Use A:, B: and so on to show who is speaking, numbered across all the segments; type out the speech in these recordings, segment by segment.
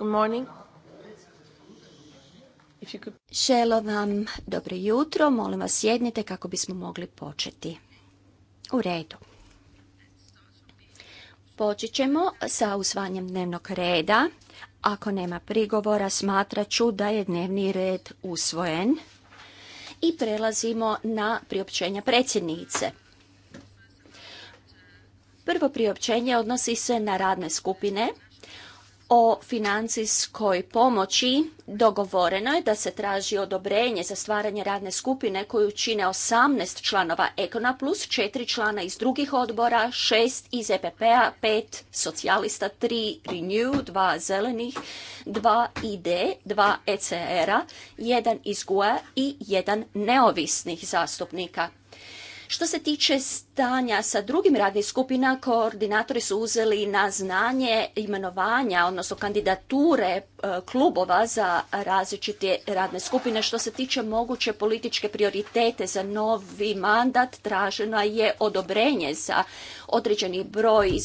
A: Good morning. vam dobro jutro, molim vas sjednite kako bismo mogli početi. U redu. Počet ćemo sa usvanjem dnevnog reda. Ako nema prigovora, smatraću da je dnevni red usvojen. I prelazimo na priopćenja predsjednice. Prvo priopćenje odnosi se na radne skupine – o financijskoj pomoći dogovoreno je da se traži odobrenje za stvaranje radne skupine koju čine 18 članova Ekona plus 4 člana iz drugih odbora, 6 iz EPP-a, 5 socijalista, 3 Renew, 2 zelenih, 2 ID, 2 ECR-a, 1 iz GUA e i 1 neovisnih zastupnika. Što se tiče stanja sa drugim radnim skupina, koordinatori su uzeli na znanje imenovanja, odnosno kandidature e, klubova za različite radne skupine. Što se tiče moguće političke prioritete za novi mandat, traženo je odobrenje za određeni broj e,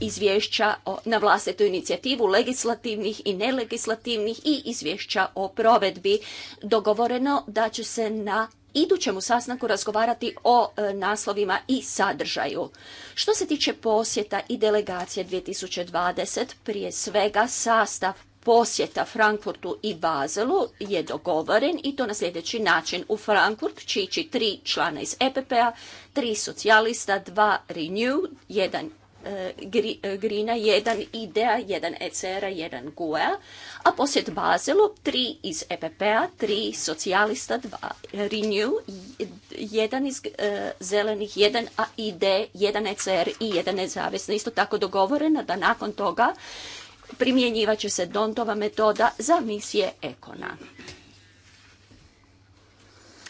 A: izvješća na vlastitu inicijativu, legislativnih i nelegislativnih i izvješća o provedbi. Dogovoreno da će se na u sastanku razgovarati o e, naslovima i sadržaju. Što se tiče posjeta i delegacije 2020, prije svega sastav posjeta Frankfurtu i Bazelu je dogovoren i to na sljedeći način. U Frankfurt će ići tri člana iz EPP-a, tri socijalista, dva Renew, jedan Grina, jedan IDEA, jedan ECR-a, jedan GUE-a, posjet Bazelu, tri iz EPP-a, tri socijalista, dva Renew, jedan iz e, zelenih, jedan AID, jedan ECR i jedan nezavisno. Isto tako dogovorena da nakon toga primjenjivat se Dontova metoda za misije Ekona.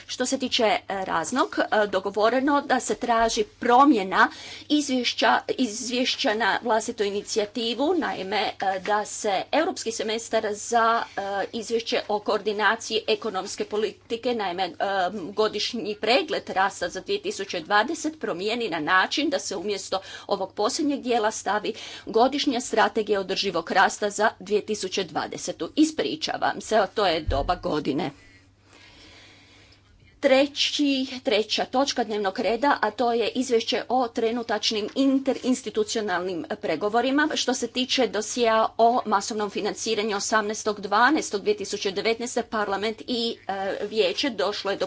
A: Što se tiče e, raznog, e, dogovoreno da se traži promjena izvješća, izvješća na vlastitu inicijativu, naime e, da se europski semestar za izvješće o koordinaciji ekonomske politike, naime godišnji pregled rasta za 2020 promijeni na način da se umjesto ovog posljednjeg dijela stavi godišnja strategija održivog rasta za 2020. Ispričavam se, to je doba godine treći, treća točka dnevnog reda, a to je izvješće o trenutačnim interinstitucionalnim pregovorima. Što se tiče dosija o masovnom financiranju 18.12.2019. parlament i e, vijeće došlo je do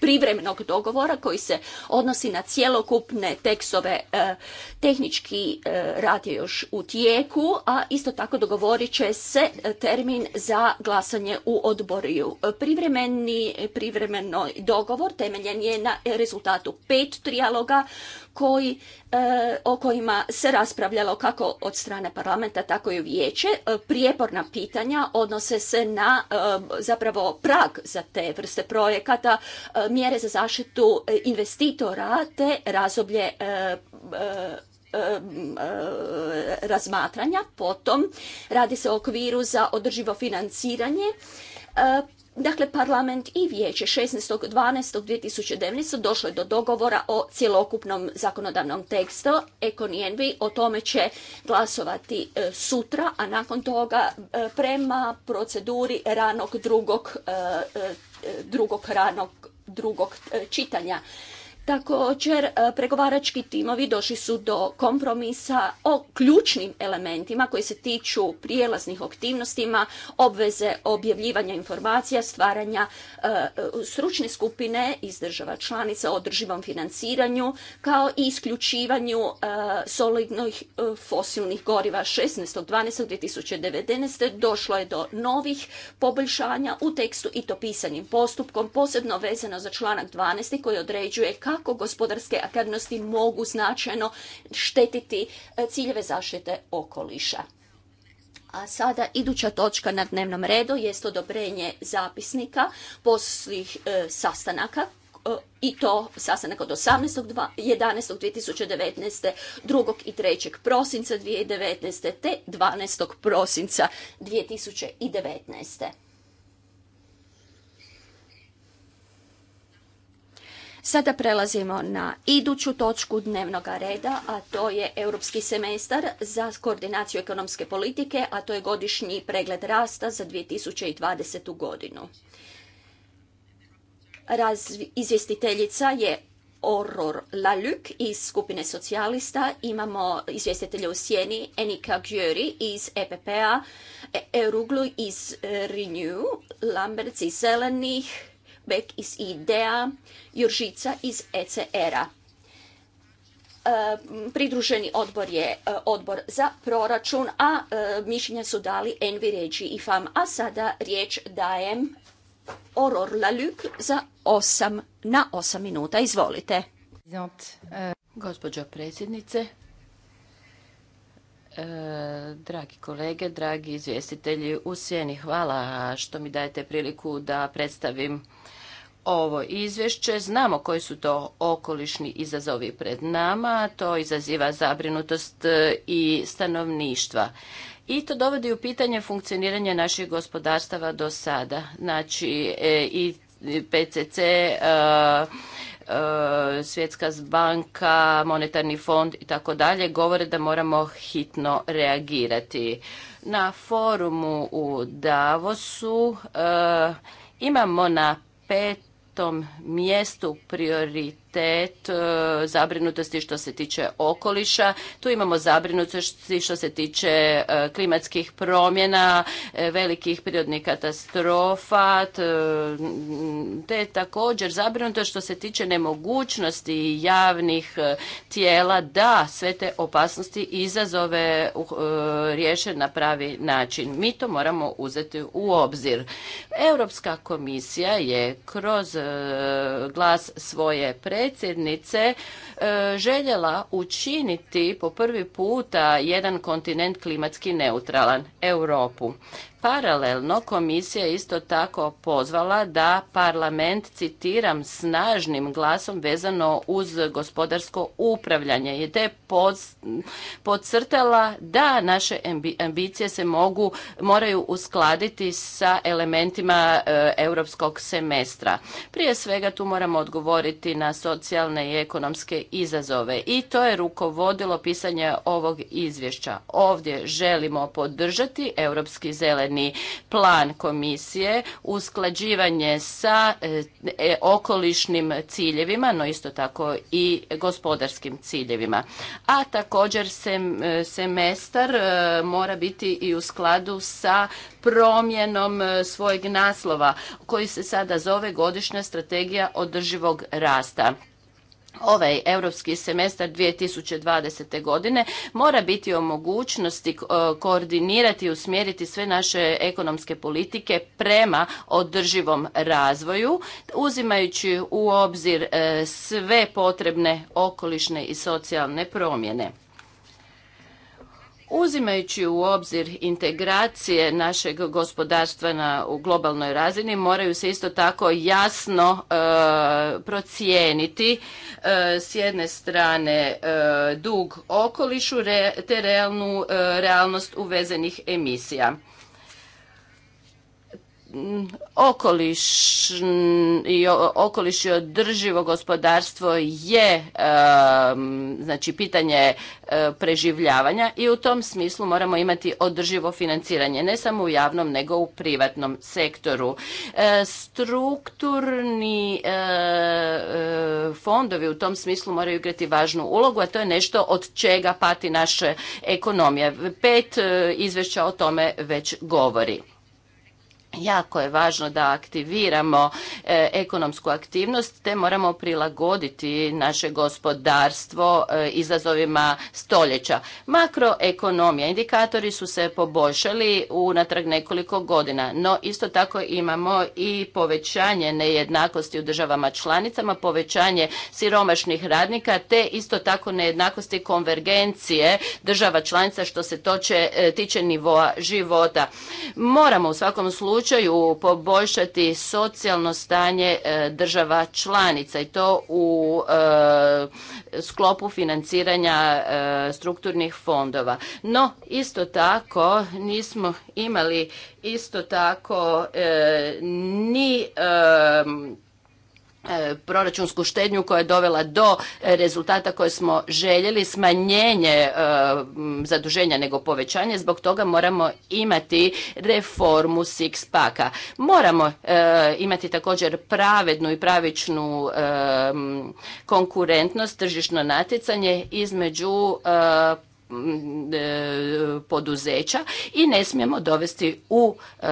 A: privremenog dogovora koji se odnosi na cjelokupne tekstove. E, tehnički e, rad je još u tijeku, a isto tako dogovorit će se termin za glasanje u odboriju. Privremeni, privremeno dogovor temeljen je na rezultatu pet trijaloga koji, e, o kojima se raspravljalo kako od strane parlamenta, tako i u vijeće. E, prijeporna pitanja odnose se na e, zapravo prag za te vrste projekata, mjere za zaštitu investitora te razoblje razmatranja. Potom radi se o okviru za održivo financiranje Dakle, parlament i vijeće 16.12.2019. došlo je do dogovora o cjelokupnom zakonodavnom tekstu. Ekon o tome će glasovati e, sutra, a nakon toga e, prema proceduri ranog drugog, e, drugog ranog drugog čitanja. Također, e, pregovarački timovi došli su do kompromisa o ključnim elementima koji se tiču prijelaznih aktivnostima, obveze objavljivanja informacija, stvaranja e, stručne skupine iz država članica o održivom financiranju, kao i isključivanju e, solidnih fosilnih goriva 16.12.2019. došlo je do novih poboljšanja u tekstu i to pisanim postupkom, posebno vezano za članak 12. koji određuje kako kako gospodarske aktivnosti mogu značajno štetiti e, ciljeve zaštite okoliša. A sada iduća točka na dnevnom redu je odobrenje zapisnika poslih e, sastanaka e, i to sastanak od 18.11.2019., 11. 2. i 3. prosinca 2019. te 12. prosinca 2019. Sada prelazimo na iduću točku dnevnog reda, a to je Europski semestar za koordinaciju ekonomske politike, a to je godišnji pregled rasta za 2020. godinu. izvjestiteljica je Oror Laluk iz skupine socijalista, imamo izvjestitelja u sjeni Enika Gjöri iz EPP-a, Eruglu iz Renew, Lamberts iz Zelenih, Bek iz IDEA, Juržica iz ECR-a. E, pridruženi odbor je e, odbor za proračun, a e, mišljenja su dali Envi Ređi i FAM. A sada riječ dajem Oror Laluc za 8 na 8 minuta. Izvolite. Gospođo predsjednice,
B: dragi kolege, dragi izvjestitelji u hvala što mi dajete priliku da predstavim ovo izvješće, znamo koji su to okolišni izazovi pred nama, to izaziva zabrinutost e, i stanovništva. I to dovodi u pitanje funkcioniranje naših gospodarstava do sada. Znači e, i PCC, e, Svjetska banka, Monetarni fond i tako dalje govore da moramo hitno reagirati. Na forumu u Davosu imamo na pet tom mjestu prioritet E, zabrinutosti što se tiče okoliša. Tu imamo zabrinutosti što se tiče e, klimatskih promjena, e, velikih prirodnih katastrofa, te također zabrinutost što se tiče nemogućnosti javnih tijela da sve te opasnosti i izazove riješe na pravi način. Mi to moramo uzeti u obzir. Europska komisija je kroz glas svoje pre predsjednice e, željela učiniti po prvi puta jedan kontinent klimatski neutralan, Europu. Paralelno komisija je isto tako pozvala da parlament, citiram, snažnim glasom vezano uz gospodarsko upravljanje je te podcrtala da naše ambicije se mogu, moraju uskladiti sa elementima e, europskog semestra. Prije svega tu moramo odgovoriti na socijalne i ekonomske izazove i to je rukovodilo pisanje ovog izvješća. Ovdje želimo podržati europski zeleni plan komisije, usklađivanje sa e, e, okolišnim ciljevima, no isto tako i gospodarskim ciljevima. A također e, semestar mora biti i u skladu sa promjenom svojeg naslova koji se sada zove godišnja strategija održivog rasta ovaj europski semestar 2020. godine mora biti o mogućnosti eh, koordinirati i usmjeriti sve naše ekonomske politike prema održivom razvoju uzimajući u obzir eh, sve potrebne okolišne i socijalne promjene. Uzimajući u obzir integracije našeg gospodarstva na, u globalnoj razini, moraju se isto tako jasno e, procijeniti e, s jedne strane e, dug okolišu te realnu realnost uvezenih emisija okoliš i okoliš održivo gospodarstvo je znači pitanje e, preživljavanja i u tom smislu moramo imati održivo financiranje ne samo u javnom nego u privatnom sektoru e, strukturni e, fondovi u tom smislu moraju igrati važnu ulogu a to je nešto od čega pati naša ekonomija pet izvješća o tome već govori Jako je važno da aktiviramo e, ekonomsku aktivnost te moramo prilagoditi naše gospodarstvo e, izazovima stoljeća. Makroekonomija, indikatori su se poboljšali unatrag nekoliko godina, no isto tako imamo i povećanje nejednakosti u državama članicama, povećanje siromašnih radnika te isto tako nejednakosti konvergencije država članica što se toče, e, tiče nivoa života. Moramo u svakom slučaju slučaju poboljšati socijalno stanje e, država članica i to u e, sklopu financiranja e, strukturnih fondova. No, isto tako nismo imali isto tako ni E, proračunsku štednju koja je dovela do rezultata koje smo željeli, smanjenje e, zaduženja nego povećanje, zbog toga moramo imati reformu six paka. Moramo e, imati također pravednu i pravičnu konkurentnost, tržišno natjecanje između Mm, e, poduzeća i ne smijemo dovesti u e,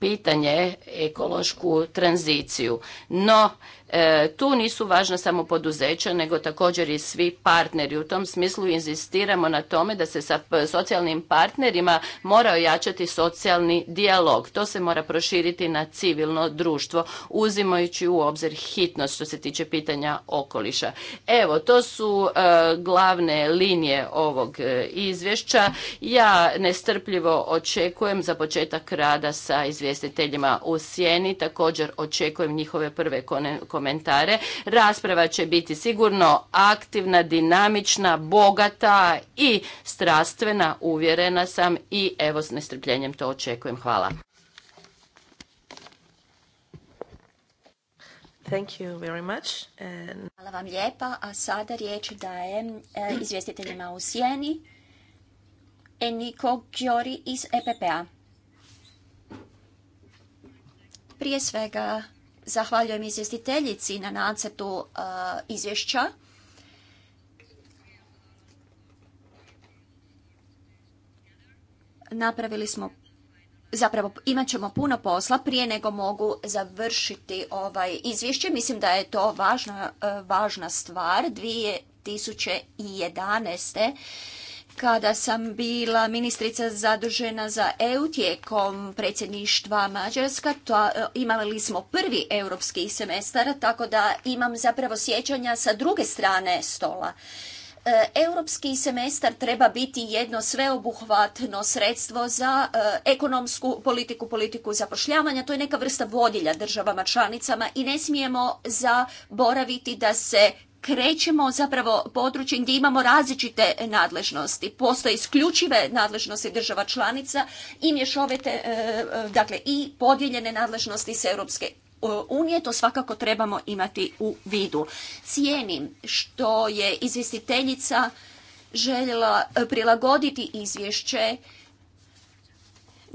B: pitanje ekološku tranziciju. No, E, tu nisu važna samo poduzeća, nego također i svi partneri. U tom smislu inzistiramo na tome da se sa socijalnim partnerima mora ojačati socijalni dijalog. To se mora proširiti na civilno društvo, uzimajući u obzir hitnost što se tiče pitanja okoliša. Evo, to su e, glavne linije ovog e, izvješća. Ja nestrpljivo očekujem za početak rada sa izvjestiteljima u Sjeni. Također očekujem njihove prve komentare komentare. Rasprava će biti sigurno aktivna, dinamična, bogata i strastvena, uvjerena sam i evo s nestrpljenjem to očekujem. Hvala.
A: Thank you very much. Hvala vam lijepa, a sada riječ dajem eh, izvjestiteljima u sjeni. Eniko Gjori iz EPP-a. Prije svega Zahvaljujem izvjestiteljici na nacrtu e, izvješća. Napravili smo zapravo imat ćemo puno posla prije nego mogu završiti ovaj izvješće. Mislim da je to važna, e, važna stvar. 2011. Kada sam bila ministrica zadužena za EU tijekom predsjedništva Mađarska, to, e, imali smo prvi europski semestar, tako da imam zapravo sjećanja sa druge strane stola. E, europski semestar treba biti jedno sveobuhvatno sredstvo za e, ekonomsku politiku, politiku zapošljavanja. To je neka vrsta vodilja državama članicama i ne smijemo zaboraviti da se krećemo zapravo područje gdje imamo različite nadležnosti. Postoje isključive nadležnosti država članica i mješovete, e, e, dakle i podijeljene nadležnosti s Europske e, unije, to svakako trebamo imati u vidu. Cijenim što je izvjestiteljica željela prilagoditi izvješće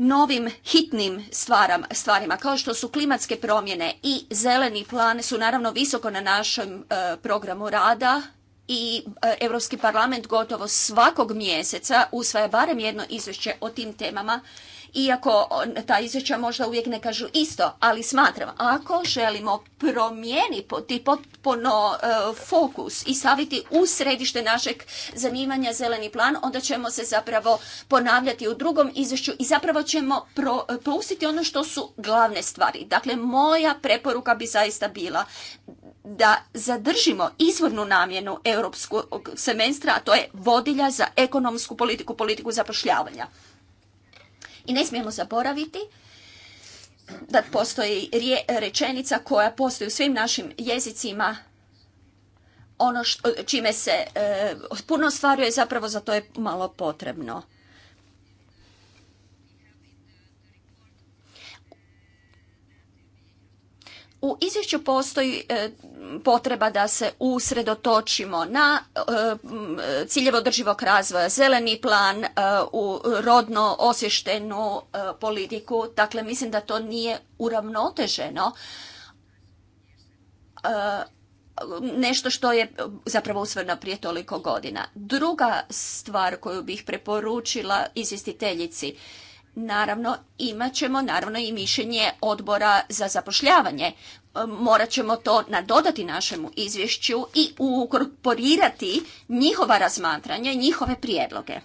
A: novim hitnim stvaram, stvarima kao što su klimatske promjene i zeleni plan su naravno visoko na našem e, programu rada i e, Europski parlament gotovo svakog mjeseca usvaja barem jedno izvješće o tim temama iako ta izvješća možda uvijek ne kažu isto, ali smatram ako želimo promijeniti potpuno e, fokus i staviti u središte našeg zanimanja zeleni plan, onda ćemo se zapravo ponavljati u drugom izvješću i zapravo ćemo pustiti ono što su glavne stvari. Dakle, moja preporuka bi zaista bila da zadržimo izvornu namjenu europskog semestra, a to je vodilja za ekonomsku politiku, politiku zapošljavanja. I ne smijemo zaboraviti da postoji rečenica koja postoji u svim našim jezicima ono čime se e, puno stvaruje zapravo za to je malo potrebno. U izvješću postoji e, potreba da se usredotočimo na e, ciljevo drživog održivog razvoja, zeleni plan, e, u rodno osještenu politiku. Dakle, mislim da to nije uravnoteženo. Nešto što je zapravo usvrno prije toliko godina. Druga stvar koju bih preporučila izvjestiteljici – Naravno, imat ćemo naravno i mišljenje odbora za zapošljavanje. E, morat ćemo to nadodati našemu izvješću i ukorporirati njihova razmatranja i njihove prijedloge.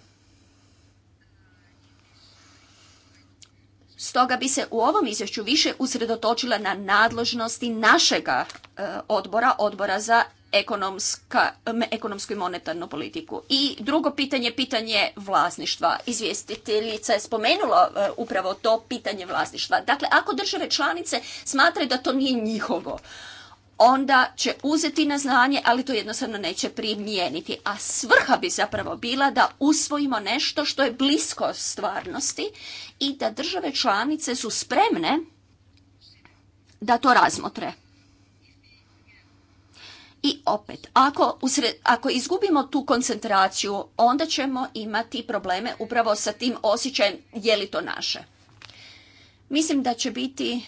A: Stoga bi se u ovom izvješću više usredotočila na nadložnosti našega e, odbora, odbora za ekonomsku i monetarnu politiku. I drugo pitanje, pitanje vlasništva. Izvjestiteljica je spomenula e, upravo to pitanje vlasništva. Dakle, ako države članice smatraju da to nije njihovo, onda će uzeti na znanje, ali to jednostavno neće primijeniti. A svrha bi zapravo bila da usvojimo nešto što je blisko stvarnosti i da države članice su spremne da to razmotre. I opet, ako, ako izgubimo tu koncentraciju, onda ćemo imati probleme upravo sa tim osjećajem je li to naše. Mislim da će biti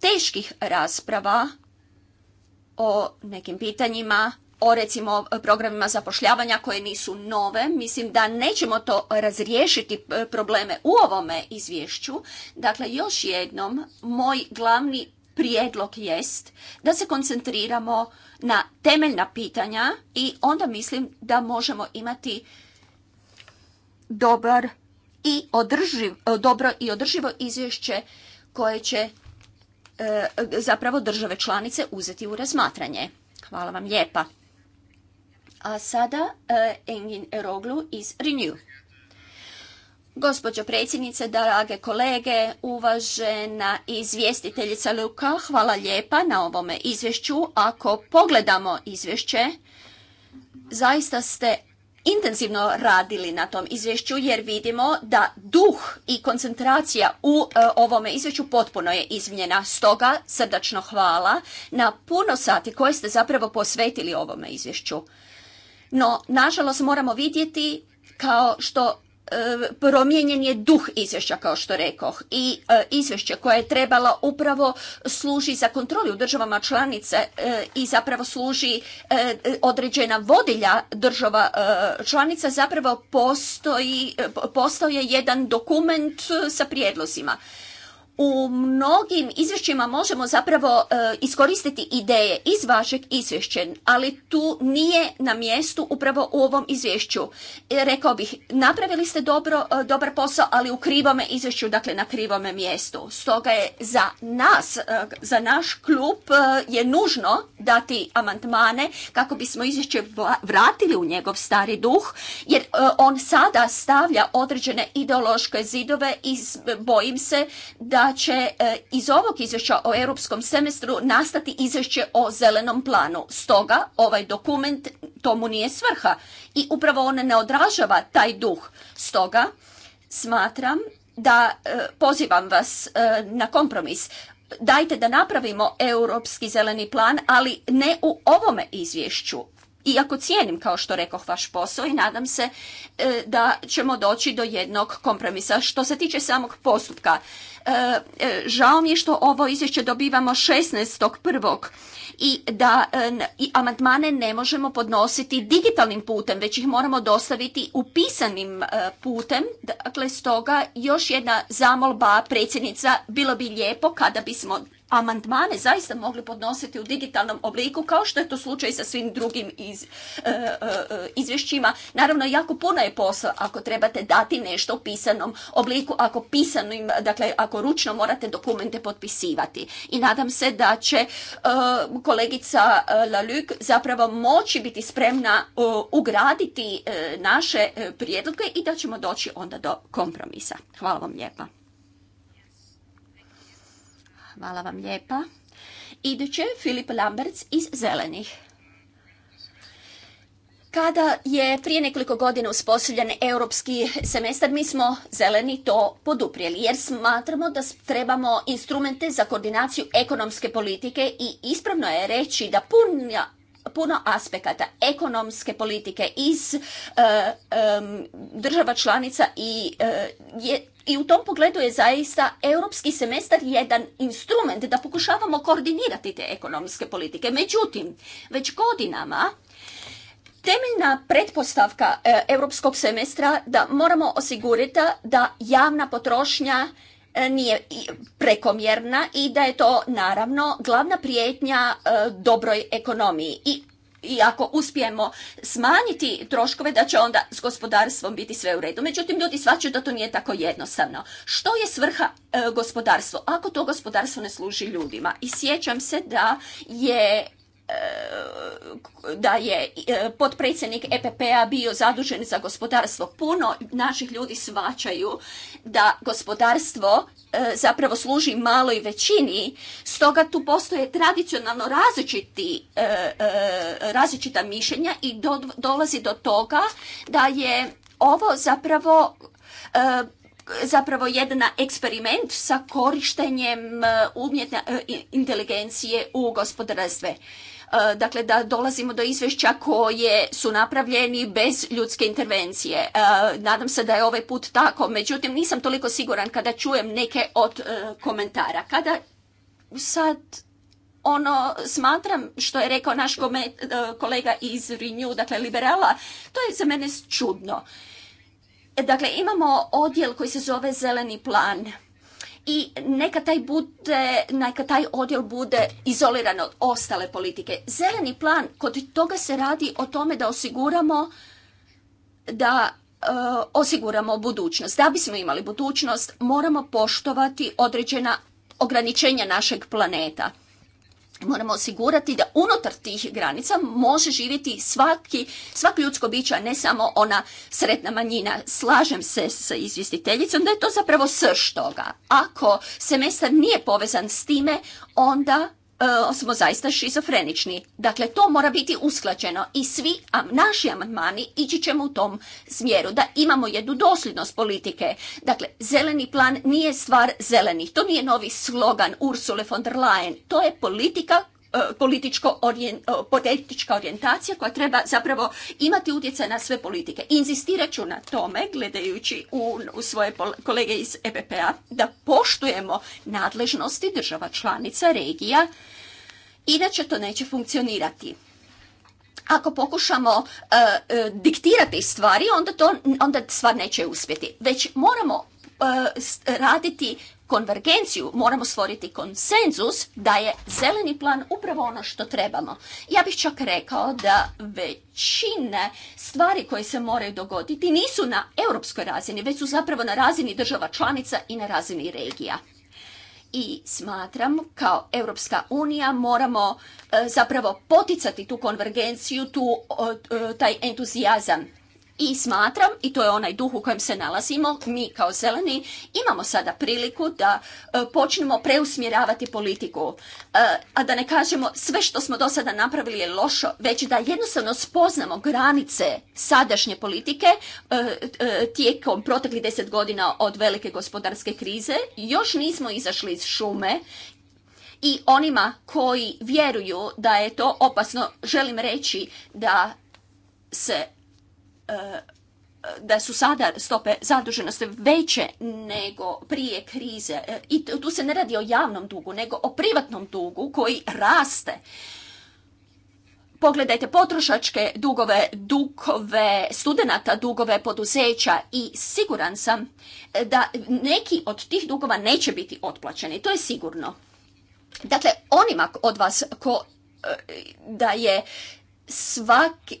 A: teških rasprava o nekim pitanjima, o recimo programima zapošljavanja koje nisu nove. Mislim da nećemo to razriješiti e, probleme u ovome izvješću. Dakle, još jednom, moj glavni prijedlog jest da se koncentriramo na temeljna pitanja i onda mislim da možemo imati dobar i održiv, dobro i održivo izvješće koje će e, zapravo države članice uzeti u razmatranje. Hvala vam lijepa. A sada e, Engin Eroglu iz Renew. Gospođo predsjednice, drage kolege, uvažena izvjestiteljica Luka, hvala lijepa na ovome izvješću. Ako pogledamo izvješće, zaista ste intenzivno radili na tom izvješću jer vidimo da duh i koncentracija u e, ovome izvješću potpuno je izmjena. Stoga srdačno hvala na puno sati koje ste zapravo posvetili ovome izvješću. No, nažalost, moramo vidjeti kao što E, promijenjen je duh izvješća kao što rekoh i e, izvješće koje je trebalo upravo služi za kontrolu u državama članice e, i zapravo služi određena vodilja država članica zapravo postoji, postao je jedan dokument sa prijedlozima u mnogim izvješćima možemo zapravo e, iskoristiti ideje iz vašeg izvješća, ali tu nije na mjestu upravo u ovom izvješću. E, rekao bih, napravili ste dobro, e, dobar posao, ali u krivome izvješću, dakle na krivome mjestu. Stoga je za nas, za naš klub je nužno dati amandmane kako bismo izvješće vratili u njegov stari duh, jer on sada stavlja određene ideološke zidove i bojim se da će e, iz ovog izvješća o europskom semestru nastati izvješće o zelenom planu. Stoga ovaj dokument tomu nije svrha i upravo on ne odražava taj duh. Stoga smatram da e, pozivam vas e, na kompromis. Dajte da napravimo europski zeleni plan, ali ne u ovome izvješću iako cijenim, kao što rekoh, vaš posao i nadam se e, da ćemo doći do jednog kompromisa. Što se tiče samog postupka, e, e, žao mi je što ovo izvješće dobivamo 16.1. i da i amandmane ne možemo podnositi digitalnim putem, već ih moramo dostaviti upisanim putem. Dakle, stoga još jedna zamolba predsjednica, bilo bi lijepo kada bismo amandmane zaista mogli podnositi u digitalnom obliku kao što je to slučaj sa svim drugim iz, e, e, e, izvješćima. Naravno, jako puno je posla ako trebate dati nešto u pisanom obliku, ako pisanim, dakle ako ručno morate dokumente potpisivati. I nadam se da će kolegica Laluk zapravo moći biti spremna ugraditi naše prijedloge i da ćemo doći onda do kompromisa. Hvala vam lijepa. Hvala vam lijepa. Iduće, Filip Lamberts iz Zelenih. Kada je prije nekoliko godina uspostavljen europski semestar, mi smo zeleni to poduprijeli jer smatramo da trebamo instrumente za koordinaciju ekonomske politike i ispravno je reći da puno aspekata ekonomske politike iz e, e, država članica i e, je i u tom pogledu je zaista europski semestar jedan instrument da pokušavamo koordinirati te ekonomske politike. Međutim, već godinama Temeljna pretpostavka e, europskog semestra da moramo osigurati da javna potrošnja e, nije prekomjerna i da je to naravno glavna prijetnja e, dobroj ekonomiji. I i ako uspijemo smanjiti troškove, da će onda s gospodarstvom biti sve u redu. Međutim, ljudi svačaju da to nije tako jednostavno. Što je svrha gospodarstva? E, gospodarstvo? Ako to gospodarstvo ne služi ljudima. I sjećam se da je E, da je e, potpredsjednik EPP-a bio zadužen za gospodarstvo. Puno naših ljudi svačaju da gospodarstvo e, zapravo služi maloj većini, stoga tu postoje tradicionalno različiti, različita mišljenja i dolazi do toga da je ovo zapravo zapravo jedan eksperiment sa korištenjem umjetne inteligencije u gospodarstve. E, dakle da dolazimo do izvješća koje su napravljeni bez ljudske intervencije. E, nadam se da je ovaj put tako, međutim nisam toliko siguran kada čujem neke od e, komentara. Kada sad ono smatram što je rekao naš kolega iz Renew, dakle liberala, to je za mene čudno. Dakle, imamo odjel koji se zove Zeleni plan i neka taj, bude, neka taj odjel bude izoliran od ostale politike. Zeleni plan, kod toga se radi o tome da osiguramo da e, osiguramo budućnost. Da bismo imali budućnost, moramo poštovati određena ograničenja našeg planeta moramo osigurati da unutar tih granica može živjeti svaki, svak ljudsko biće, a ne samo ona sretna manjina. Slažem se sa izvjestiteljicom da je to zapravo srž toga. Ako semestar nije povezan s time, onda E, smo zaista šizofrenični. Dakle, to mora biti usklađeno i svi naši amandmani ići ćemo u tom smjeru da imamo jednu dosljednost politike. Dakle, zeleni plan nije stvar zelenih, to nije novi slogan Ursule von der Leyen, to je politika E, političko orijen, e, politička orijentacija koja treba zapravo imati utjecaj na sve politike. Inzistirat ću na tome, gledajući u, u svoje kolege iz EPP-a, da poštujemo nadležnosti država članica, regija, inače to neće funkcionirati ako pokušamo e, diktirati stvari, onda, to, onda stvar neće uspjeti. Već moramo raditi konvergenciju, moramo stvoriti konsenzus da je zeleni plan upravo ono što trebamo. Ja bih čak rekao da većine stvari koje se moraju dogoditi nisu na europskoj razini, već su zapravo na razini država članica i na razini regija. I smatram kao Europska unija moramo e, zapravo poticati tu konvergenciju, e, taj entuzijazam i smatram, i to je onaj duh u kojem se nalazimo, mi kao zeleni imamo sada priliku da e, počnemo preusmjeravati politiku. E, a da ne kažemo sve što smo do sada napravili je lošo, već da jednostavno spoznamo granice sadašnje politike e, tijekom proteklih deset godina od velike gospodarske krize. Još nismo izašli iz šume i onima koji vjeruju da je to opasno, želim reći da se Eh, da su sada stope zaduženosti veće nego prije krize. Eh, I tu se ne radi o javnom dugu, nego o privatnom dugu koji raste. Pogledajte potrošačke dugove, dugove studenata, dugove poduzeća i siguran sam eh, da neki od tih dugova neće biti otplaćeni. To je sigurno. Dakle, onima od vas ko da je svaki,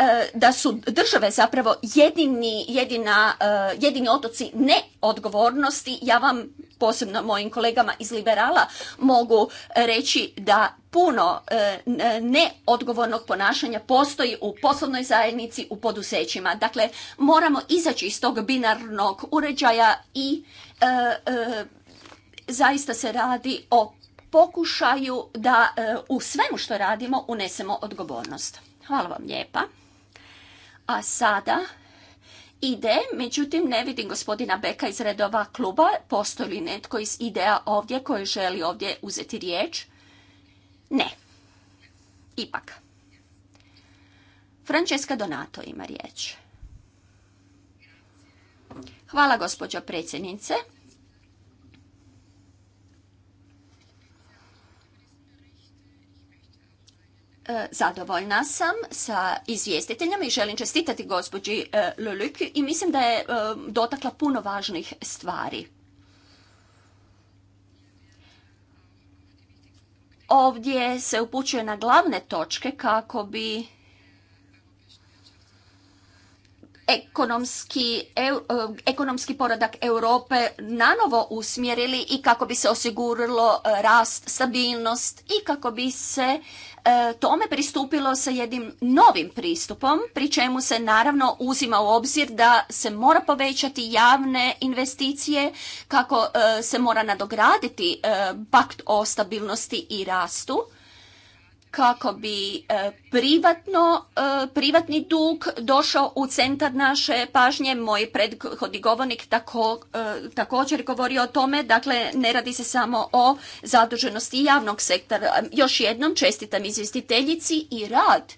A: E, da su države zapravo jedini, jedina, e, jedini otoci neodgovornosti. Ja vam, posebno mojim kolegama iz Liberala, mogu reći da puno e, neodgovornog ponašanja postoji u poslovnoj zajednici, u poduzećima. Dakle, moramo izaći iz tog binarnog uređaja i zaista se radi o pokušaju da u svemu što radimo unesemo odgovornost. Hvala vam lijepa. A sada ide, međutim ne vidim gospodina Beka iz redova kluba. Postoji li netko iz ideja ovdje koji želi ovdje uzeti riječ? Ne. Ipak. Francesca Donato ima riječ. Hvala gospođo predsjednice. E, zadovoljna sam sa izvjestiteljama i želim čestitati gospođi e, Lulik i mislim da je e, dotakla puno važnih stvari. Ovdje se upućuje na glavne točke kako bi ekonomski, ekonomski poradak Europe nanovo usmjerili i kako bi se osiguralo rast, stabilnost i kako bi se E, tome pristupilo sa jednim novim pristupom, pri čemu se naravno uzima u obzir da se mora povećati javne investicije, kako e, se mora nadograditi e, pakt o stabilnosti i rastu kako bi e, privatno, e, privatni dug došao u centar naše pažnje. Moj prethodni govornik tako, e, također govorio o tome, dakle ne radi se samo o zaduženosti javnog sektora. Još jednom čestitam izvjestiteljici i rad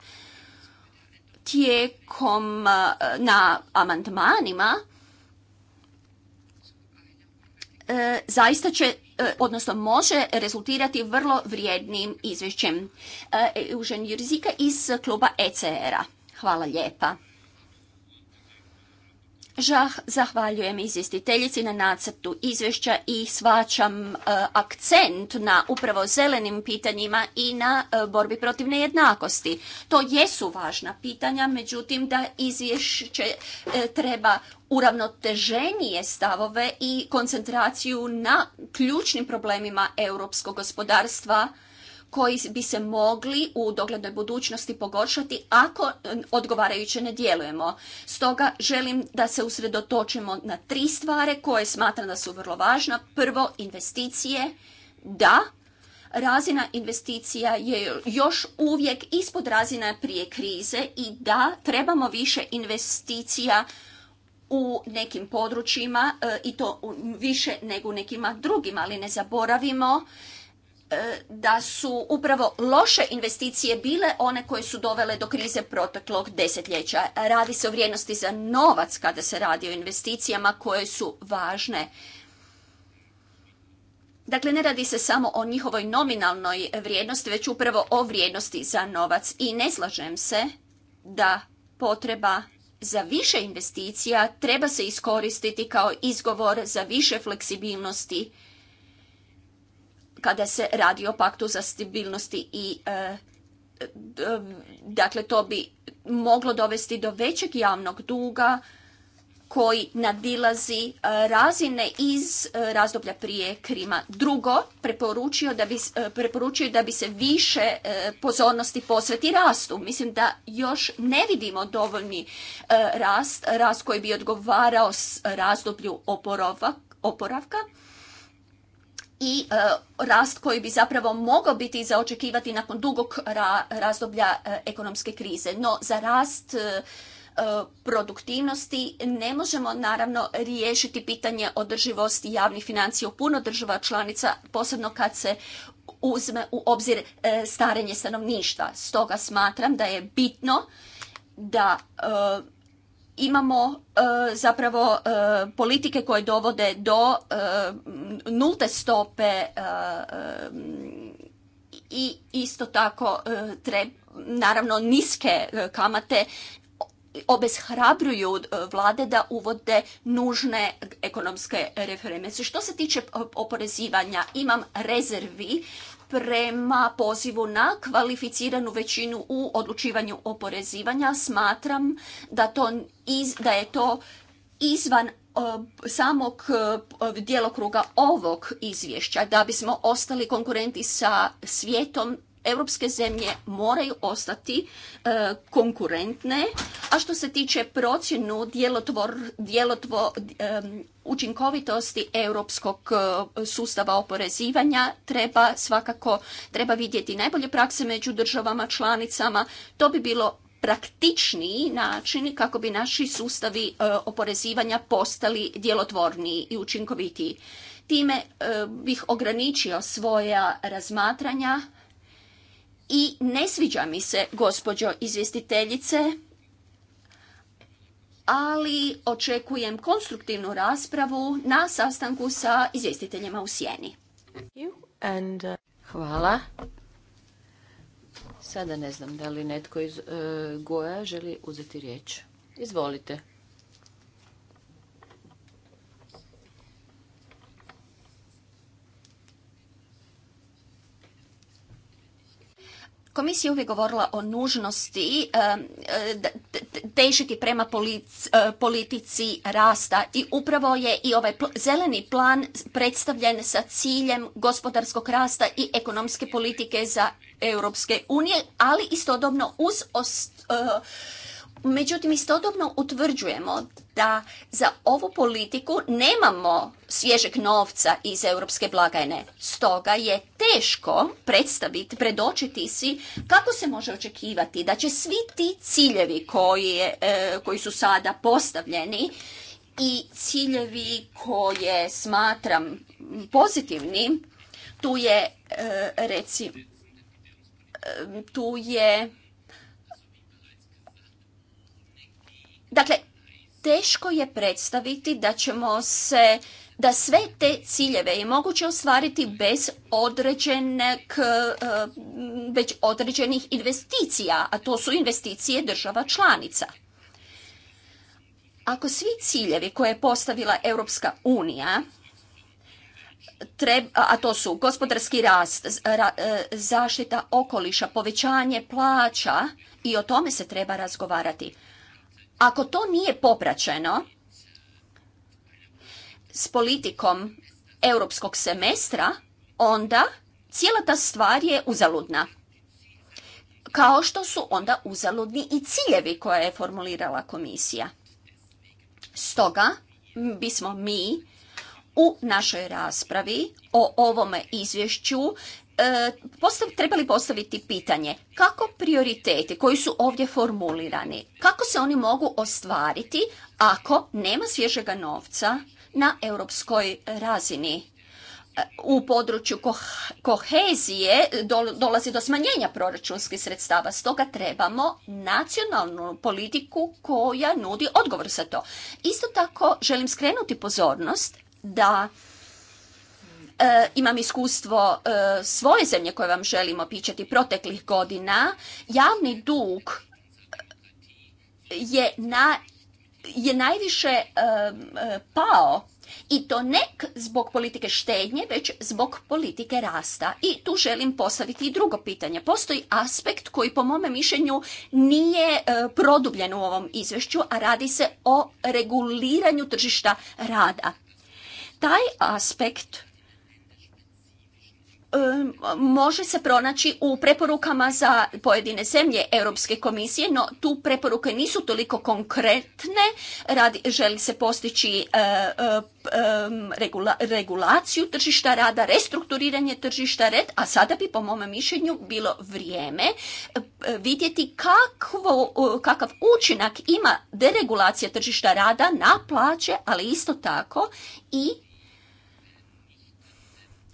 A: tijekom na amandmanima E, zaista će, e, odnosno može rezultirati vrlo vrijednim izvješćem. Eugen e, Jurizika iz kluba ECR-a. Hvala lijepa. Žah, zahvaljujem izvjestiteljici na nacrtu izvješća i svačam akcent na upravo zelenim pitanjima i na borbi protiv nejednakosti. To jesu važna pitanja, međutim da izvješće treba uravnoteženije stavove i koncentraciju na ključnim problemima europskog gospodarstva koji bi se mogli u doglednoj budućnosti pogoršati ako e, odgovarajuće ne djelujemo. Stoga želim da se usredotočimo na tri stvari koje smatram da su vrlo važne. Prvo, investicije. Da, razina investicija je još uvijek ispod razina prije krize i da trebamo više investicija u nekim područjima e, i to više nego u nekima drugima, ali ne zaboravimo e, da su upravo loše investicije bile one koje su dovele do krize proteklog desetljeća. Radi se o vrijednosti za novac kada se radi o investicijama koje su važne. Dakle, ne radi se samo o njihovoj nominalnoj vrijednosti, već upravo o vrijednosti za novac. I ne slažem se da potreba za više investicija treba se iskoristiti kao izgovor za više fleksibilnosti kada se radi o paktu za stabilnosti i e, e, dakle to bi moglo dovesti do većeg javnog duga koji nadilazi e, razine iz e, razdoblja prije Krima. Drugo, preporučio da bi, e, da bi se više pozornosti posveti rastu. Mislim da još ne vidimo dovoljni rast, rast koji bi odgovarao s razdoblju oporavka i rast koji bi zapravo mogao biti za očekivati nakon dugog razdoblja ekonomske krize. No, za rast E, produktivnosti ne možemo naravno riješiti pitanje održivosti javnih financija u puno država članica, posebno kad se uzme u obzir e, starenje stanovništva. Stoga smatram da je bitno da e, imamo zapravo politike koje dovode do nulte stope i isto tako naravno niske kamate obeshrabruju e, vlade da uvode nužne ekonomske reforme. Znači, što se tiče oporezivanja, imam rezervi prema pozivu na kvalificiranu većinu u odlučivanju oporezivanja. Smatram da, to iz, da je to izvan e, samog e, djelokruga ovog izvješća da bismo ostali konkurenti sa svijetom europske zemlje moraju ostati e, konkurentne, a što se tiče procjenu djelotvor, djelotvo, e, učinkovitosti europskog e, sustava oporezivanja treba svakako treba vidjeti najbolje prakse među državama članicama. To bi bilo praktičniji način kako bi naši sustavi oporezivanja postali djelotvorniji i učinkovitiji. Time bih ograničio svoja razmatranja i ne sviđa mi se, gospođo izvjestiteljice, ali očekujem konstruktivnu raspravu na sastanku sa izvjestiteljima u Sjeni. Uh,
B: Hvala. Sada ne znam da li netko iz uh, Goja želi uzeti riječ. Izvolite.
A: Komisija je uvijek govorila o nužnosti e, e, težiti prema e, politici rasta i upravo je i ovaj zeleni plan predstavljen sa ciljem gospodarskog rasta i ekonomske politike za Europske unije, ali istodobno uz Međutim, istodobno utvrđujemo da za ovu politiku nemamo svježeg novca iz europske blagajne. Stoga je teško predstaviti, predočiti si kako se može očekivati da će svi ti ciljevi koji, e, koji su sada postavljeni i ciljevi koje smatram pozitivnim, tu je e, reci, e, tu je Dakle, teško je predstaviti da ćemo se da sve te ciljeve je moguće ostvariti bez određenog, e, već određenih investicija, a to su investicije država članica. Ako svi ciljevi koje je postavila Europska unija, a to su gospodarski rast, e, zaštita okoliša, povećanje plaća i o tome se treba razgovarati. Ako to nije popraćeno s politikom europskog semestra, onda cijela ta stvar je uzaludna. Kao što su onda uzaludni i ciljevi koje je formulirala komisija. Stoga bismo mi u našoj raspravi o ovome izvješću E, trebali postaviti pitanje kako prioriteti koji su ovdje formulirani, kako se oni mogu ostvariti ako nema svježega novca na europskoj razini e, u području kohezije dolazi do smanjenja proračunskih sredstava. Stoga trebamo nacionalnu politiku koja nudi odgovor za to. Isto tako želim skrenuti pozornost da E, imam iskustvo e, svoje zemlje koje vam želimo pićati proteklih godina, javni dug e, je, na, je najviše pao i to ne zbog politike štednje, već zbog politike rasta. I tu želim postaviti i drugo pitanje. Postoji aspekt koji po mome mišljenju nije e, produbljen u ovom izvješću, a radi se o reguliranju tržišta rada. Taj aspekt može se pronaći u preporukama za pojedine zemlje Europske komisije, no tu preporuke nisu toliko konkretne, radi, želi se postići e, e, regulaciju tržišta rada, restrukturiranje tržišta red, a sada bi po mom mišljenju bilo vrijeme e, vidjeti kakvo, kakav učinak ima deregulacija tržišta rada na plaće, ali isto tako i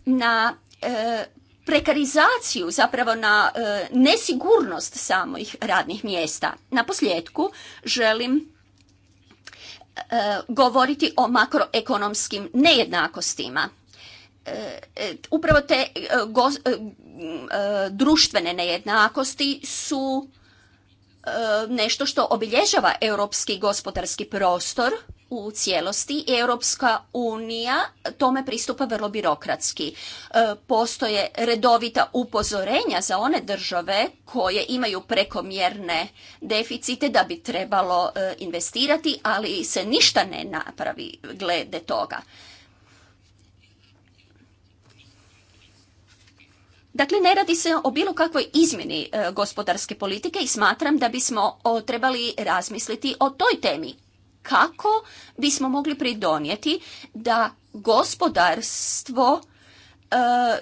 A: na E, prekarizaciju, zapravo na e, nesigurnost samih radnih mjesta. Na posljedku želim e, govoriti o makroekonomskim nejednakostima. Upravo te društvene nejednakosti su nešto što obilježava europski gospodarski prostor – u cijelosti i Europska unija tome pristupa vrlo birokratski. E, postoje redovita upozorenja za one države koje imaju prekomjerne deficite da bi trebalo e, investirati, ali se ništa ne napravi glede toga. Dakle, ne radi se o bilo kakvoj izmjeni e, gospodarske politike i smatram da bismo trebali razmisliti o toj temi kako bismo mogli pridonijeti da gospodarstvo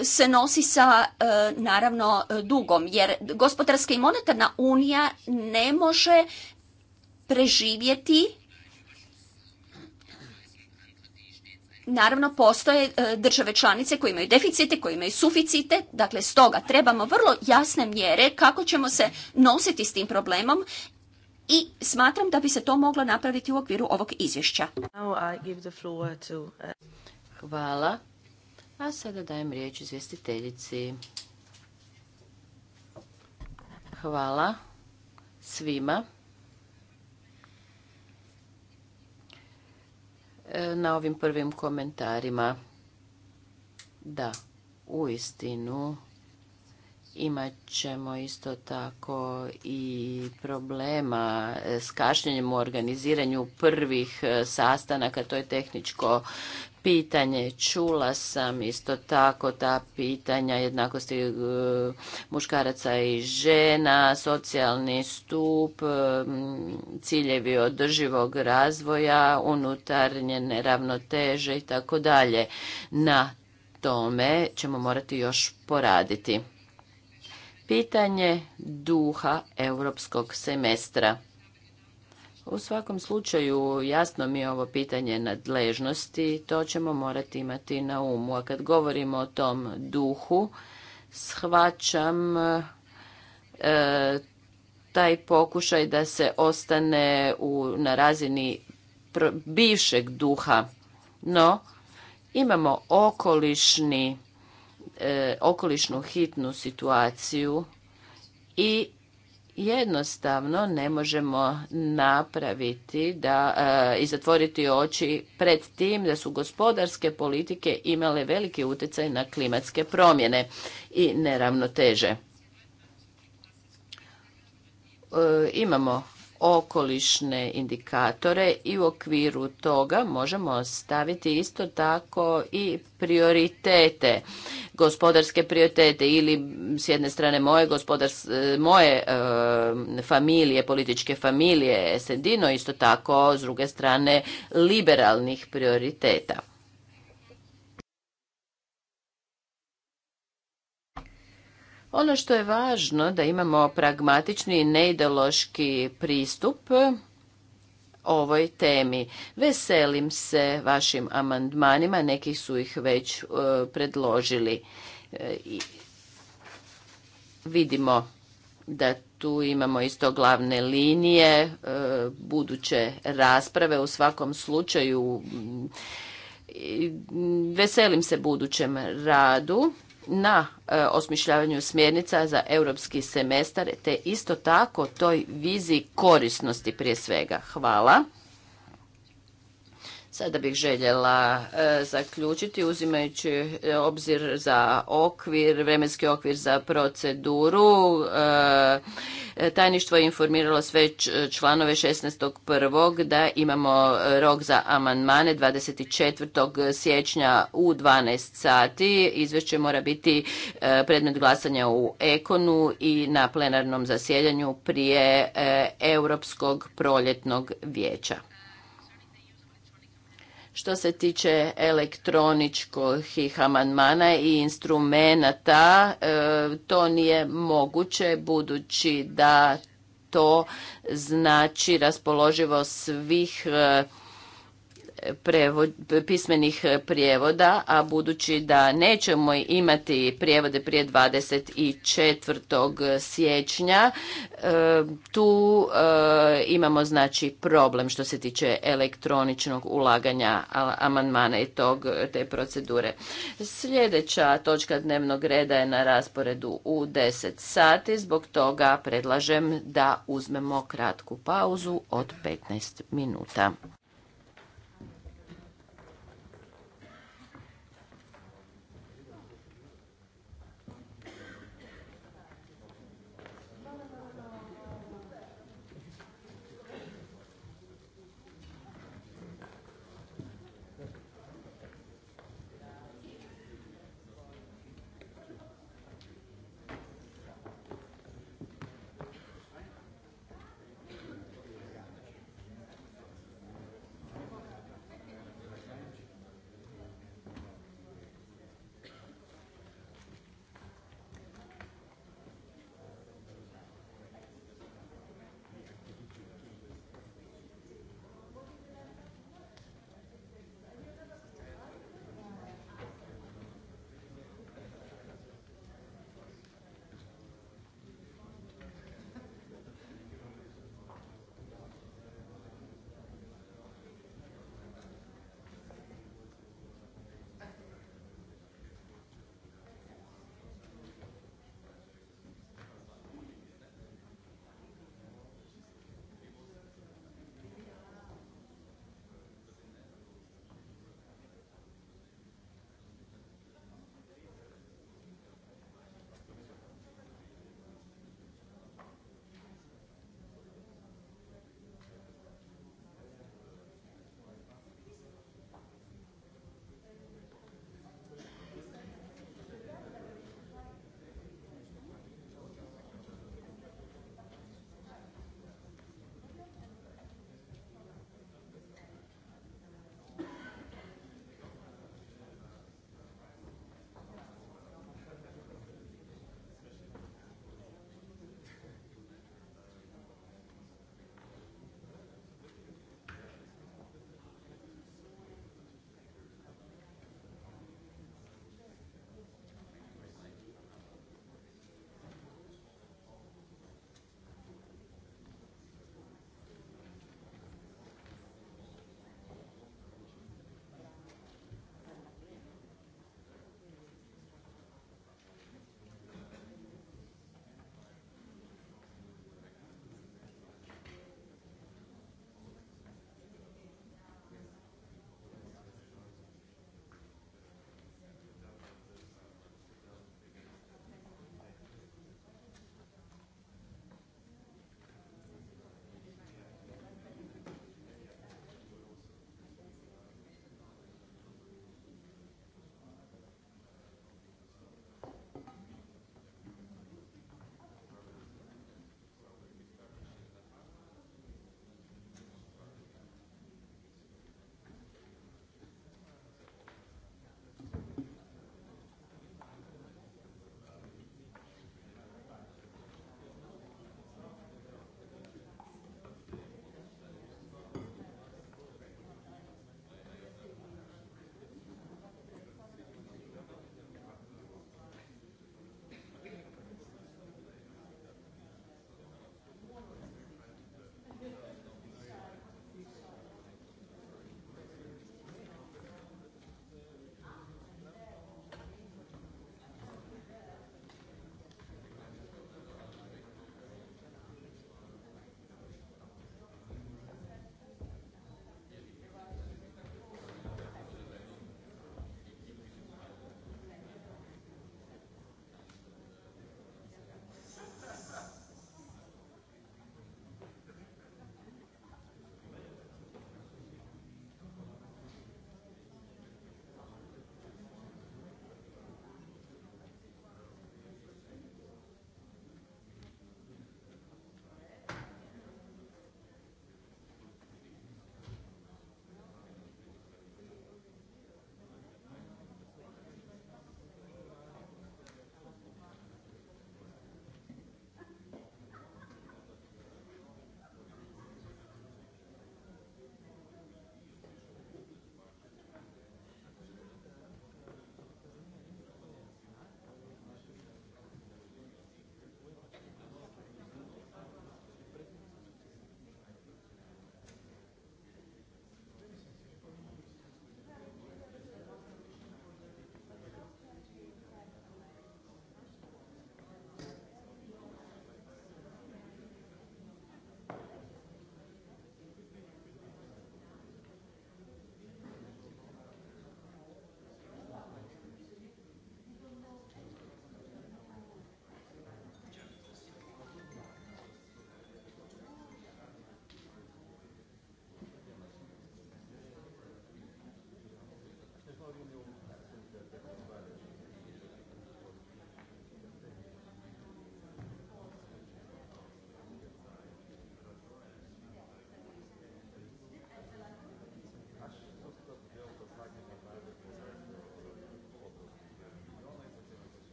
A: e, se nosi sa e, naravno dugom jer gospodarska i monetarna unija ne može preživjeti Naravno, postoje e, države članice koje imaju deficite, koje imaju suficite, dakle stoga trebamo vrlo jasne mjere kako ćemo se nositi s tim problemom i smatram da bi se to moglo napraviti u okviru ovog izvješća.
C: Uh,
B: Hvala. A sada dajem riječ izvjestiteljici. Hvala svima. E, na ovim prvim komentarima. Da, u istinu Imat ćemo isto tako i problema s kašnjenjem u organiziranju prvih e, sastanaka, to je tehničko pitanje. Čula sam isto tako ta pitanja jednakosti e, muškaraca i žena, socijalni stup, e, ciljevi održivog razvoja, unutarnje neravnoteže i tako dalje. Na tome ćemo morati još poraditi pitanje duha europskog semestra. U svakom slučaju jasno mi je ovo pitanje nadležnosti, to ćemo morati imati na umu. A kad govorimo o tom duhu, shvaćam e, taj pokušaj da se ostane u, na razini bivšeg duha. No, imamo okolišni E, okolišnu hitnu situaciju i jednostavno ne možemo napraviti da e, i zatvoriti oči pred tim da su gospodarske politike imale veliki utjecaj na klimatske promjene i neravnoteže. E, imamo okolišne indikatore i u okviru toga možemo staviti isto tako i prioritete, gospodarske prioritete ili s jedne strane moje moje e, familije, političke familije, Sendino isto tako s druge strane liberalnih prioriteta. Ono što je važno da imamo pragmatični i neideološki pristup ovoj temi. Veselim se vašim amandmanima, neki su ih već e, predložili. E, i vidimo da tu imamo isto glavne linije, e, buduće rasprave u svakom slučaju. Mm, mm, veselim se budućem radu na e, osmišljavanju smjernica za europski semestar, te isto tako toj viziji korisnosti prije svega. Hvala. Sada bih željela e, zaključiti uzimajući e, obzir za okvir, vremenski okvir za proceduru. E, tajništvo je informiralo sve članove 16.1. da imamo rok za amandmane 24. siječnja u 12 sati. Izvješće mora biti predmet glasanja u Ekonu i na plenarnom zasjedanju prije Europskog proljetnog vijeća. Što se tiče elektroničkih amandmana i instrumenata, e, to nije moguće budući da to znači raspoloživo svih e, pismenih prijevoda, a budući da nećemo imati prijevode prije 24. siječnja, e, tu e, imamo znači problem što se tiče elektroničnog ulaganja amandmana i tog, te procedure. Sljedeća točka dnevnog reda je na rasporedu u 10 sati, zbog toga predlažem da uzmemo kratku pauzu od 15 minuta.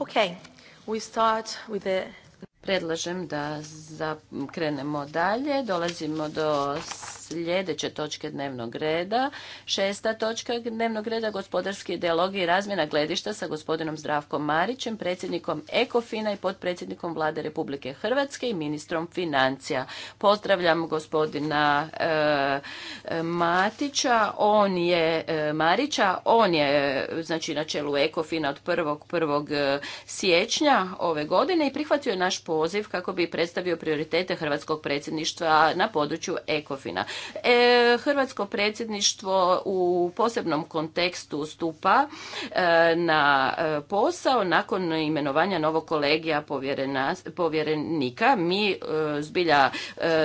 C: Okay. We start with Predlažem
B: da krenemo dalje. Dolazimo do sljedeće točke dnevnog reda. Šesta točka dnevnog reda, gospodarski ideologije i razmjena gledišta sa gospodinom Zdravkom Marićem, predsjednikom Ekofina i potpredsjednikom Vlade Republike Hrvatske i ministrom financija. Pozdravljam gospodina e, Matića, on je e, Marića, on je e, znači na čelu Ekofina od prvog siječnja ove godine i prihvatio je naš poziv kako bi predstavio prioritete hrvatskog predsjedništva na području Ekofina. E, Hrvatsko predsjedništvo u posebnom kontekstu stupa e, na e, posao nakon imenovanja novog kolegija povjerenika. Mi zbilja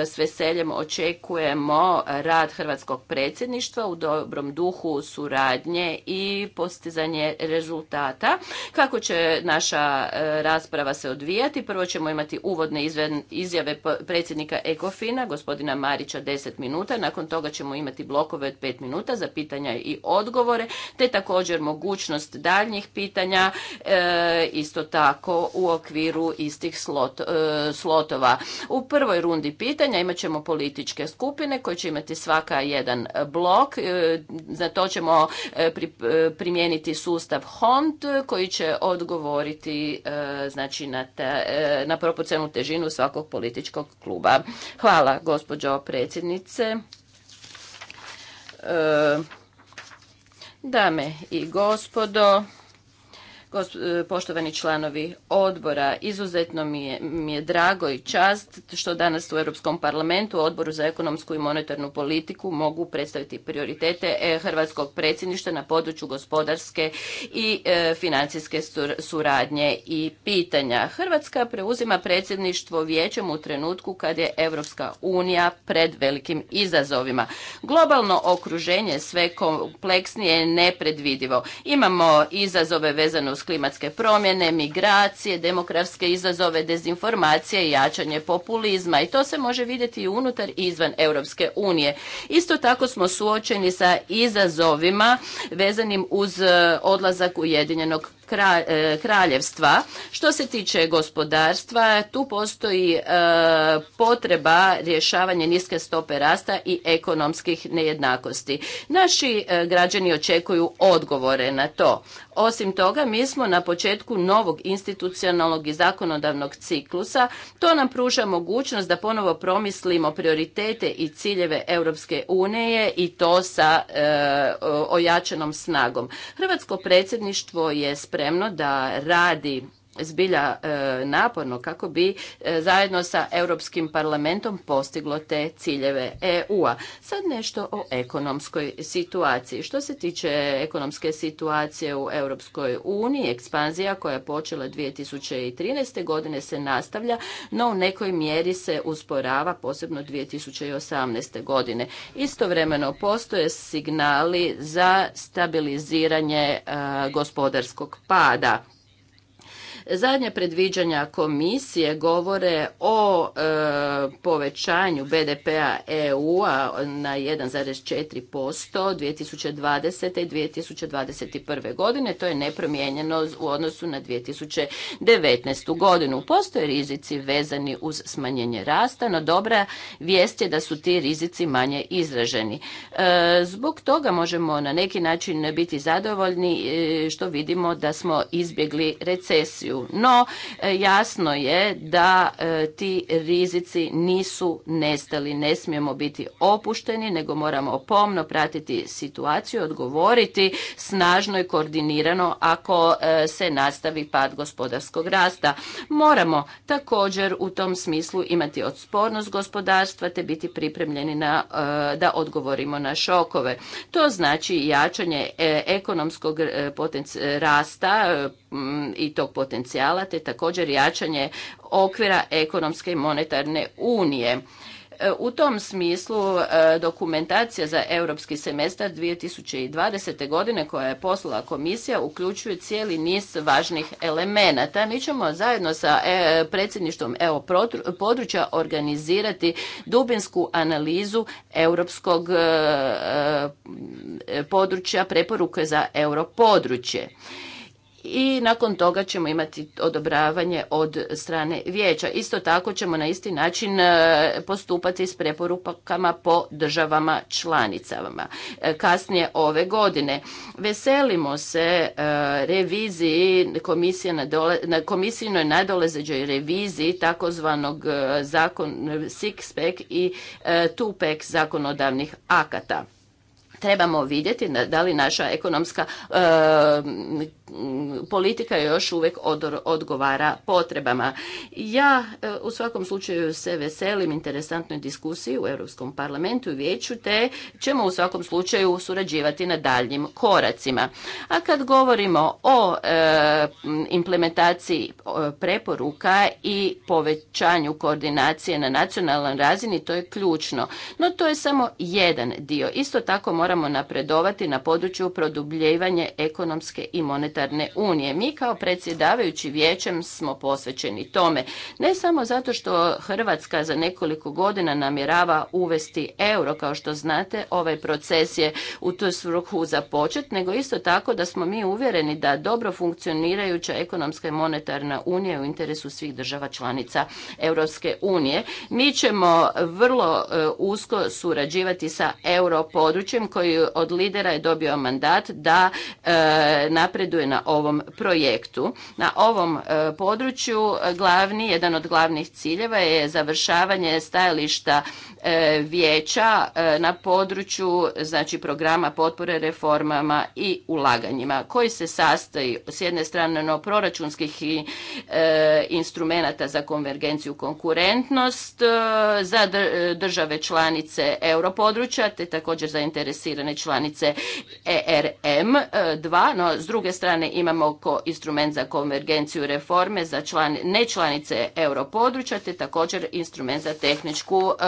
B: s veseljem očekujemo rad Hrvatskog predsjedništva u dobrom duhu suradnje i postizanje rezultata. Kako će naša rasprava se odvijati? Prvo ćemo imati uvodne izjave predsjednika Ekofina, gospodina Marića 10 minuta minuta, nakon toga ćemo imati blokove od pet minuta za pitanja i odgovore, te također mogućnost daljnjih pitanja e, isto tako u okviru istih slot, e, slotova. U prvoj rundi pitanja imat ćemo političke skupine koje će imati svaka jedan blok. E, za to ćemo e, primijeniti sustav HONT koji će odgovoriti znači na, te, na proporcionalnu težinu svakog političkog kluba. Hvala gospođo predsjednice. E, dame i gospodo, E, poštovani članovi odbora, izuzetno mi je, mi je drago i čast što danas u Europskom parlamentu, Odboru za ekonomsku i monetarnu politiku, mogu predstaviti prioritete e, Hrvatskog predsjedništva na području gospodarske i e, financijske suradnje i pitanja. Hrvatska preuzima predsjedništvo vijećem u trenutku kad je Europska unija pred velikim izazovima. Globalno okruženje sve kompleksnije je nepredvidivo. Imamo izazove vezano kroz klimatske promjene, migracije, demografske izazove, dezinformacije i jačanje populizma. I to se može vidjeti i unutar i izvan Europske unije. Isto tako smo suočeni sa izazovima vezanim uz e, odlazak Ujedinjenog E, kraljevstva. Što se tiče gospodarstva, tu postoji e, potreba rješavanja niske stope rasta i ekonomskih nejednakosti. Naši e, građani očekuju odgovore na to. Osim toga, mi smo na početku novog institucionalnog i zakonodavnog ciklusa. To nam pruža mogućnost da ponovo promislimo prioritete i ciljeve Europske unije i to sa ojačenom snagom. Hrvatsko predsjedništvo je spremno spremno da radi zbilja e, naporno kako bi e, zajedno sa Europskim parlamentom postiglo te ciljeve EU-a. Sad nešto o ekonomskoj situaciji. Što se tiče ekonomske situacije u Europskoj uniji, ekspanzija koja je počela 2013. godine se nastavlja, no u nekoj mjeri se usporava, posebno 2018. godine. Istovremeno postoje signali za stabiliziranje e, gospodarskog pada Zadnje predviđanja komisije govore o e, povećanju BDP-a EU-a na 1,4% 2020. i 2021. godine. To je nepromijenjeno u odnosu na 2019. godinu. Postoje rizici vezani uz smanjenje rasta, no dobra vijest je da su ti rizici manje izraženi. E, zbog toga možemo na neki način biti zadovoljni e, što vidimo da smo izbjegli recesiju. No, e, jasno je da e, ti rizici nisu nestali. Ne smijemo biti opušteni, nego moramo pomno pratiti situaciju, odgovoriti snažno i koordinirano ako e, se nastavi pad gospodarskog rasta. Moramo također u tom smislu imati odspornost gospodarstva te biti pripremljeni na, da odgovorimo na šokove. To znači jačanje ekonomskog rasta i tog potencijala potencijala te također jačanje okvira ekonomske i monetarne unije. E, u tom smislu e, dokumentacija za europski semestar 2020. godine koja je poslala komisija uključuje cijeli niz važnih elemenata. Mi ćemo zajedno sa e, predsjedništvom EU područja organizirati dubinsku analizu europskog područja preporuke za europodručje i nakon toga ćemo imati odobravanje od strane vijeća. Isto tako ćemo na isti način e, postupati s preporupakama po državama članicama. E, kasnije ove godine veselimo se e, reviziji komisije na, komisijnoj nadolezeđoj reviziji takozvanog zakon six i two pack zakonodavnih akata trebamo vidjeti da li naša ekonomska e, politika još uvijek odgovara potrebama. Ja e, u svakom slučaju se veselim interesantnoj diskusiji u Europskom parlamentu i vijeću te ćemo u svakom slučaju surađivati na daljnjim koracima. A kad govorimo o e, implementaciji preporuka i povećanju koordinacije na nacionalnoj razini, to je ključno. No to je samo jedan dio. Isto tako moramo napredovati na području produbljivanja ekonomske i monetarne unije. Mi kao predsjedavajući vijećem smo posvećeni tome. Ne samo zato što Hrvatska za nekoliko godina namjerava uvesti euro, kao što znate, ovaj proces je u tu svrhu započet, nego isto tako da smo mi uvjereni da dobro funkcionirajuća ekonomska i monetarna unija u interesu svih država članica Europske unije. Mi ćemo vrlo e, usko surađivati sa europodručjem koji od lidera je dobio mandat da e, napreduje na ovom projektu. Na ovom e, području e, glavni, jedan od glavnih ciljeva je završavanje stajališta vijeća na području znači programa potpore reformama i ulaganjima koji se sastoji s jedne strane no proračunskih i, instrumenata za konvergenciju konkurentnost za države članice europodručja te također zainteresirane članice ERM2, e, no s druge strane imamo ko instrument za konvergenciju reforme za član, ne članice europodručja te također instrument za tehničku e,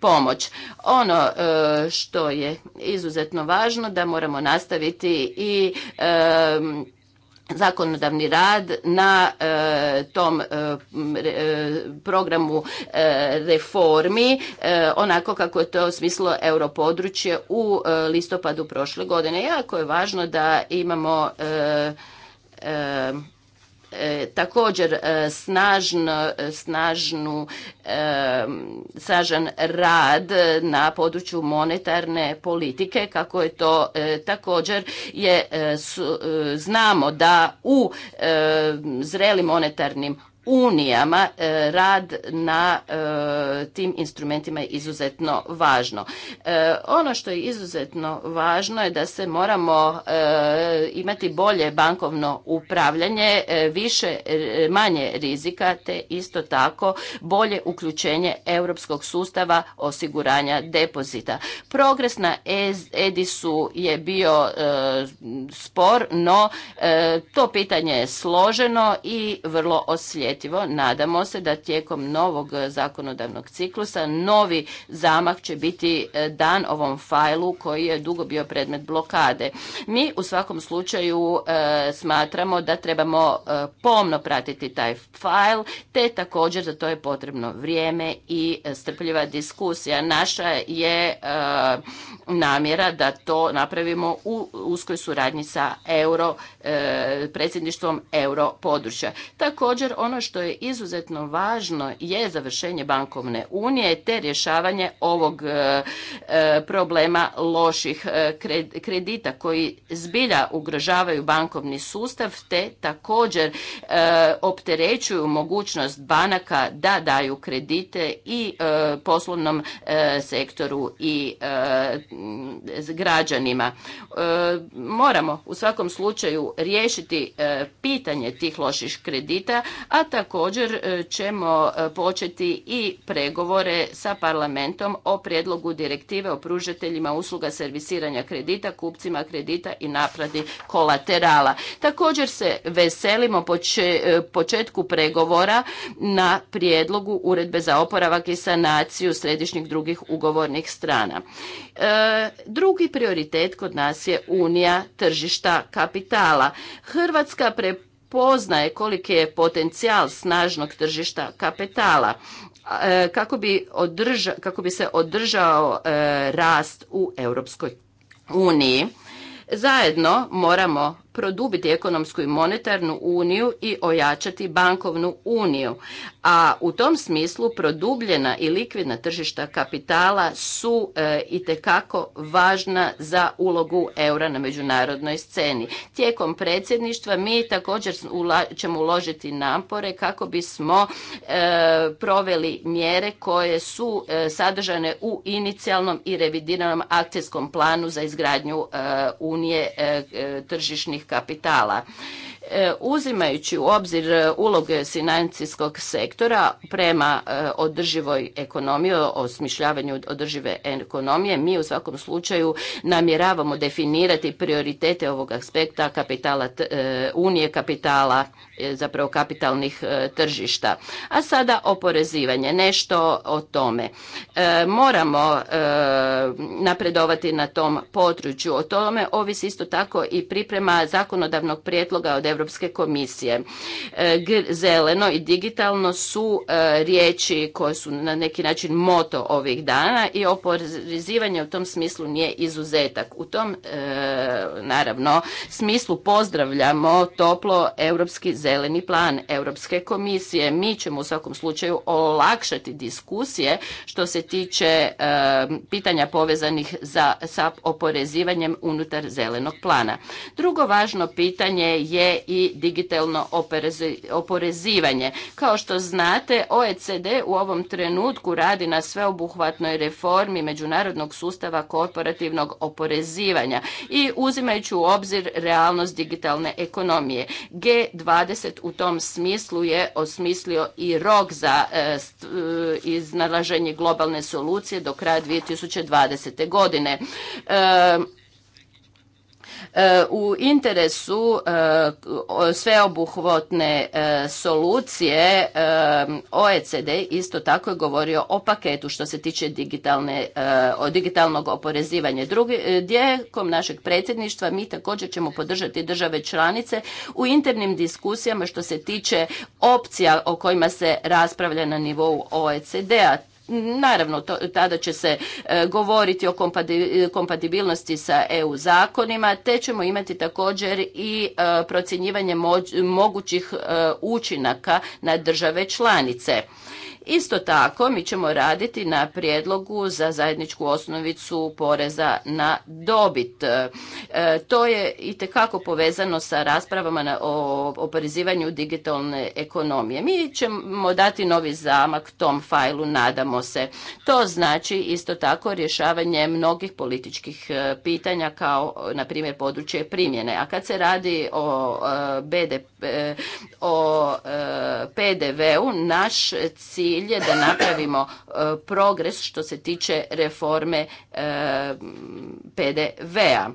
B: pomoć. Ono e, što je izuzetno važno da moramo nastaviti i zakonodavni rad na e, tom e, e, programu reformi onako kako je to smislo europodručje u listopadu prošle godine. Jako je važno da imamo E, također e, e, snažan rad na području monetarne politike kako je to također je znamo da u zrelim monetarnim unijama e, rad na e, tim instrumentima je izuzetno važno. E, ono što je izuzetno važno je da se moramo imati bolje bankovno upravljanje, više manje rizika te isto tako bolje uključenje europskog sustava osiguranja depozita. Progres na Edisu je bio spor, no to pitanje je složeno i vrlo osjetljivo Nadamo se da tijekom novog zakonodavnog ciklusa novi zamah će biti e, dan ovom fajlu koji je dugo bio predmet blokade. Mi u svakom slučaju e, smatramo da trebamo e, pomno pratiti taj fajl, te također za to je potrebno vrijeme i strpljiva diskusija. Naša je namjera da to napravimo u uskoj suradnji sa euro, predsjedništvom euro područja. Također ono što je izuzetno važno je završenje bankovne unije te rješavanje ovog e, e, problema loših e, kredita koji zbilja ugrožavaju bankovni sustav te također opterećuju mogućnost banaka da daju kredite i poslovnom sektoru i građanima. Moramo u svakom slučaju riješiti pitanje tih loših kredita, a Također e, ćemo e, početi i pregovore sa parlamentom o prijedlogu direktive o pružateljima usluga servisiranja kredita, kupcima kredita i napradi kolaterala. Također se veselimo e, početku pregovora na prijedlogu uredbe za oporavak i sanaciju središnjih drugih ugovornih strana. drugi prioritet kod nas je unija tržišta kapitala. Hrvatska pre poznaje koliki je potencijal snažnog tržišta kapitala e, kako bi, se održao e, rast u Europskoj uniji. Zajedno moramo produbiti ekonomsku i monetarnu uniju i ojačati bankovnu uniju. A u tom smislu produbljena i likvidna tržišta kapitala su e, itekako važna za ulogu eura na međunarodnoj sceni. Tijekom predsjedništva mi također ćemo uložiti napore kako bismo e, proveli mjere koje su e, sadržane u inicijalnom i revidiranom akcijskom planu za izgradnju e, unije tržišnih kapitala E, uzimajući u obzir e, uloge financijskog sektora prema e, održivoj ekonomiji, osmišljavanju održive ekonomije, mi u svakom slučaju namjeravamo definirati prioritete ovog aspekta kapitala unije kapitala zapravo kapitalnih tržišta. A sada oporezivanje, nešto o tome. Moramo napredovati na tom području. O tome ovisi isto tako i priprema zakonodavnog prijedloga od Europske komisije. E, zeleno i digitalno su e, riječi koje su na neki način moto ovih dana i oporezivanje u tom smislu nije izuzetak. U tom, e, naravno, smislu pozdravljamo toplo Europski zeleni plan Europske komisije. Mi ćemo u svakom slučaju olakšati diskusije što se tiče pitanja povezanih sa oporezivanjem unutar zelenog plana. Drugo važno pitanje je i digitalno oporezivanje. Kao što znate, OECD u ovom trenutku radi na sveobuhvatnoj reformi međunarodnog sustava korporativnog oporezivanja i uzimajući u obzir realnost digitalne ekonomije. G20 u tom smislu je osmislio i rok za e, e, iznalaženje globalne solucije do kraja 2020. godine. E, E, u interesu e, sveobuhvatne e, solucije OECD isto tako je govorio o paketu što se tiče digitalnog oporezivanja. Drugi, tijekom našeg predsjedništva mi također ćemo podržati države članice u internim diskusijama što se tiče opcija o kojima se raspravlja na nivou OECD-a Naravno, to, tada će se e, govoriti o kompatibilnosti sa EU zakonima, te ćemo imati također i e, procjenjivanje mogućih e, učinaka na države članice. Isto tako mi ćemo raditi na prijedlogu za zajedničku osnovicu poreza na dobit. E, to je i tekako povezano sa raspravama o oporezivanju digitalne ekonomije. Mi ćemo dati novi zamak tom fajlu, nadamo se. To znači isto tako rješavanje mnogih političkih e, pitanja kao na primjer područje primjene. A kad se radi o e, BDP, o PDV-u, naš cilj cilj je da napravimo e, progres što se tiče reforme e, PDV-a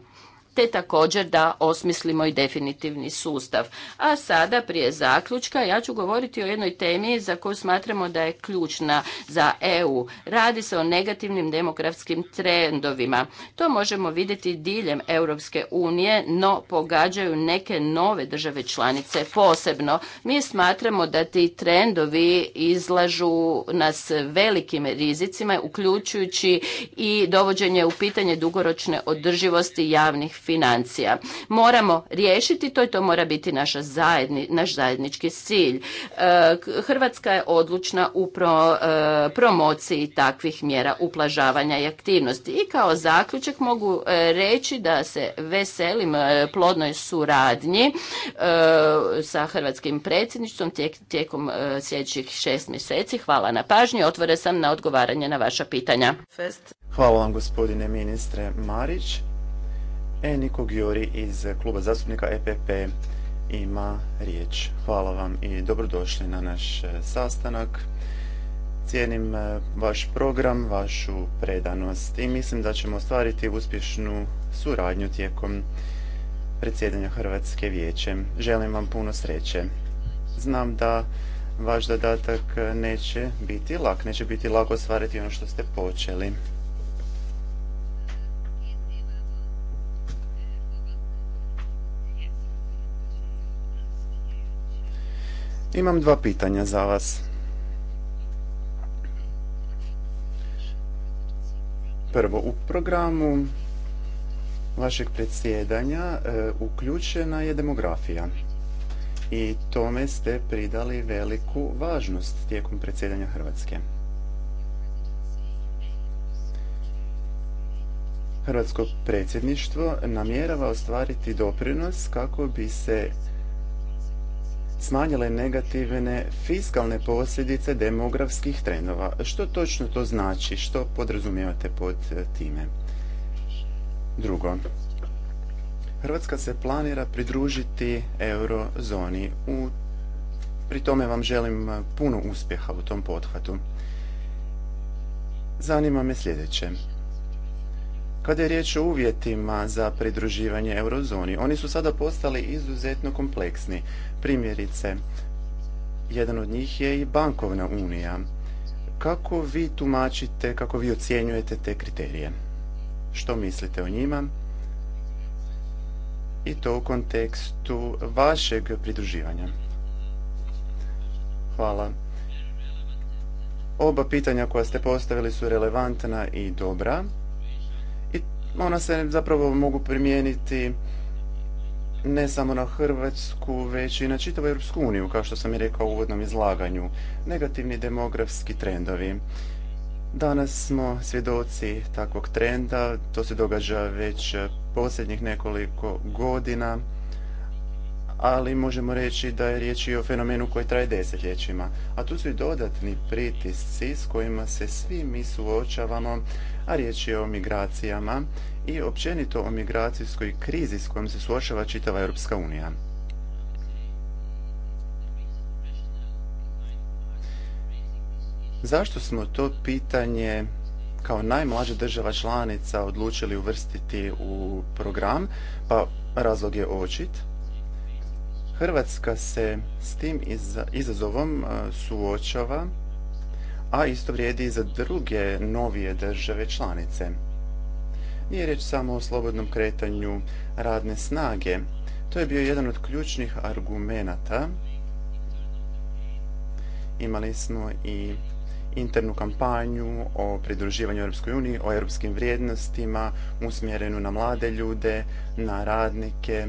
B: te također da osmislimo i definitivni sustav. A sada prije zaključka ja ću govoriti o jednoj temi za koju smatramo da je ključna za EU. Radi se o negativnim demografskim trendovima. To možemo vidjeti diljem Europske unije, no pogađaju neke nove države članice posebno. Mi smatramo da ti trendovi izlažu nas velikim rizicima, uključujući i dovođenje u pitanje dugoročne održivosti javnih financija. Moramo riješiti to i to mora biti naša zajedni, naš zajednički cilj. E, Hrvatska je odlučna u e, promociji takvih mjera uplažavanja i aktivnosti. I kao zaključak mogu e, reći da se veselim plodnoj suradnji sa hrvatskim predsjedništvom tijekom sljedećih šest mjeseci. Hvala na pažnji. Otvore sam na odgovaranje na vaša pitanja.
D: Hvala vam gospodine ministre Marić. Eniko Gjori iz kluba zastupnika EPP ima riječ. Hvala vam i dobrodošli na naš e, sastanak. Cijenim e, vaš program, vašu predanost i mislim da ćemo ostvariti uspješnu suradnju tijekom predsjedanja Hrvatske vijeće. Želim vam puno sreće. Znam da vaš dodatak e, neće biti lak, neće biti lako ostvariti ono što ste počeli. Imam dva pitanja za vas. Prvo, u programu vašeg predsjedanja e, uključena je demografija i tome ste pridali veliku važnost tijekom predsjedanja Hrvatske. Hrvatsko predsjedništvo namjerava ostvariti doprinos kako bi se smanjile negativne fiskalne posljedice demografskih trendova. Što točno to znači? Što podrazumijevate pod e, time? Drugo, Hrvatska se planira pridružiti eurozoni. pri tome vam želim e, puno uspjeha u tom pothvatu. Zanima me sljedeće. Kada je riječ o uvjetima za pridruživanje eurozoni, oni su sada postali izuzetno kompleksni. Primjerice, jedan od njih je i bankovna unija. Kako vi tumačite, kako vi ocjenjujete te kriterije? Što mislite o njima? I to u kontekstu vašeg pridruživanja. Hvala. Oba pitanja koja ste postavili su relevantna i dobra. Ona se zapravo mogu primijeniti ne samo na Hrvatsku, već i na čitavu Europsku uniju, kao što sam i rekao u uvodnom izlaganju. Negativni demografski trendovi. Danas smo svjedoci takvog trenda, to se događa već posljednjih nekoliko godina, ali možemo reći da je riječ i o fenomenu koji traje desetljećima. A tu su i dodatni pritisci s kojima se svi mi suočavamo a riječ je o migracijama i općenito o migracijskoj krizi s kojom se suočava čitava Europska unija. Zašto smo to pitanje kao najmlađa država članica odlučili uvrstiti u program? Pa razlog je očit. Hrvatska se s tim izazovom suočava a isto vrijedi i za druge novije države članice. Nije riječ samo o slobodnom kretanju radne snage. To je bio jedan od ključnih argumenata. Imali smo i internu kampanju o pridruživanju Europskoj uniji, o europskim vrijednostima, usmjerenu na mlade ljude, na radnike,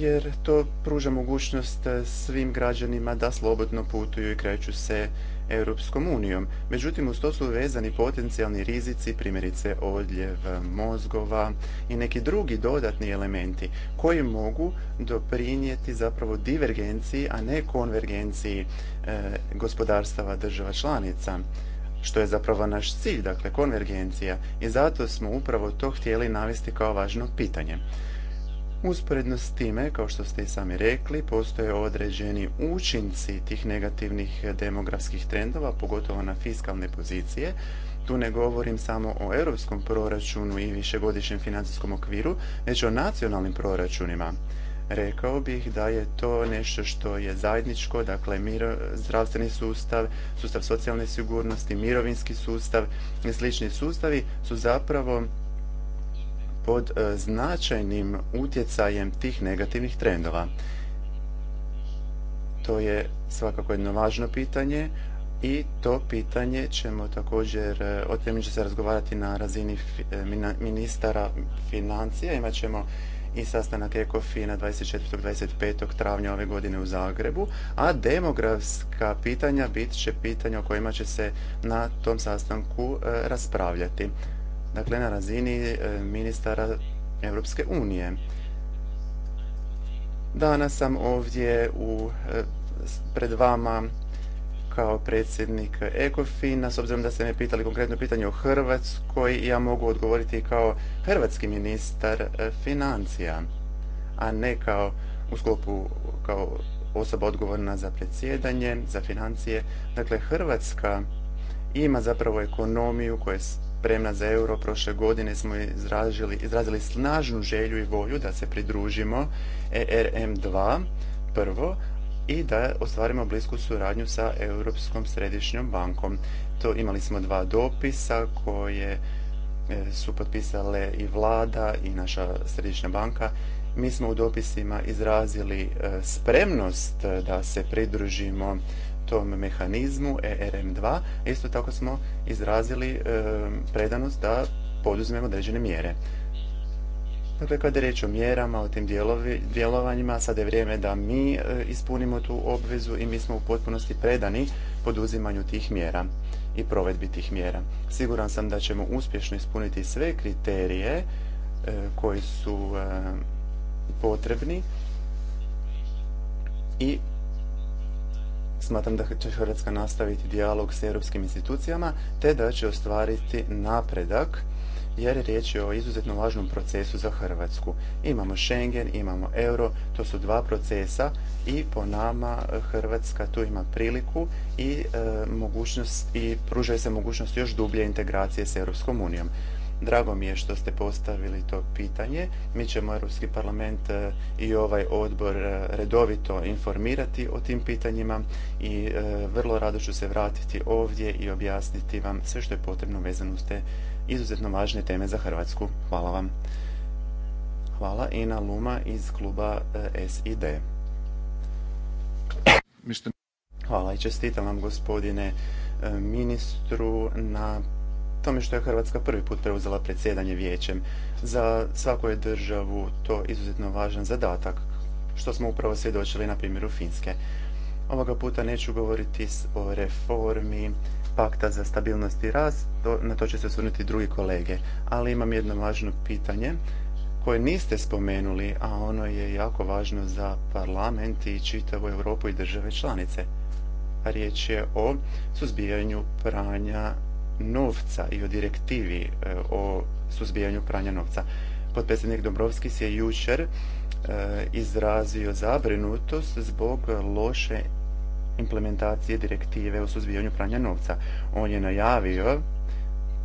D: jer to pruža mogućnost eh, svim građanima da slobodno putuju i kreću se Europskom unijom. Međutim, uz to su vezani potencijalni rizici, primjerice odljev eh, mozgova i neki drugi dodatni elementi koji mogu doprinijeti zapravo divergenciji, a ne konvergenciji eh, gospodarstava država članica što je zapravo naš cilj, dakle konvergencija i zato smo upravo to htjeli navesti kao važno pitanje. Usporedno s time, kao što ste i sami rekli, postoje određeni učinci tih negativnih demografskih trendova, pogotovo na fiskalne pozicije. Tu ne govorim samo o europskom proračunu i višegodišnjem financijskom okviru, već o nacionalnim proračunima. Rekao bih da je to nešto što je zajedničko, dakle miro, zdravstveni sustav, sustav socijalne sigurnosti, mirovinski sustav i slični sustavi su zapravo pod e, značajnim utjecajem tih negativnih trendova. To je svakako jedno važno pitanje i to pitanje ćemo također, e, o tem će se razgovarati na razini e, ministara financija. Imat ćemo i sastanak ECOFINA 24. 25. travnja ove godine u Zagrebu, a demografska pitanja bit će pitanja o kojima će se na tom sastanku raspravljati dakle na razini e, ministara Europske unije. Danas sam ovdje u, e, pred vama kao predsjednik Ekofina, s obzirom da ste me pitali konkretno pitanje o Hrvatskoj, ja mogu odgovoriti kao hrvatski ministar e, financija, a ne kao u sklopu kao osoba odgovorna za predsjedanje, za financije. Dakle, Hrvatska ima zapravo ekonomiju koja je spremna za euro. Prošle godine smo izrazili snažnu želju i volju da se pridružimo ERM2 prvo i da ostvarimo blisku suradnju sa Europskom središnjom bankom. To imali smo dva dopisa koje e, su potpisale i vlada i naša središnja banka. Mi smo u dopisima izrazili e, spremnost e, da se pridružimo tom mehanizmu ERM2 isto tako smo izrazili e, predanost da poduzmemo određene mjere. Dakle, kada je riječ o mjerama, o tim djelovanjima, sada je vrijeme da mi e, ispunimo tu obvezu i mi smo u potpunosti predani poduzimanju tih mjera i provedbi tih mjera. Siguran sam da ćemo uspješno ispuniti sve kriterije e, koji su potrebni i Smatram da će Hrvatska nastaviti dijalog s europskim institucijama te da će ostvariti napredak jer je riječ o izuzetno važnom procesu za Hrvatsku. Imamo Schengen, imamo euro, to su dva procesa i po nama Hrvatska tu ima priliku i, e, mogućnost, i pružaju se mogućnost još dublje integracije s Europskom unijom. Drago mi je što ste postavili to pitanje. Mi ćemo Europski parlament e, i ovaj odbor e, redovito informirati o tim pitanjima i e, vrlo rado ću se vratiti ovdje i objasniti vam sve što je potrebno vezano s te izuzetno važne teme za Hrvatsku. Hvala vam. Hvala Ina Luma iz kluba SID. Hvala i čestitam vam gospodine ministru na tome što je Hrvatska prvi put preuzela predsjedanje vijećem. Za svaku je državu to izuzetno važan zadatak, što smo upravo svjedočili na primjeru Finske. Ovoga puta neću govoriti o reformi pakta za stabilnost i rast, na to će se osvrnuti drugi kolege, ali imam jedno važno pitanje koje niste spomenuli, a ono je jako važno za parlament i čitavu Europu i države članice. A riječ je o suzbijanju pranja novca i o direktivi e, o suzbijanju pranja novca. Potpredsjednik Dobrovski je jučer e, izrazio zabrinutost zbog loše implementacije direktive o suzbijanju pranja novca. On je najavio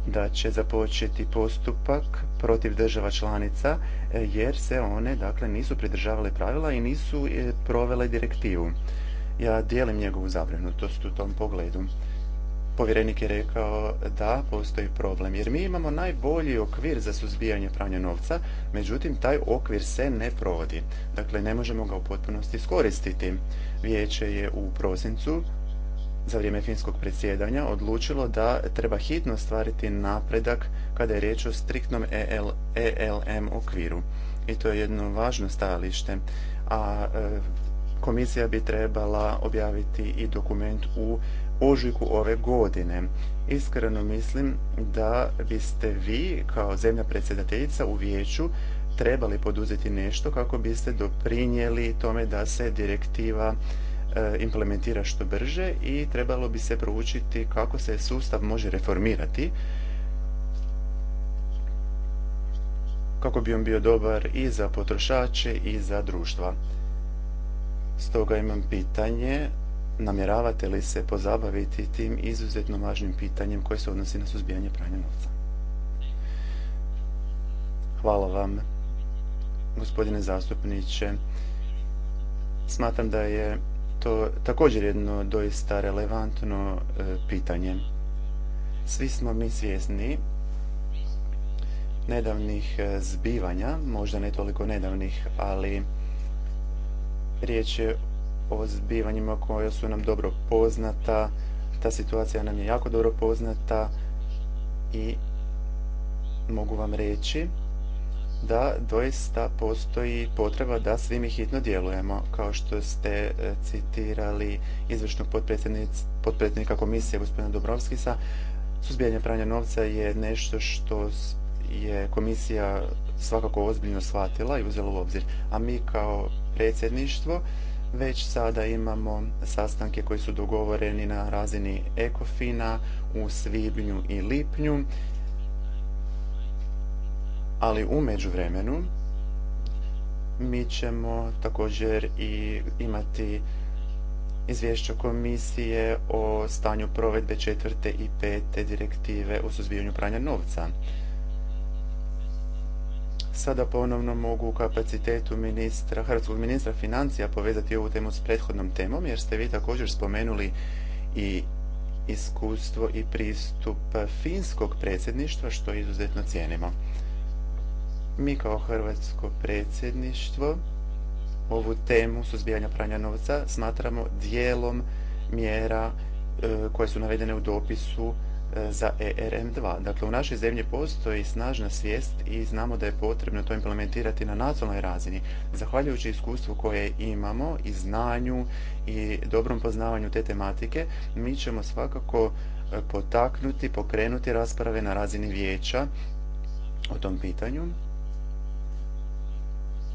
D: da će započeti postupak protiv država članica e, jer se one dakle nisu pridržavale pravila i nisu provele direktivu. Ja dijelim njegovu zabrinutost u tom pogledu povjerenik je rekao da postoji problem. Jer mi imamo najbolji okvir za suzbijanje pranja novca, međutim taj okvir se ne provodi. Dakle, ne možemo ga u potpunosti iskoristiti. Vijeće je u prosincu za vrijeme finskog predsjedanja odlučilo da treba hitno stvariti napredak kada je riječ o striktnom ELM e okviru. I to je jedno važno stajalište. A e, komisija bi trebala objaviti i dokument u ožujku ove godine. Iskreno mislim da biste vi kao zemlja predsjedateljica u vijeću trebali poduzeti nešto kako biste doprinijeli tome da se direktiva e, implementira što brže i trebalo bi se proučiti kako se sustav može reformirati kako bi on bio dobar i za potrošače i za društva. Stoga imam pitanje namjeravate li se pozabaviti tim izuzetno važnim pitanjem koje se odnosi na suzbijanje pranja novca? Hvala vam, gospodine zastupniče. Smatram da je to također jedno doista relevantno e, pitanje. Svi smo mi svjesni nedavnih e, zbivanja, možda ne toliko nedavnih, ali riječ je o zbivanjima koja su nam dobro poznata. Ta situacija nam je jako dobro poznata i mogu vam reći da doista postoji potreba da svi mi hitno djelujemo. Kao što ste e, citirali izvršnog potpredsjednika komisije gospodina Dobrovskisa, suzbijanje pranja novca je nešto što je komisija svakako ozbiljno shvatila i uzela u obzir. A mi kao predsjedništvo već sada imamo sastanke koji su dogovoreni na razini Ekofina u svibnju i lipnju, ali u međuvremenu mi ćemo također i imati izvješće komisije o stanju provedbe četvrte i pete direktive o suzbijanju pranja novca. Sada ponovno mogu u kapacitetu ministra, hrvatskog ministra financija povezati ovu temu s prethodnom temom, jer ste vi također spomenuli i iskustvo i pristup finskog predsjedništva, što izuzetno cijenimo. Mi kao hrvatsko predsjedništvo ovu temu suzbijanja pranja novca smatramo dijelom mjera e, koje su navedene u dopisu za ERM2. Dakle, u našoj zemlji postoji snažna svijest i znamo da je potrebno to implementirati na nacionalnoj razini. Zahvaljujući iskustvu koje imamo i znanju i dobrom poznavanju te tematike, mi ćemo svakako e, potaknuti, pokrenuti rasprave na razini vijeća o tom pitanju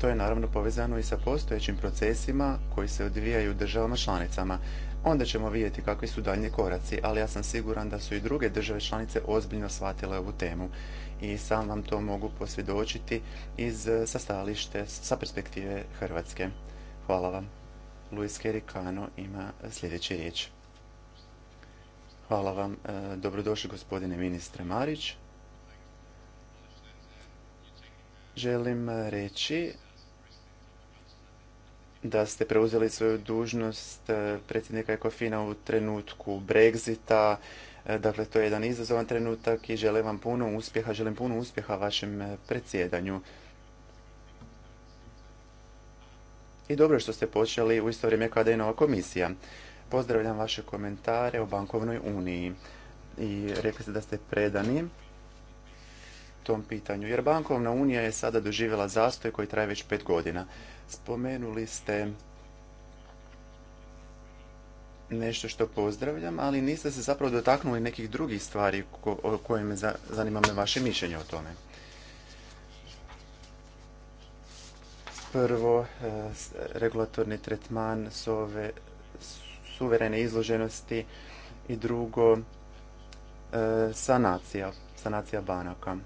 D: to je naravno povezano i sa postojećim procesima koji se odvijaju u državama članicama. Onda ćemo vidjeti kakvi su daljnji koraci, ali ja sam siguran da su i druge države članice ozbiljno shvatile ovu temu i sam vam to mogu posvjedočiti iz stajališta sa perspektive Hrvatske. Hvala vam. Luis Kerikano ima sljedeći riječ. Hvala vam. E, dobrodošli gospodine ministre Marić. Želim reći da ste preuzeli svoju dužnost eh, predsjednika Ekofina u trenutku Brexita. Eh, dakle, to je jedan izazovan trenutak i želim vam puno uspjeha, želim puno uspjeha vašem eh, predsjedanju. I dobro što ste počeli u isto vrijeme kada je nova komisija. Pozdravljam vaše komentare o bankovnoj uniji. I rekli ste da ste predani tom pitanju, jer bankovna unija je sada doživjela zastoj koji traje već pet godina. Spomenuli ste nešto što pozdravljam, ali niste se zapravo dotaknuli nekih drugih stvari o kojima zanima me vaše mišljenje o tome. Prvo, e, regulatorni tretman sove, suverene izloženosti i drugo, e, sanacija, sanacija banaka.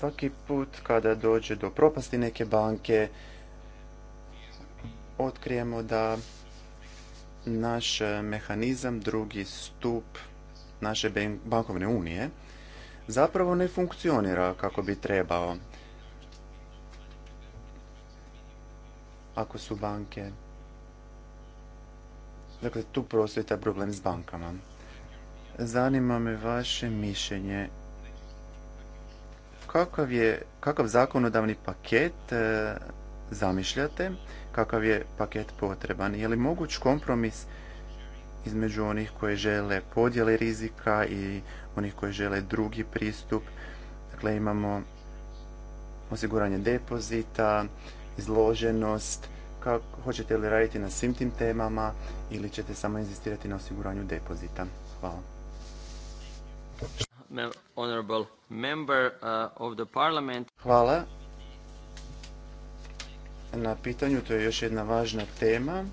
D: Svaki put kada dođe do propasti neke banke, otkrijemo da naš mehanizam, drugi stup naše bankovne unije, zapravo ne funkcionira kako bi trebao. Ako su banke... Dakle, tu prosvjeta problem s bankama. Zanima me vaše mišljenje kakav je, kakav zakonodavni paket e, zamišljate, kakav je paket potreban, je li moguć kompromis između onih koji žele podjele rizika i onih koji žele drugi pristup. Dakle, imamo osiguranje depozita, izloženost, kako, hoćete li raditi na svim tim temama ili ćete samo inzistirati na osiguranju depozita. Hvala. Uh, Hvala na pitanju. To je još jedna važna tema.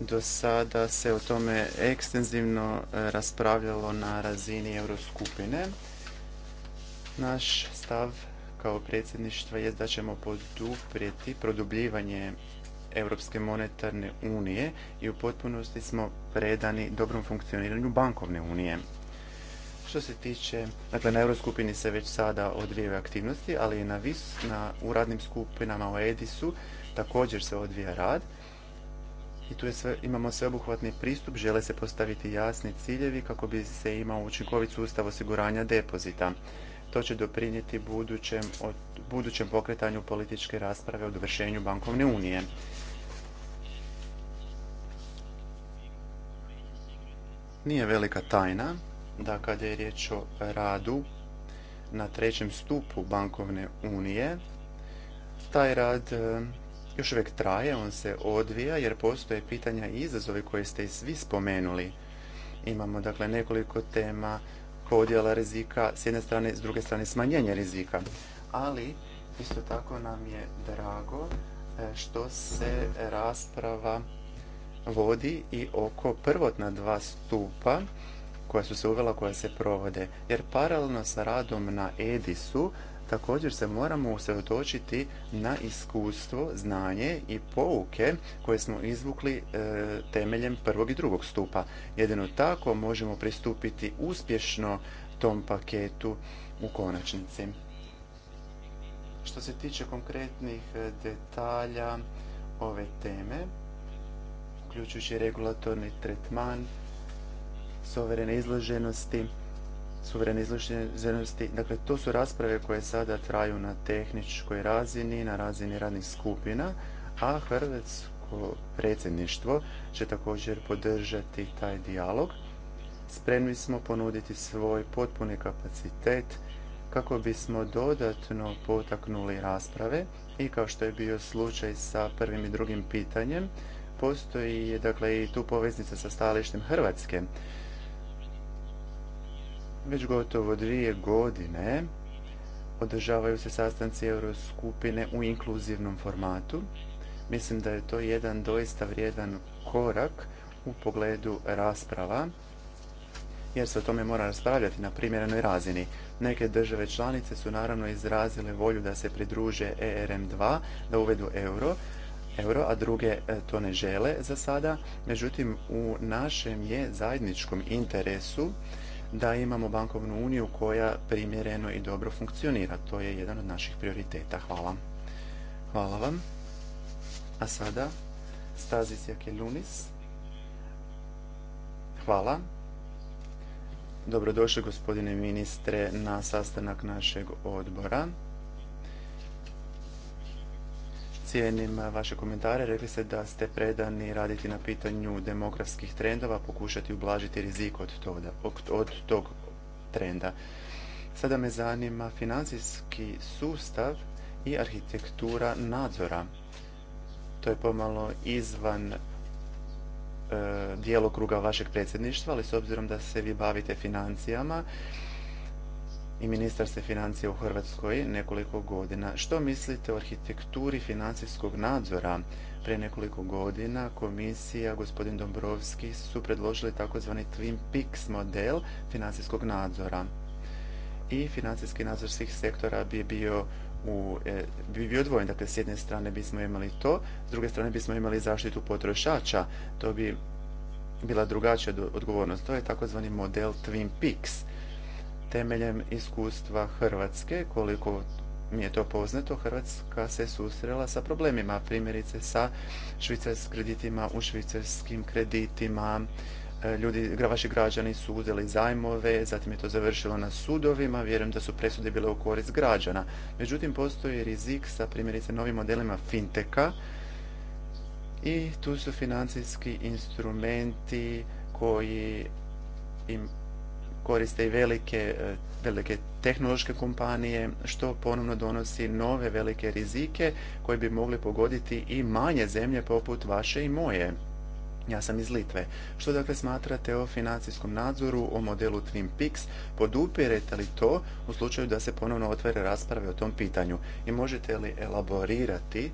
D: Do sada se o tome ekstenzivno uh, raspravljalo na razini Euroskupine. Naš stav kao predsjedništva je da ćemo poduprijeti produbljivanje Europske monetarne unije i u potpunosti smo predani dobrom funkcioniranju bankovne unije. Što se tiče, dakle na Euroskupini se već sada odvijaju aktivnosti, ali i na, vis, na u radnim skupinama u Edisu također se odvija rad. I tu je sve, imamo sveobuhvatni pristup, žele se postaviti jasni ciljevi kako bi se imao učinkovit sustav osiguranja depozita. To će doprinijeti budućem, budućem pokretanju političke rasprave o dovršenju bankovne unije. Nije velika tajna da kada je riječ o radu na trećem stupu bankovne unije, taj rad e, još uvijek traje, on se odvija jer postoje pitanja i izazovi koje ste i svi spomenuli. Imamo dakle nekoliko tema podjela rizika s jedne strane, s druge strane smanjenje rizika. Ali isto tako nam je drago e, što se rasprava vodi i oko prvotna dva stupa koja su se uvela, koja se provode. Jer paralelno sa radom na Edisu također se moramo usredotočiti na iskustvo, znanje i pouke koje smo izvukli e, temeljem prvog i drugog stupa. Jedino tako možemo pristupiti uspješno tom paketu u konačnici. Što se tiče konkretnih e, detalja ove teme, uključujući regulatorni tretman, suverene izloženosti, suverene izloženosti. Dakle, to su rasprave koje sada traju na tehničkoj razini, na razini radnih skupina, a Hrvatsko predsjedništvo će također podržati taj dijalog. Spremni smo ponuditi svoj potpuni kapacitet kako bismo dodatno potaknuli rasprave i kao što je bio slučaj sa prvim i drugim pitanjem, postoji dakle i tu poveznica sa stalištem Hrvatske. Već gotovo dvije godine održavaju se sastanci Euroskupine u inkluzivnom formatu. Mislim da je to jedan doista vrijedan korak u pogledu rasprava, jer se o tome mora raspravljati na primjerenoj razini. Neke države članice su naravno izrazile volju da se pridruže ERM2, da uvedu euro, euro, a druge e, to ne žele za sada. Međutim, u našem je zajedničkom interesu da imamo bankovnu uniju koja primjereno i dobro funkcionira. To je jedan od naših prioriteta. Hvala. Hvala vam. A sada Stazis Jakelunis. Hvala. Dobrodošli gospodine ministre na sastanak našeg odbora. Cijenim vaše komentare. Rekli ste da ste predani raditi na pitanju demografskih trendova, pokušati ublažiti rizik od, toga, od tog trenda. Sada me zanima financijski sustav i arhitektura nadzora. To je pomalo izvan e, djelokruga vašeg predsjedništva, ali s obzirom da se vi bavite financijama, i ministar se financija u Hrvatskoj nekoliko godina. Što mislite o arhitekturi financijskog nadzora? Pre nekoliko godina komisija, gospodin Dombrovski su predložili takozvani Twin Peaks model financijskog nadzora. I financijski nadzor svih sektora bi bio u, e, bi bio odvojen. Dakle, s jedne strane bismo imali to, s druge strane bismo imali zaštitu potrošača. To bi bila drugačija odgovornost. To je takozvani model Twin Peaks temeljem iskustva Hrvatske, koliko mi je to poznato, Hrvatska se susrela sa problemima, primjerice sa švicarskim kreditima, u švicarskim kreditima, e, ljudi, vaši građani su uzeli zajmove, zatim je to završilo na sudovima, vjerujem da su presude bile u korist građana. Međutim, postoji rizik sa primjerice novim modelima finteka i tu su financijski instrumenti koji im koriste i velike, e, velike tehnološke kompanije, što ponovno donosi nove velike rizike koji bi mogli pogoditi i manje zemlje poput vaše i moje. Ja sam iz Litve. Što dakle smatrate o financijskom nadzoru, o modelu Twin Peaks? Podupirete li to u slučaju da se ponovno otvore rasprave o tom pitanju? I možete li elaborirati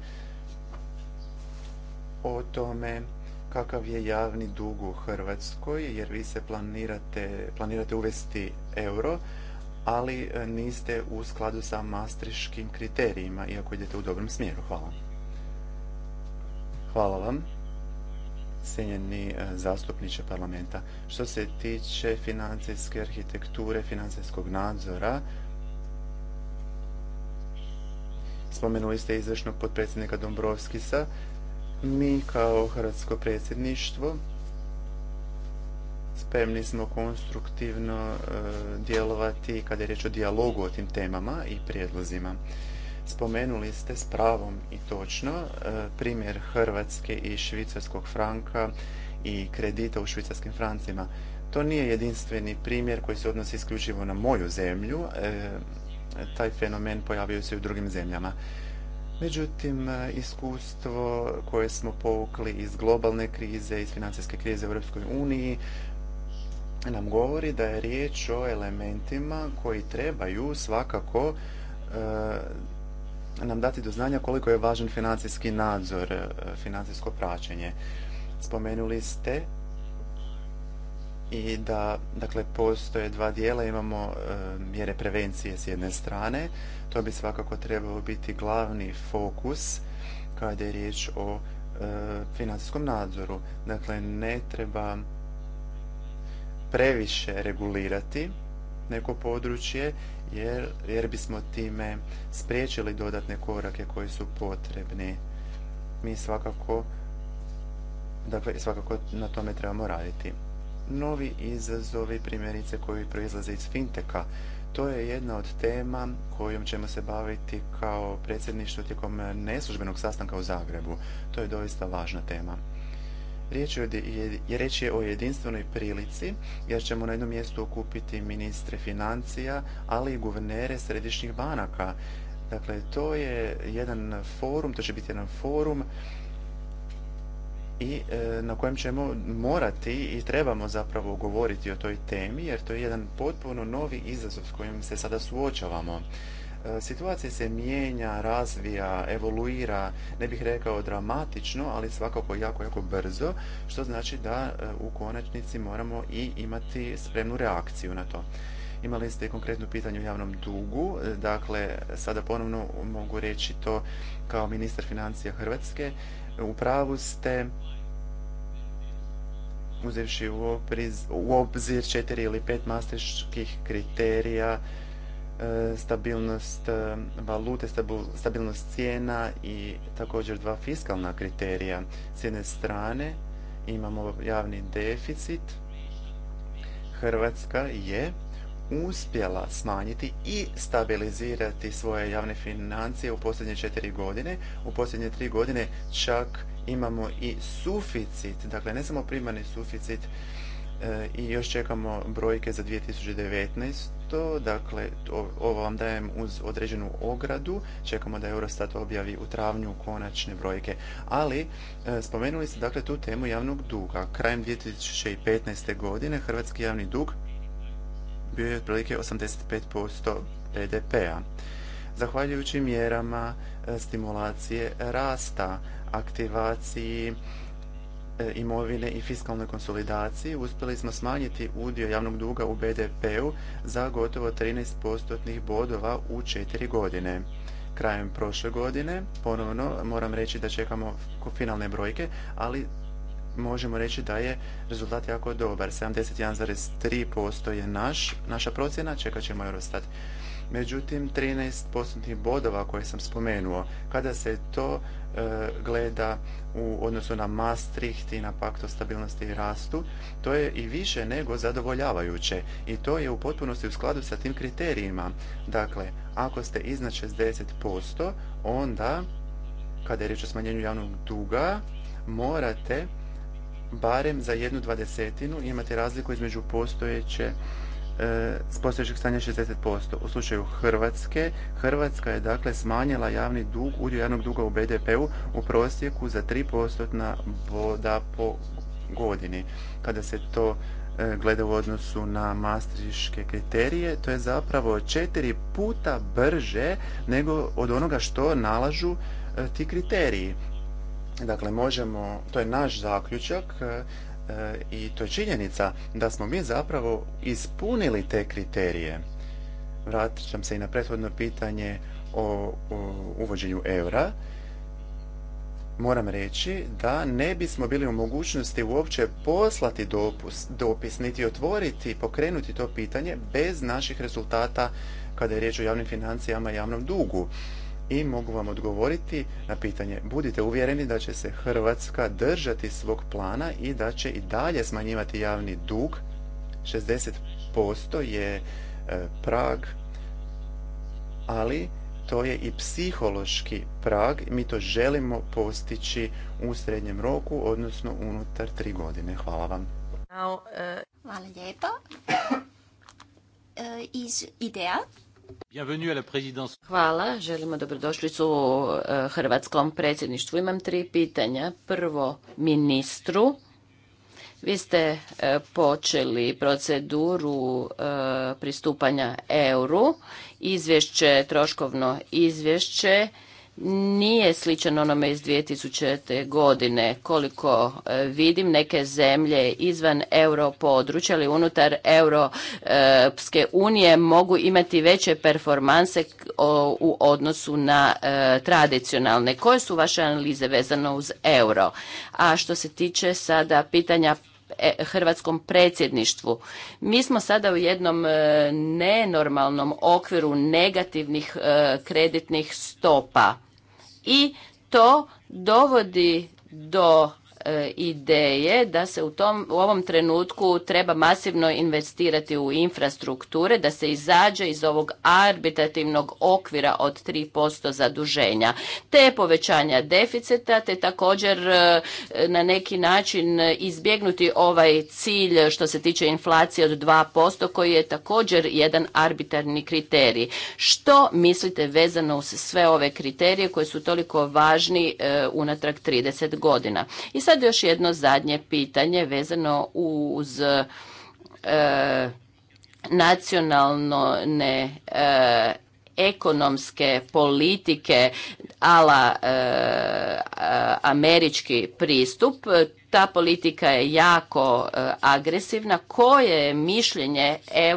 D: o tome kakav je javni dug u Hrvatskoj, jer vi se planirate, planirate uvesti euro, ali e, niste u skladu sa mastriškim kriterijima, iako idete u dobrom smjeru. Hvala. Hvala vam, senjeni e, zastupniče parlamenta. Što se tiče financijske arhitekture, financijskog nadzora, spomenuli ste izvršnog potpredsjednika Dombrovskisa, mi kao Hrvatsko predsjedništvo spremni smo konstruktivno e, djelovati kada je riječ o dijalogu o tim temama i prijedlozima. Spomenuli ste s pravom i točno e, primjer Hrvatske i švicarskog franka i kredita u švicarskim francima. To nije jedinstveni primjer koji se odnosi isključivo na moju zemlju. E, taj fenomen pojavio se i u drugim zemljama. Međutim, e, iskustvo koje smo povukli iz globalne krize, iz financijske krize u Europskoj uniji, nam govori da je riječ o elementima koji trebaju svakako e, nam dati do znanja koliko je važan financijski nadzor, e, financijsko praćenje. Spomenuli ste i da dakle postoje dva dijela imamo eh, mjere prevencije s jedne strane to bi svakako trebalo biti glavni fokus kada je riječ o eh, financijskom nadzoru dakle ne treba previše regulirati neko područje jer, jer bismo time spriječili dodatne korake koji su potrebni mi svakako dakle svakako na tome trebamo raditi novi izazovi, primjerice koji proizlaze iz finteka. To je jedna od tema kojom ćemo se baviti kao predsjedništvo tijekom neslužbenog sastanka u Zagrebu. To je doista važna tema. Riječ je, riječ je o jedinstvenoj prilici jer ćemo na jednom mjestu okupiti ministre financija, ali i guvernere središnjih banaka. Dakle, to je jedan forum, to će biti jedan forum i e, na kojem ćemo morati i trebamo zapravo govoriti o toj temi jer to je jedan potpuno novi izazov s kojim se sada suočavamo. E, situacija se mijenja, razvija, evoluira, ne bih rekao dramatično, ali svakako jako, jako brzo, što znači da e, u konačnici moramo i imati spremnu reakciju na to. Imali ste i konkretno pitanje o javnom dugu, dakle sada ponovno mogu reći to kao ministar financija Hrvatske, u pravu ste uzevši u obzir četiri ili pet mastriških kriterija e, stabilnost e, valute, stabilnost cijena i također dva fiskalna kriterija. S jedne strane imamo javni deficit. Hrvatska je uspjela smanjiti i stabilizirati svoje javne financije u posljednje četiri godine. U posljednje tri godine čak imamo i suficit, dakle ne samo primarni suficit, e, i još čekamo brojke za 2019. Dakle, ovo vam dajem uz određenu ogradu. Čekamo da Eurostat objavi u travnju konačne brojke. Ali, e, spomenuli ste dakle tu temu javnog duga. Krajem 2015. godine hrvatski javni dug bio je otprilike 85% BDP-a. Zahvaljujući mjerama e, stimulacije rasta, aktivaciji e, imovine i fiskalnoj konsolidaciji uspjeli smo smanjiti udio javnog duga u BDP-u za gotovo 13% bodova u četiri godine. Krajem prošle godine, ponovno moram reći da čekamo finalne brojke, ali možemo reći da je rezultat jako dobar. 71,3% je naš, naša procjena, čekat ćemo Eurostat. Međutim, 13% bodova koje sam spomenuo, kada se to e, gleda u odnosu na Maastricht i na pakt o stabilnosti i rastu, to je i više nego zadovoljavajuće i to je u potpunosti u skladu sa tim kriterijima. Dakle, ako ste iznad 60%, onda kada je riječ o smanjenju javnog duga, morate barem za jednu dvadesetinu imate razliku između postojeće e, s postojećeg stanja 60%. U slučaju Hrvatske, Hrvatska je dakle smanjila javni dug, udio javnog duga u BDP-u u prosjeku za 3% boda po godini. Kada se to e, gleda u odnosu na mastriške kriterije, to je zapravo četiri puta brže nego od onoga što nalažu e, ti kriteriji. Dakle, možemo, to je naš zaključak e, e, i to je činjenica da smo mi zapravo ispunili te kriterije. ćem se i na prethodno pitanje o, uvođenju eura. Moram reći da ne bismo bili u mogućnosti uopće poslati dopus, dopis, niti otvoriti, pokrenuti to pitanje bez naših rezultata kada je riječ o javnim financijama i javnom dugu i mogu vam odgovoriti na pitanje. Budite uvjereni da će se Hrvatska držati svog plana i da će i dalje smanjivati javni dug. 60% je e, prag, ali to je i psihološki prag. Mi to želimo postići u srednjem roku, odnosno unutar tri godine. Hvala vam.
A: Hvala lijepa. E, iz ideja
B: Hvala, želimo dobrodošlicu u e, Hrvatskom predsjedništvu. Imam tri pitanja. Prvo, ministru. Vi ste e, počeli proceduru e, pristupanja euru, izvješće, troškovno izvješće nije sličan onome iz 2000. godine. Koliko e, vidim, neke zemlje izvan euro područja ali unutar Europske unije mogu imati veće performanse u odnosu na e, tradicionalne. Koje su vaše analize vezano uz euro? A što se tiče sada pitanja e, hrvatskom predsjedništvu. Mi smo sada u jednom nenormalnom okviru negativnih kreditnih stopa i to dovodi do E, ideje da se u, tom, u ovom trenutku treba masivno investirati u infrastrukture, da se izađe iz ovog arbitrativnog okvira od 3% zaduženja. Te povećanja deficita, te također e, na neki način izbjegnuti ovaj cilj što se tiče inflacije od 2% koji je također jedan arbitarni kriterij. Što mislite vezano uz sve ove kriterije koji su toliko važni e, unatrag 30 godina? I sad sad još jedno zadnje pitanje vezano uz e, e ekonomske politike ala e, američki pristup ta politika je jako e, agresivna. Koje je mišljenje e,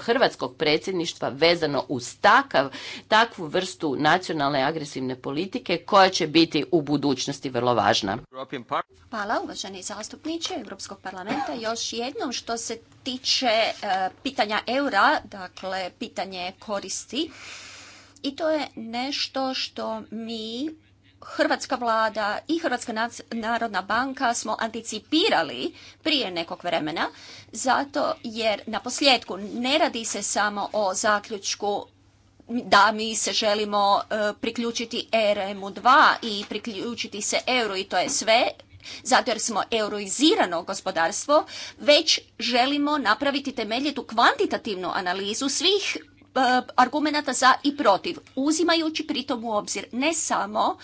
B: hrvatskog predsjedništva vezano uz takav, takvu vrstu nacionalne agresivne politike koja će biti u budućnosti vrlo važna?
A: Hvala uvaženi zastupniče Europskog parlamenta. Još jednom što se tiče e, pitanja eura, dakle pitanje koristi i to je nešto što mi hrvatska vlada i Hrvatska narodna banka smo anticipirali prije nekog vremena, zato jer na posljedku ne radi se samo o zaključku da mi se želimo e, priključiti rmu 2 i priključiti se euro i to je sve, zato jer smo euroizirano gospodarstvo, već želimo napraviti temeljitu kvantitativnu analizu svih E, argumenata za i protiv, uzimajući pritom u obzir ne samo e,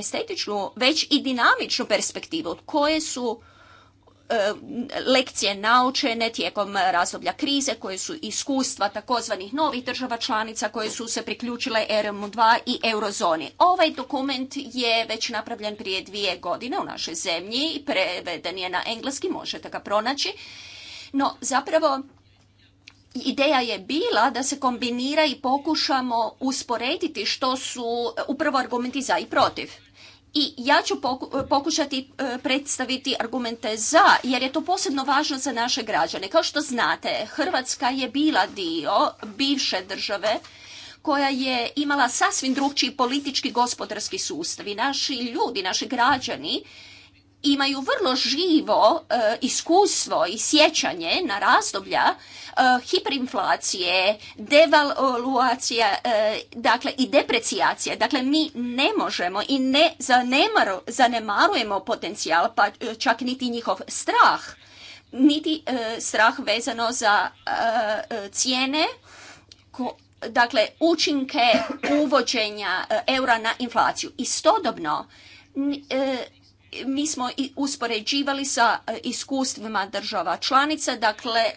A: estetičnu, već i dinamičnu perspektivu koje su e, lekcije naučene tijekom razdoblja krize, koje su iskustva takozvanih novih država članica koje su se priključile RM2 i eurozoni. Ovaj dokument je već napravljen prije dvije godine u našoj zemlji i preveden je na engleski, možete ga pronaći. No, zapravo Ideja je bila da se kombinira i pokušamo usporediti što su e, upravo argumenti za i protiv. I ja ću e, pokušati e, predstaviti argumente za, jer je to posebno važno za naše građane. Kao što znate, Hrvatska je bila dio bivše države koja je imala sasvim drukčiji politički gospodarski sustav i naši ljudi, naši građani imaju vrlo živo e, iskustvo i sjećanje na razdoblja e, hiperinflacije, devaluacija, e, dakle i deprecijacije. Dakle, mi ne možemo i ne zanemarujemo potencijal, pa čak niti njihov strah, niti strah vezano za cijene dakle učinke uvođenja eura na inflaciju. Istodobno mi smo i uspoređivali sa e, iskustvima država članica, dakle e,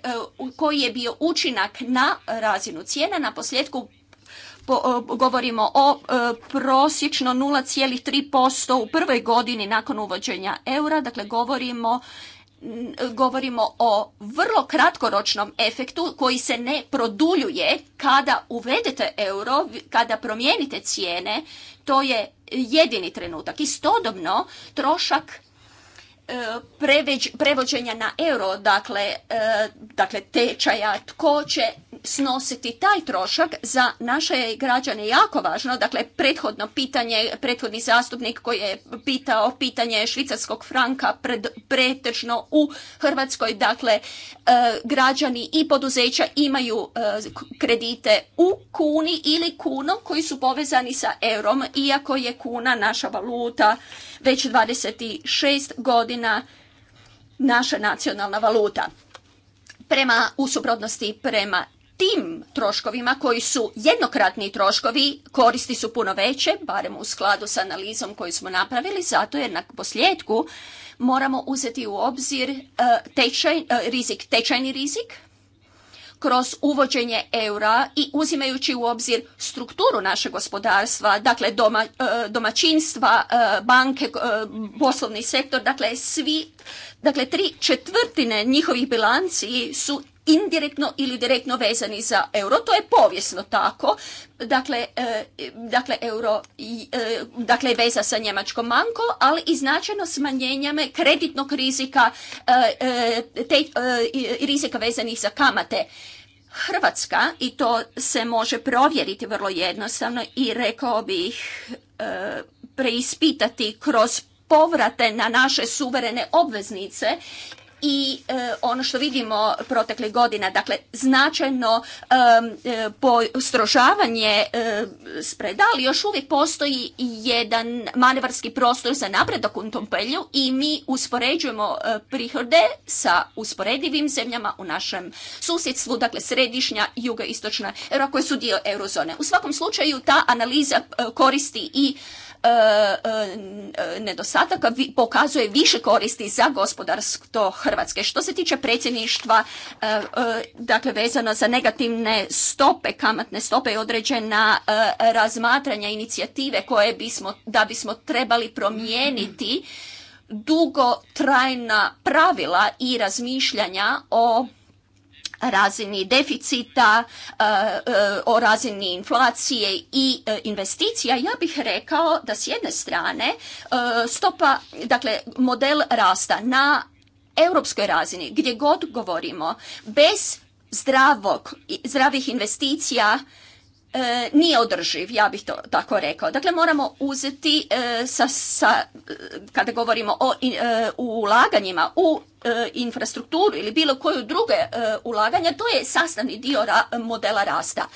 A: koji je bio učinak na razinu cijena, na posljedku e, govorimo o prosječno 0,3% u prvoj godini nakon uvođenja eura, dakle govorimo govorimo o vrlo kratkoročnom efektu koji se ne produljuje kada uvedete euro, kada promijenite cijene, to je jedini trenutak. Istodobno trošak E, prevođenja na euro, dakle, e, dakle tečaja, tko će snositi taj trošak za naše građane jako važno. Dakle, prethodno pitanje, prethodni zastupnik koji je pitao pitanje švicarskog franka pred, pretežno u Hrvatskoj, dakle, e, građani i poduzeća imaju kredite u kuni ili kunom koji su povezani sa eurom, iako je kuna naša valuta već 26 godina naša nacionalna valuta. Prema usuprotnosti prema tim troškovima koji su jednokratni troškovi koristi su puno veće, barem u skladu s analizom koju smo napravili, zato jer na posljedku moramo uzeti u obzir e, e, rizik, tečajni rizik, kroz uvođenje eura i uzimajući u obzir strukturu našeg gospodarstva, dakle e, domaćinstva, e, banke, e, poslovni sektor, dakle svi Dakle, tri četvrtine njihovih bilanci su indirektno ili direktno vezani za euro. To je povijesno tako. Dakle, e, dakle, euro, e, dakle veza sa njemačkom manko, ali i značajno smanjenjame kreditnog rizika, e, rizika vezanih za kamate. Hrvatska, i to se može provjeriti vrlo jednostavno i rekao bih preispitati kroz povrate na naše suverene obveznice i e, ono što vidimo proteklih godina, dakle značajno e, postrožavanje e, spreda, ali još uvijek postoji jedan manevarski prostor za napredak u tom pelju i mi uspoređujemo e, prihode sa usporedivim zemljama u našem susjedstvu, dakle središnja i jugoistočna e, koje su dio eurozone. U svakom slučaju ta analiza koristi i E, e, nedostataka pokazuje više koristi za gospodarstvo Hrvatske. Što se tiče predsjedništva, e, dakle vezano za negativne stope, kamatne stope i određena razmatranja inicijative koje bismo, da bismo trebali promijeniti dugotrajna pravila i razmišljanja o razini deficita, eh, eh, o razini inflacije i eh, investicija, ja bih rekao da s jedne strane stopa, dakle model rasta na europskoj razini, gdje god govorimo, bez zdravog, zdravih investicija e, nije održiv, ja bih to tako rekao. Dakle, moramo uzeti e, sa, e, kada govorimo o e, ulaganjima u infrastrukturu ili bilo koju druge ulaganja, to je sastavni dio modela rasta.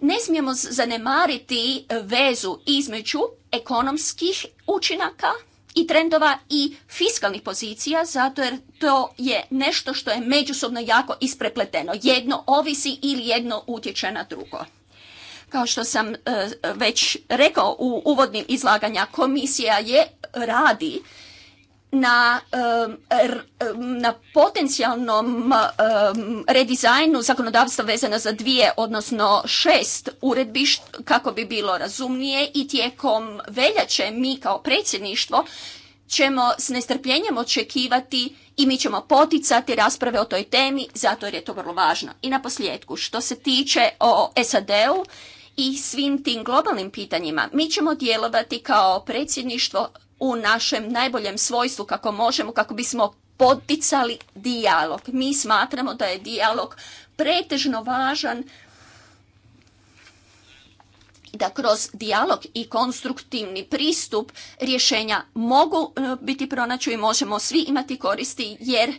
A: Ne smijemo zanemariti vezu između ekonomskih učinaka i trendova i fiskalnih pozicija, zato jer to je nešto što je međusobno jako isprepleteno. Jedno ovisi ili jedno utječe na drugo. Kao što sam e, već rekao u uvodnim izlaganja, komisija je radi na, e, na potencijalnom e, redizajnu zakonodavstva vezana za dvije, odnosno šest uredbi kako bi bilo razumnije i tijekom veljače mi kao predsjedništvo ćemo s nestrpljenjem očekivati i mi ćemo poticati rasprave o toj temi zato jer je to vrlo važno. I na posljedku, što se tiče o SAD-u, i svim tim globalnim pitanjima, mi ćemo djelovati kao predsjedništvo u našem najboljem svojstvu kako možemo, kako bismo poticali dijalog. Mi smatramo da je dijalog pretežno važan da kroz dijalog i konstruktivni pristup rješenja mogu e, biti pronaću i možemo svi imati koristi jer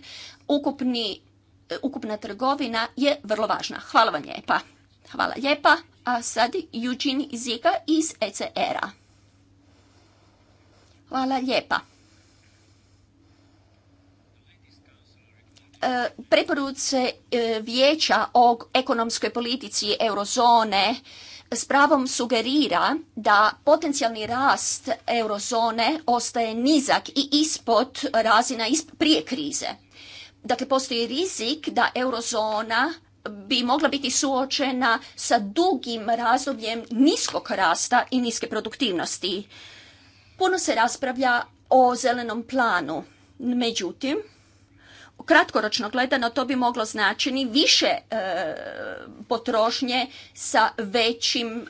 A: ukupni, e, ukupna trgovina je vrlo važna. Hvala vam lijepa. Hvala lijepa. A sad Eugene Zika iz ECR-a. Hvala lijepa. E, preporuce e, vijeća o ekonomskoj politici eurozone s pravom sugerira da potencijalni rast eurozone ostaje nizak i ispod razina prije krize. Dakle, postoji rizik da eurozona bi mogla biti suočena sa dugim razdobljem niskog rasta i niske produktivnosti. Puno se raspravlja o zelenom planu. Međutim, kratkoročno gledano to bi moglo značiti više e, potrošnje sa većim e,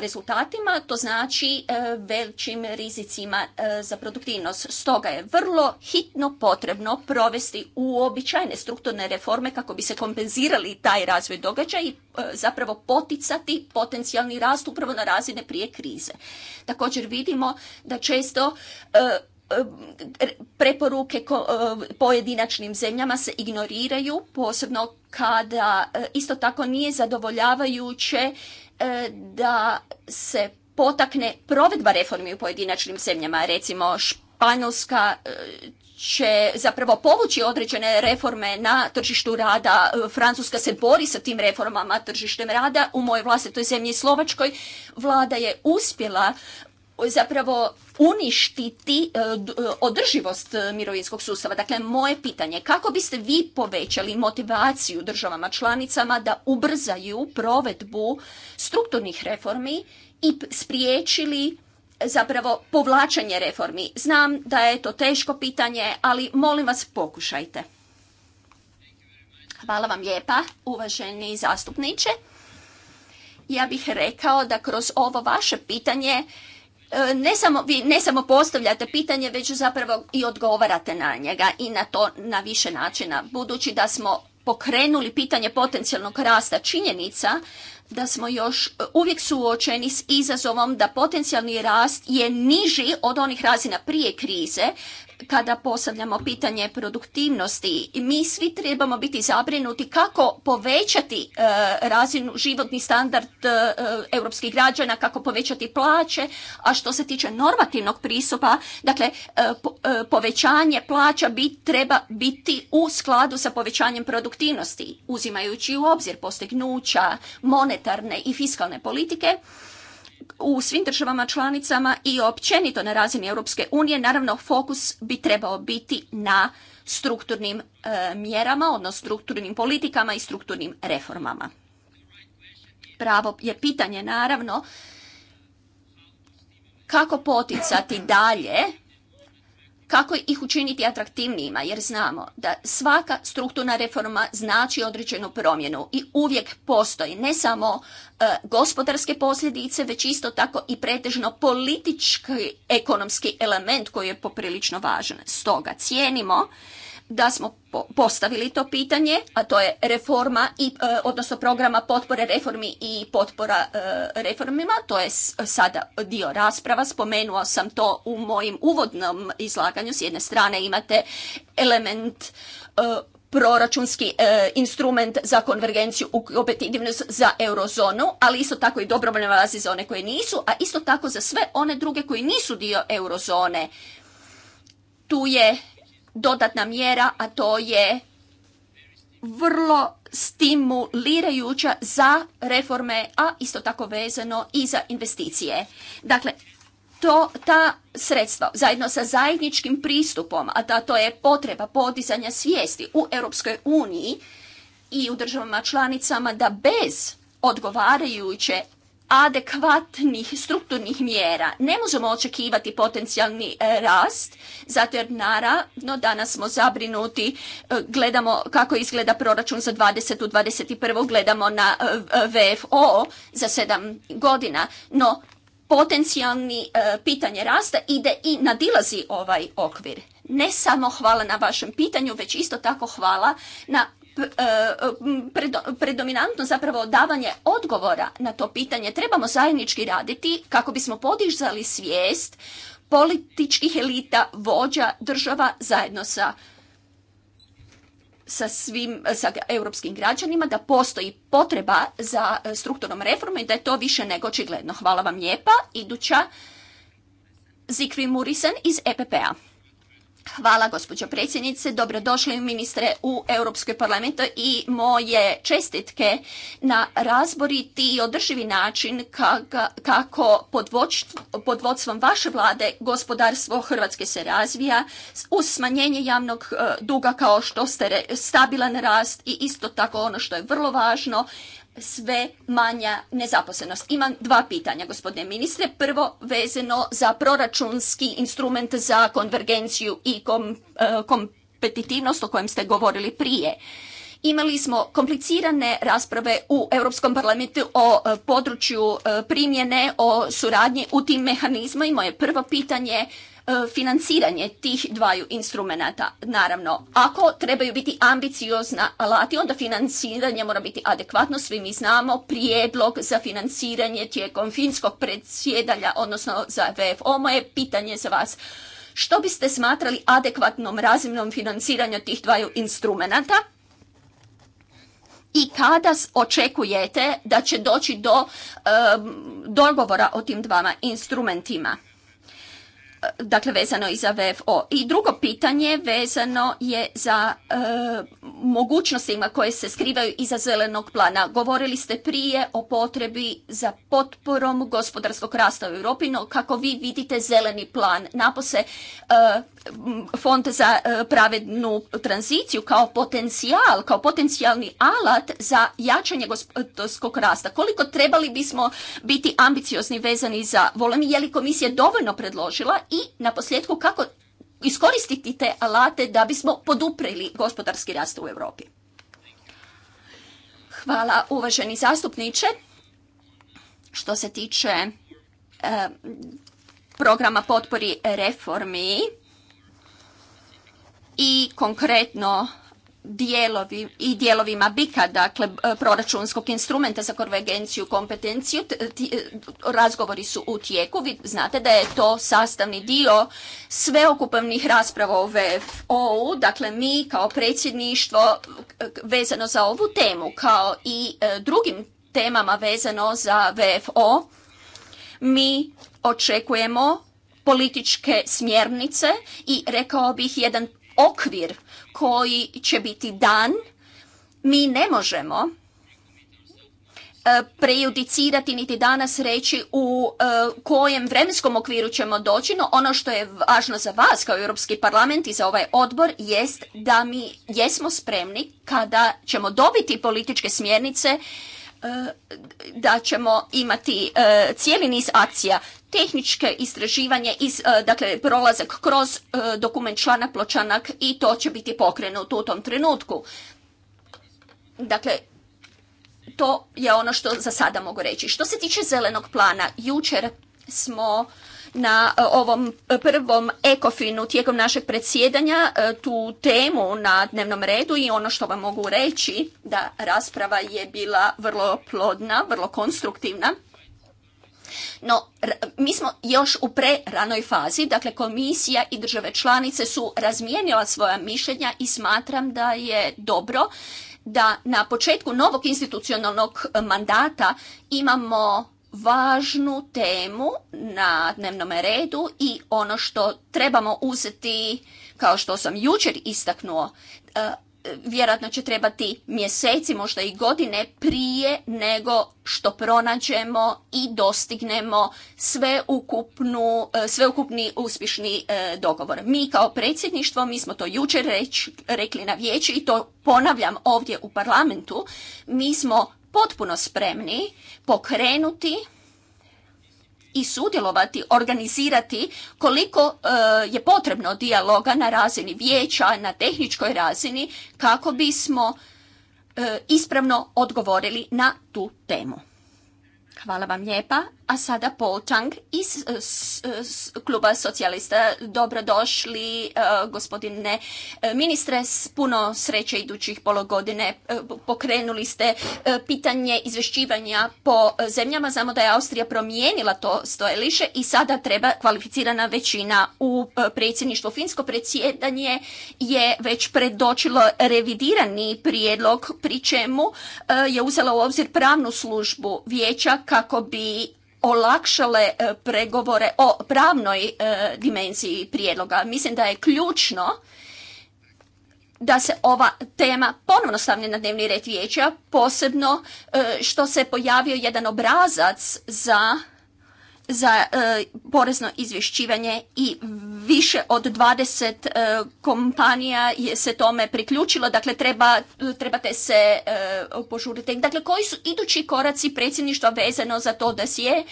A: rezultatima, to znači e, većim rizicima e, za produktivnost. Stoga je vrlo hitno potrebno provesti uobičajene strukturne reforme kako bi se kompenzirali taj razvoj događaja i zapravo poticati potencijalni rast upravo na razine prije krize. Također vidimo da često preporuke e, pojedinačnim zemljama se ignoriraju, posebno kada e, isto tako nije zadovoljavajuće e, da se potakne provedba reformi u pojedinačnim zemljama, recimo Španjolska će zapravo povući određene reforme na tržištu rada. Francuska se bori sa tim reformama tržištem rada. U mojoj vlastitoj zemlji Slovačkoj vlada je uspjela zapravo uništiti e, e, održivost e, mirovinskog sustava. Dakle, moje pitanje, kako biste vi povećali motivaciju državama članicama da ubrzaju provedbu strukturnih reformi i spriječili zapravo povlačenje reformi? Znam da je to teško pitanje, ali molim vas pokušajte. Hvala vam lijepa, uvaženi zastupniče. Ja bih rekao da kroz ovo vaše pitanje E, ne samo, vi ne samo postavljate pitanje, već zapravo i odgovarate na njega i na to na više načina. Budući da smo pokrenuli pitanje potencijalnog rasta činjenica, da smo još e, uvijek suočeni s izazovom da potencijalni rast je niži od onih razina prije krize kada postavljamo pitanje produktivnosti, mi svi trebamo biti zabrinuti kako povećati e, razinu životni standard e, europskih građana, kako povećati plaće, a što se tiče normativnog pristupa, dakle e, povećanje plaća bi treba biti u skladu sa povećanjem produktivnosti, uzimajući u obzir postignuća monetarne i fiskalne politike u svim državama članicama i općenito na razini Europske unije. Naravno, fokus bi trebao biti na strukturnim e, mjerama, odnosno strukturnim politikama i strukturnim reformama. Pravo je pitanje, naravno, kako poticati dalje kako ih učiniti atraktivnijima, jer znamo da svaka strukturna reforma znači određenu promjenu i uvijek postoji ne samo e, gospodarske posljedice, već isto tako i pretežno politički ekonomski element koji je poprilično važan. Stoga cijenimo da smo postavili to pitanje, a to je reforma i e, odnosno programa potpore reformi i potpora e, reformima, to je sada dio rasprava. Spomenuo sam to u mojim uvodnom izlaganju. S jedne strane imate element e, proračunski instrument za konvergenciju u kompetitivnost za eurozonu, ali isto tako i dobrovoljne vazi za one koje nisu, a isto tako za sve one druge koji nisu dio eurozone. Tu je dodatna mjera, a to je vrlo stimulirajuća za reforme, a isto tako vezano i za investicije. Dakle, to, ta sredstva zajedno sa zajedničkim pristupom, a da to je potreba podizanja svijesti u Europskoj uniji i u državama članicama da bez odgovarajuće adekvatnih strukturnih mjera. Ne možemo očekivati potencijalni e, rast, zato jer naravno danas smo zabrinuti, e, gledamo kako izgleda proračun za 20. u 21. gledamo na e, VFO za 7 godina, no potencijalni pitanje rasta ide i nadilazi ovaj okvir. Ne samo hvala na vašem pitanju, već isto tako hvala na predominantno zapravo davanje odgovora na to pitanje. Trebamo zajednički raditi kako bismo podizali svijest političkih elita, vođa, država zajedno sa svim sa europskim građanima da postoji potreba za strukturnom reformom i da je to više nego očigledno. Hvala vam lijepa. Iduća Zikri Murisen iz EPP-a. Hvala gospođo predsjednice, dobrodošli ministre u Europski parlament i moje čestitke na razboriti i održivi način kako pod vodstvom vaše vlade gospodarstvo Hrvatske se razvija uz smanjenje javnog e, duga kao što ste stabilan rast i isto tako ono što je vrlo važno sve manja nezaposlenost. Imam dva pitanja, gospodine ministre. Prvo, vezano za proračunski instrument za konvergenciju i e, kompetitivnost o kojem ste govorili prije. Imali smo komplicirane rasprave u Europskom parlamentu o e, području e, primjene, o suradnji u tim mehanizmima i moje prvo pitanje E, financiranje tih dvaju instrumenata. Naravno, ako trebaju biti ambiciozna alati, onda financiranje mora biti adekvatno. Svi mi znamo prijedlog za financiranje tijekom finskog predsjedanja, odnosno za VFO. Moje pitanje za vas, što biste smatrali adekvatnom razimnom financiranja tih dvaju instrumenata? i kada očekujete da će doći do e, dogovora o tim dvama instrumentima? dakle vezano i za VFO. I drugo pitanje vezano je za e, mogućnostima koje se skrivaju iza zelenog plana. Govorili ste prije o potrebi za potporom gospodarskog rasta u Europi, no kako vi vidite zeleni plan napose e, fond za e, pravednu tranziciju kao potencijal, kao potencijalni alat za jačanje gospodarskog rasta. Koliko trebali bismo biti ambiciozni vezani za volon, je li komisija dovoljno predložila i na posljedku kako iskoristiti te alate da bismo podupreli gospodarski rast u Europi. Hvala uvaženi zastupniče. Što se tiče e, programa potpori reformi, i konkretno dijelovi i dijelovima bika, dakle proračunskog instrumenta za konvergenciju kompetenciju. Razgovori su u tijeku. Vi znate da je to sastavni dio sveokupavnih rasprava o VFO-u. Dakle, mi kao predsjedništvo vezano za ovu temu kao i e, drugim temama vezano za VFO, mi očekujemo političke smjernice i rekao bih jedan okvir koji će biti dan, mi ne možemo e, prejudicirati niti danas reći u e, kojem vremenskom okviru ćemo doći, no ono što je važno za vas kao Europski parlament i za ovaj odbor jest da mi jesmo spremni kada ćemo dobiti političke smjernice e, da ćemo imati cijeli niz akcija tehničke istraživanje iz, e, dakle, prolazak kroz e, dokument članak pločanak i to će biti pokrenuto u tom trenutku. Dakle, to je ono što za sada mogu reći. Što se tiče zelenog plana, jučer smo na e, ovom prvom ekofinu tijekom našeg predsjedanja tu temu na dnevnom redu i ono što vam mogu reći da rasprava je bila vrlo plodna, vrlo konstruktivna no, mi smo još u preranoj fazi, dakle komisija i države članice su razmijenila svoja mišljenja i smatram da je dobro da na početku novog institucionalnog e, mandata imamo važnu temu na dnevnom redu i ono što trebamo uzeti, kao što sam jučer istaknuo, e, vjerojatno će trebati mjeseci, možda i godine prije nego što pronađemo i dostignemo sveukupnu, e, sveukupni uspješni e, dogovor. Mi kao predsjedništvo, mi smo to jučer reč, rekli na vijeći i to ponavljam ovdje u parlamentu, mi smo potpuno spremni pokrenuti i sudjelovati, organizirati koliko e, je potrebno dijaloga na razini vijeća, na tehničkoj razini kako bismo e, ispravno odgovorili na tu temu. Hvala vam lijepa. A sada Paul iz eh, eh, kluba socijalista. Dobrodošli, eh, gospodine ministre. S puno sreće idućih pologodine pokrenuli ste pitanje izvešćivanja po zemljama. Znamo da je Austrija promijenila to liše i sada treba kvalificirana većina u predsjedništvo. Finsko predsjedanje je već predočilo revidirani prijedlog pri čemu je uzela u obzir pravnu službu vijeća kako bi olakšale e, pregovore o pravnoj e, dimenziji prijedloga. Mislim da je ključno da se ova tema ponovno stavlja na dnevni red vijeća, posebno e, što se pojavio jedan obrazac za za e, porezno izvješćivanje i više od 20 e, kompanija je se tome priključilo, dakle treba, trebate se e, požuriti. Dakle, koji su idući koraci predsjedništva vezano za to da se je, e,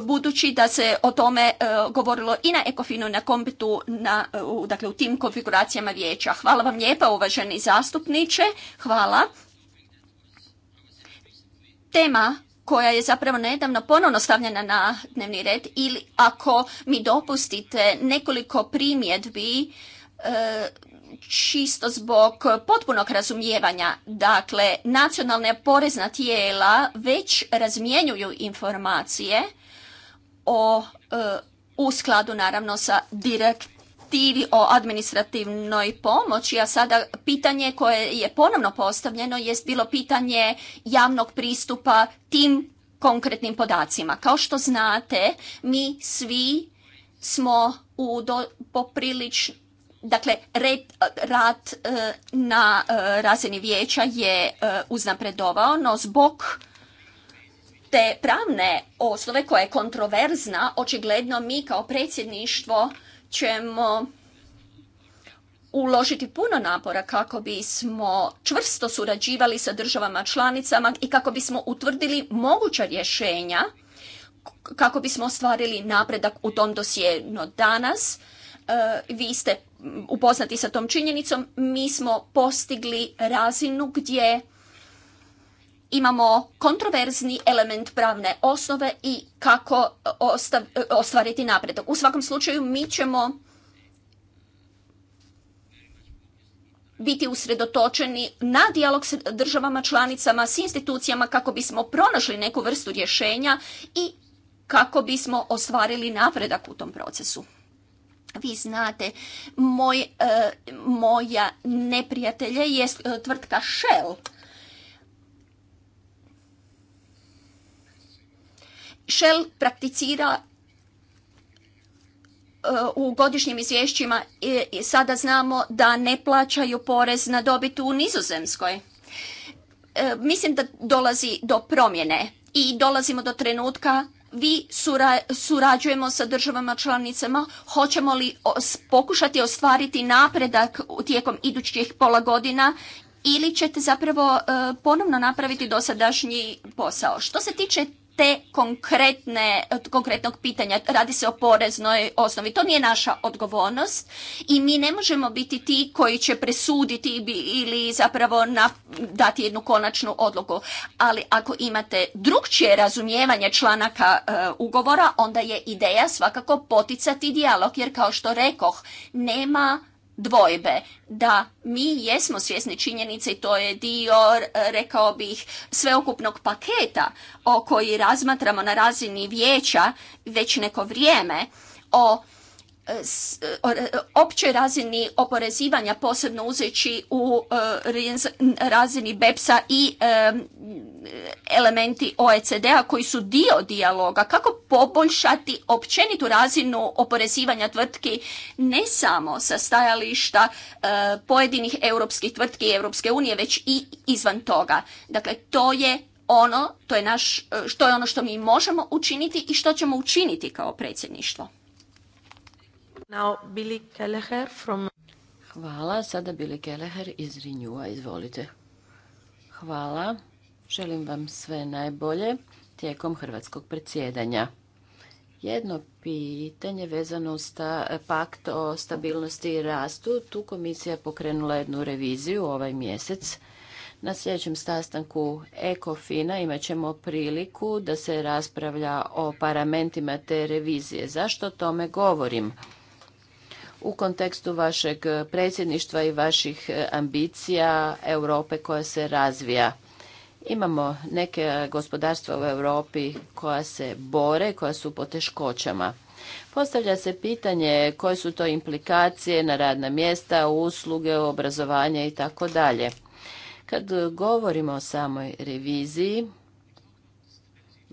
A: budući da se o tome govorilo i na Ekofinu, na na, u, dakle u tim konfiguracijama vijeća. Hvala vam lijepa, uvaženi zastupniče. Hvala. Tema koja je zapravo nedavno ponovno stavljena na dnevni red ili ako mi dopustite nekoliko primjedbi e, čisto zbog potpunog razumijevanja. Dakle, nacionalne porezna tijela već razmjenjuju informacije o e, u skladu naravno sa direkt, direktivi o administrativnoj pomoći, a sada pitanje koje je ponovno postavljeno jest bilo pitanje javnog pristupa tim konkretnim podacima. Kao što znate, mi svi smo u do, poprilično Dakle, red, rad e, na e, razini vijeća je e, uznapredovao, no zbog te pravne osnove koja je kontroverzna, očigledno mi kao predsjedništvo ćemo uložiti puno napora kako bismo čvrsto surađivali sa državama članicama i kako bismo utvrdili moguća rješenja kako bismo ostvarili napredak u tom dosjedno danas. E, vi ste upoznati sa tom činjenicom. Mi smo postigli razinu gdje imamo kontroverzni element pravne osnove i kako e, e, ostvariti napredak. U svakom slučaju mi ćemo biti usredotočeni na dijalog s državama članicama, s institucijama kako bismo pronašli neku vrstu rješenja i kako bismo ostvarili napredak u tom procesu. Vi znate, moj, e, moja neprijatelje je tvrtka Shell Shell prakticira eh, u godišnjim izvješćima i sada znamo da ne plaćaju porez na dobit u Nizozemskoj. Eh, mislim da dolazi do promjene i dolazimo do trenutka vi surađujemo sa državama članicama, hoćemo li pokušati ostvariti napredak tijekom idućih pola godina ili ćete zapravo eh, ponovno napraviti dosadašnji posao. Što se tiče te konkretne, konkretnog pitanja. Radi se o poreznoj osnovi. To nije naša odgovornost i mi ne možemo biti ti koji će presuditi ili zapravo na dati jednu konačnu odluku. Ali ako imate drugčije razumijevanje članaka e, ugovora, onda je ideja svakako poticati dijalog, jer kao što rekoh, nema dvojbe da mi jesmo svjesni činjenice i to je dio, rekao bih, sveukupnog paketa o koji razmatramo na razini vijeća već neko vrijeme o E, e, općoj razini oporezivanja, posebno uzeći u e, razini BEPS-a i elementi OECD-a koji su dio dijaloga, kako poboljšati općenitu razinu oporezivanja tvrtki ne samo sa stajališta pojedinih europskih tvrtki i Europske unije, već i izvan toga. Dakle, to je ono, to je naš, što je ono što mi možemo učiniti i što ćemo učiniti kao predsjedništvo.
C: Billy
B: Hvala. Sada Bili Keleher iz Rinjua, Izvolite. Hvala. Želim vam sve najbolje tijekom hrvatskog predsjedanja. Jedno pitanje vezano uz eh, pakt o stabilnosti i rastu. Tu komisija pokrenula jednu reviziju ovaj mjesec. Na sljedećem sastanku ECOFINA imat ćemo priliku da se raspravlja o paramentima te revizije. Zašto o tome govorim? u kontekstu vašeg e, predsjedništva i vaših e, ambicija Europe koja se razvija. Imamo neke gospodarstva u Europi koja se bore, koja su po teškoćama. Postavlja se pitanje koje su to implikacije na radna mjesta, usluge, obrazovanje i tako dalje. Kad govorimo o samoj reviziji,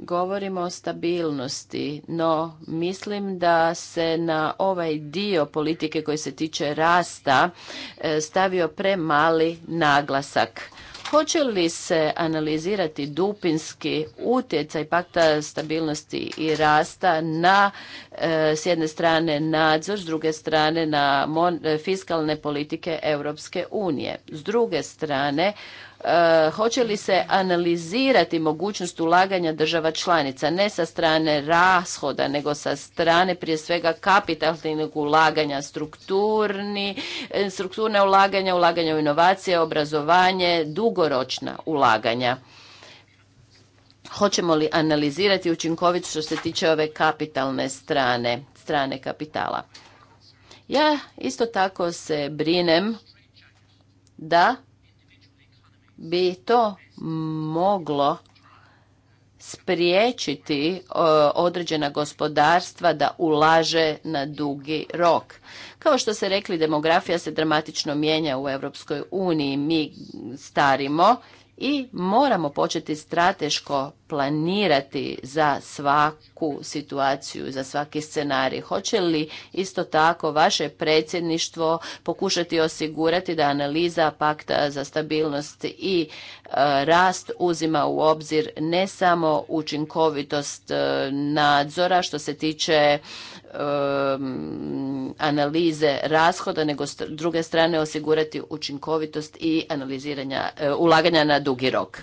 B: govorimo o stabilnosti, no mislim da se na ovaj dio politike koji se tiče rasta e, stavio premali naglasak. Hoće li se analizirati dupinski utjecaj pakta stabilnosti i rasta na e, s jedne strane nadzor, s druge strane na fiskalne politike Europske unije. S druge strane Eh, hoće li se analizirati mogućnost ulaganja država članica, ne sa strane rashoda, nego sa strane prije svega kapitalnog ulaganja, strukturni, eh, strukturne ulaganja, ulaganja u inovacije, obrazovanje, dugoročna ulaganja. Hoćemo li analizirati učinkovit što se tiče ove kapitalne strane, strane kapitala? Ja isto tako se brinem da bi to moglo spriječiti e, određena gospodarstva da ulaže na dugi rok. Kao što se rekli, demografija se dramatično mijenja u Europskoj uniji. Mi starimo i moramo početi strateško planirati za svaku situaciju, za svaki scenarij. Hoće li isto tako vaše predsjedništvo pokušati osigurati da analiza pakta za stabilnost i e, rast uzima u obzir ne samo učinkovitost e, nadzora što se tiče Um, analize rashoda, nego s druge strane osigurati učinkovitost i analiziranja uh, ulaganja na dugi rok.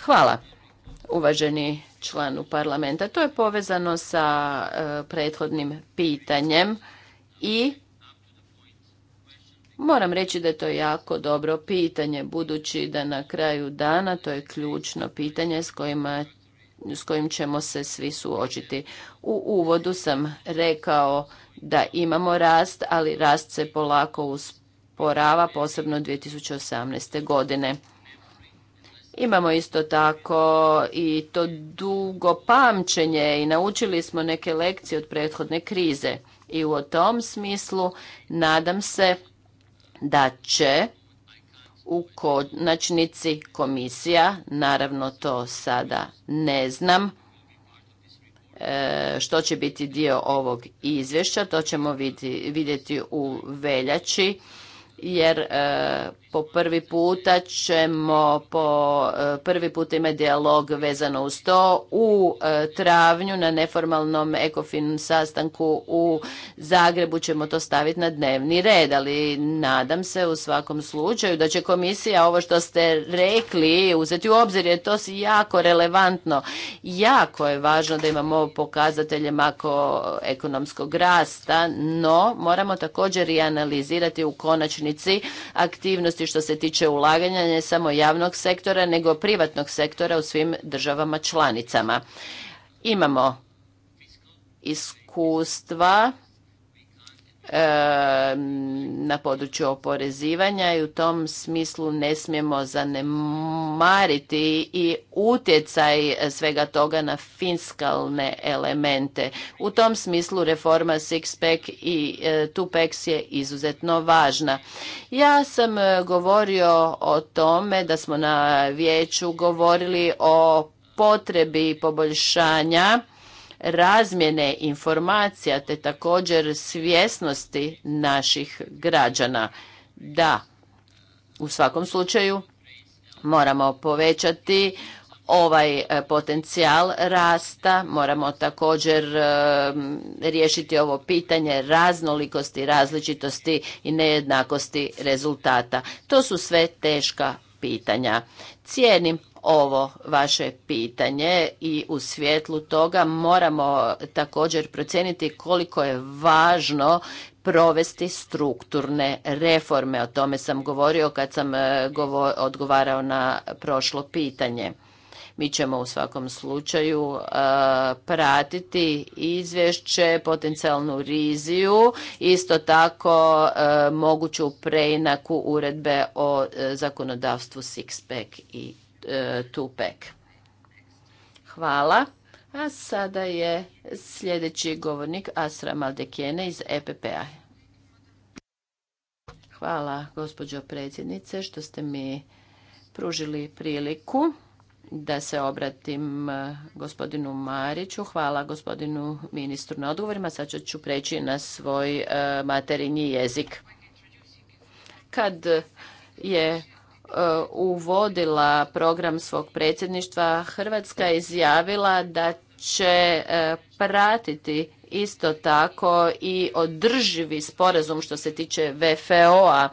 B: Hvala uvaženi članu parlamenta. To je povezano sa uh, prethodnim pitanjem i moram reći da je to jako dobro pitanje budući da na kraju dana to je ključno pitanje s kojima s kojim ćemo se svi suočiti. U uvodu sam rekao da imamo rast, ali rast se polako usporava, posebno 2018. godine. Imamo isto tako i to dugo pamćenje i naučili smo neke lekcije od prethodne krize. I u tom smislu nadam se da će u konačnici komisija, naravno to sada ne znam, e, što će biti dio ovog izvješća, to ćemo vidjeti u veljači jer e, po prvi puta ćemo po e, prvi put imati dijalog vezano uz to u e, travnju na neformalnom ekofin sastanku u Zagrebu ćemo to staviti na dnevni red, ali nadam se u svakom slučaju da će komisija ovo što ste rekli uzeti u obzir jer to jako relevantno. Jako je važno da imamo pokazatelje ekonomskog rasta, no moramo također i analizirati u konačnici aktivnosti što se tiče ulaganja ne samo javnog sektora, nego privatnog sektora u svim državama članicama. Imamo iskustva na području oporezivanja i u tom smislu ne smijemo zanemariti i utjecaj svega toga na fiskalne elemente. U tom smislu reforma six-pack i e, Tupex je izuzetno važna. Ja sam e, govorio o tome da smo na vijeću govorili o potrebi poboljšanja razmjene informacija te također svjesnosti naših građana. Da, u svakom slučaju moramo povećati ovaj e, potencijal rasta, moramo također e, riješiti ovo pitanje raznolikosti, različitosti i nejednakosti rezultata. To su sve teška pitanja. Cijenim ovo vaše pitanje i u svjetlu toga moramo također procijeniti koliko je važno provesti strukturne reforme. O tome sam govorio kad sam e, odgovarao na prošlo pitanje. Mi ćemo u svakom slučaju e, pratiti izvješće, potencijalnu riziju, isto tako e, moguću preinaku uredbe o zakonodavstvu Sixpack i E, Tupek. Hvala. A sada je sljedeći govornik Asra Maldekjene iz EPP-a. Hvala gospođo predsjednice što ste mi pružili priliku da se obratim e, gospodinu Mariću. Hvala gospodinu ministru na odgovorima. Sad ću preći na svoj e, materinji jezik. Kad je Uh, uvodila program svog predsjedništva, Hrvatska je izjavila da će uh, pratiti isto tako i održivi sporazum što se tiče VFO-a.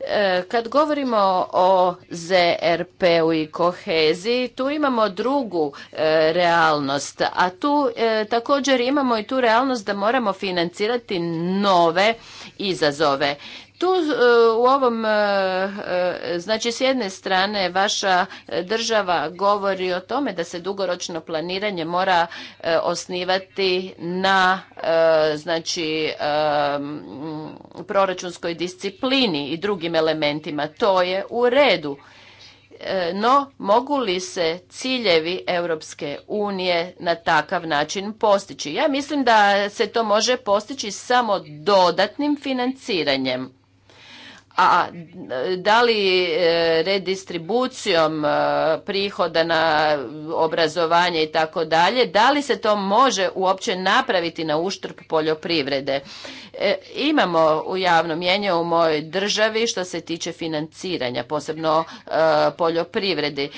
B: Uh, kad govorimo o ZRP-u i koheziji, tu imamo drugu realnost, a tu također imamo i tu realnost da moramo financirati nove izazove. Tu e, u ovom, e, e, znači s jedne strane vaša država govori o tome da se dugoročno planiranje mora osnivati na znači proračunskoj disciplini i drugim elementima. To je u redu. No, mogu li se ciljevi Europske unije na takav način postići? Ja mislim da se to može postići samo dodatnim financiranjem a da li e, redistribucijom e, prihoda na obrazovanje i tako dalje, da li se to može uopće napraviti na uštrb poljoprivrede? E, imamo u javnom mjenju u mojoj državi što se tiče financiranja, posebno poljoprivredi.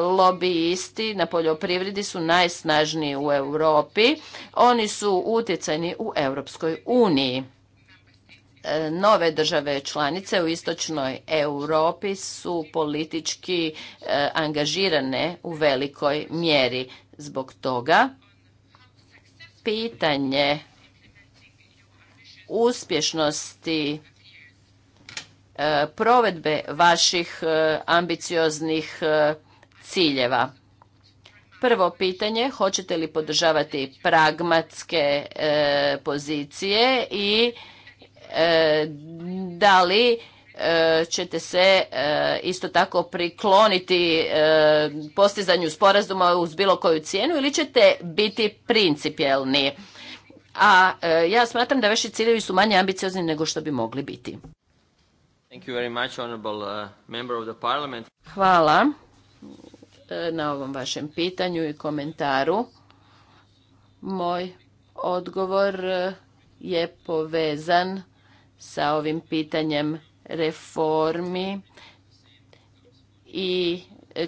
B: lobijisti na poljoprivredi su najsnažniji u Europi. Oni su utjecajni u Europskoj uniji. E, nove države članice u istočnoj Europi su politički e, angažirane u velikoj mjeri. Zbog toga pitanje uspješnosti e, provedbe vaših ambicioznih ciljeva. Prvo pitanje, hoćete li podržavati pragmatske pozicije i E, da li e, ćete se e, isto tako prikloniti postizanju sporazuma uz bilo koju cijenu ili ćete biti principijelni. A ja smatram da vaši ciljevi su manje ambiciozni nego što bi mogli biti. Hvala na ovom vašem pitanju i komentaru. Moj odgovor je povezan sa ovim pitanjem reformi i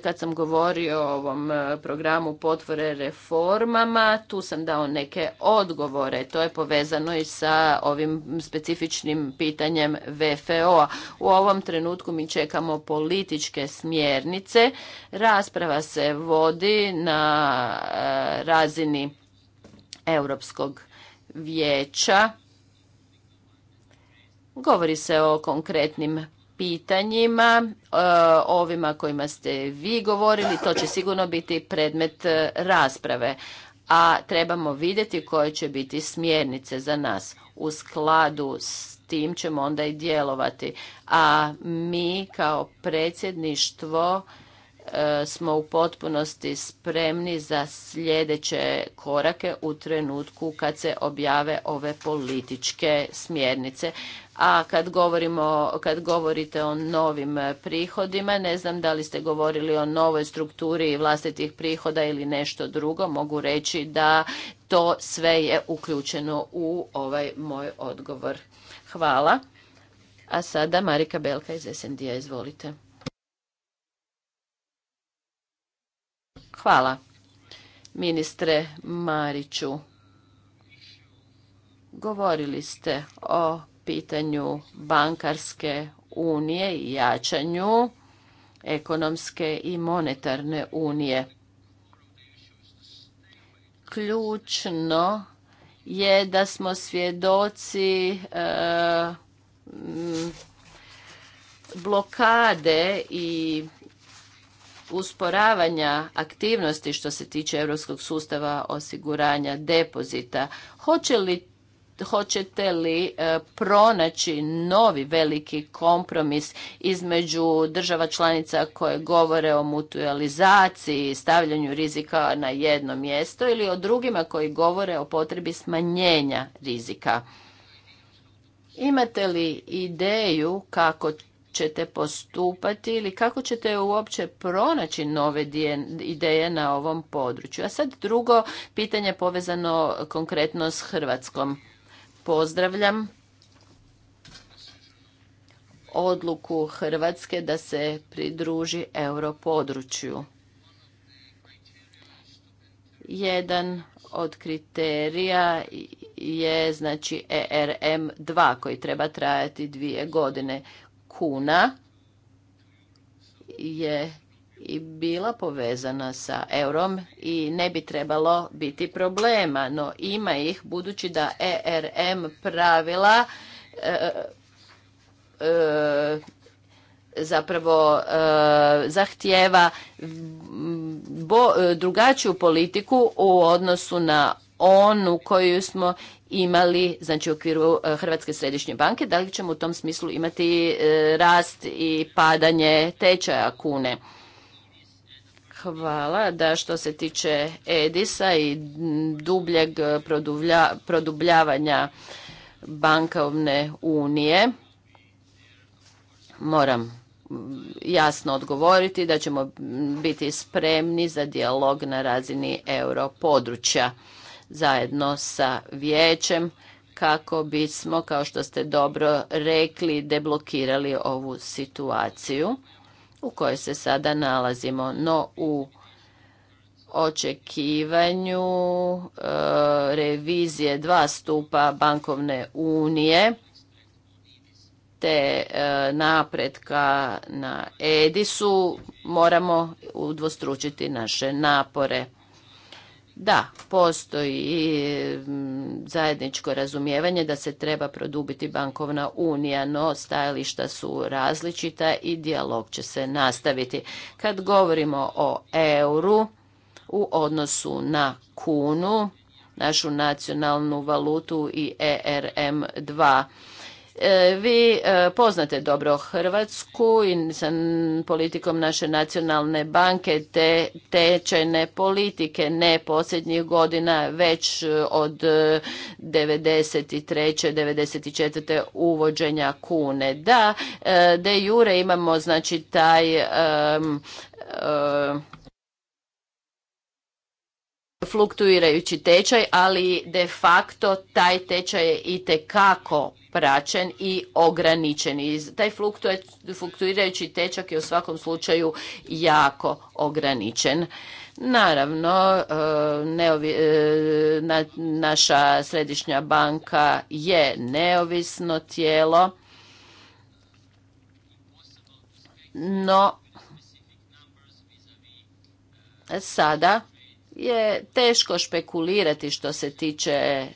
B: kad sam govorio o ovom e, programu potvore reformama, tu sam dao neke odgovore. To je povezano i sa ovim specifičnim pitanjem VFO-a. U ovom trenutku mi čekamo političke smjernice. Rasprava se vodi na e, razini Europskog vijeća Govori se o konkretnim pitanjima, e, ovima kojima ste vi govorili, to će sigurno biti predmet e, rasprave, a trebamo vidjeti koje će biti smjernice za nas u skladu s tim ćemo onda i djelovati. A mi kao predsjedništvo e, smo u potpunosti spremni za sljedeće korake u trenutku kad se objave ove političke smjernice. A kad, govorimo, kad govorite o novim e, prihodima, ne znam da li ste govorili o novoj strukturi vlastitih prihoda ili nešto drugo, mogu reći da to sve je uključeno u ovaj moj odgovor. Hvala. A sada Marika Belka iz SND-a, izvolite. Hvala, ministre Mariću. Govorili ste o pitanju bankarske unije i jačanju ekonomske i monetarne unije. Ključno je da smo svjedoci e, blokade i usporavanja aktivnosti što se tiče europskog sustava osiguranja depozita. Hoće li hoćete li e, pronaći novi veliki kompromis između država članica koje govore o mutualizaciji i stavljanju rizika na jedno mjesto ili o drugima koji govore o potrebi smanjenja rizika? Imate li
D: ideju
B: kako ćete postupati ili kako ćete uopće pronaći nove ideje na ovom području. A sad drugo pitanje povezano konkretno s Hrvatskom. Pozdravljam odluku Hrvatske da se pridruži europodručju. Jedan od kriterija je znači ERM2 koji treba trajati dvije godine. Kuna je i bila povezana sa eurom i ne bi trebalo biti problema, no ima ih budući da ERM pravila e, e, zapravo e, zahtjeva zahtijeva drugačiju politiku u odnosu na onu koju smo imali znači u okviru Hrvatske središnje banke, da li ćemo u tom smislu imati rast i padanje tečaja kune. Hvala da što se tiče Edisa i dubljeg produbljavanja bankovne unije. Moram jasno odgovoriti da ćemo biti spremni za dijalog na razini europodručja zajedno sa vijećem kako bismo, kao što ste dobro rekli, deblokirali ovu situaciju u kojoj se sada nalazimo. No u očekivanju e, revizije dva stupa bankovne unije te e, napretka na Edisu moramo udvostručiti naše napore. Da, postoji e, zajedničko razumijevanje da se treba produbiti bankovna unija, no stajališta su različita i dijalog će se nastaviti. Kad govorimo o euru u odnosu na kunu, našu nacionalnu valutu i ERM2 E, vi e, poznate dobro Hrvatsku i sa politikom naše nacionalne banke te tečajne politike ne posljednjih godina, već e, od 93. 94. uvođenja kune. Da, de jure imamo znači taj fluktuirajući tečaj, ali de facto taj tečaj je i tekako praćen i ograničen. I taj fluktuirajući tečak je u svakom slučaju jako ograničen. Naravno, e, e, naša središnja banka je neovisno tijelo, no sada je teško špekulirati što se tiče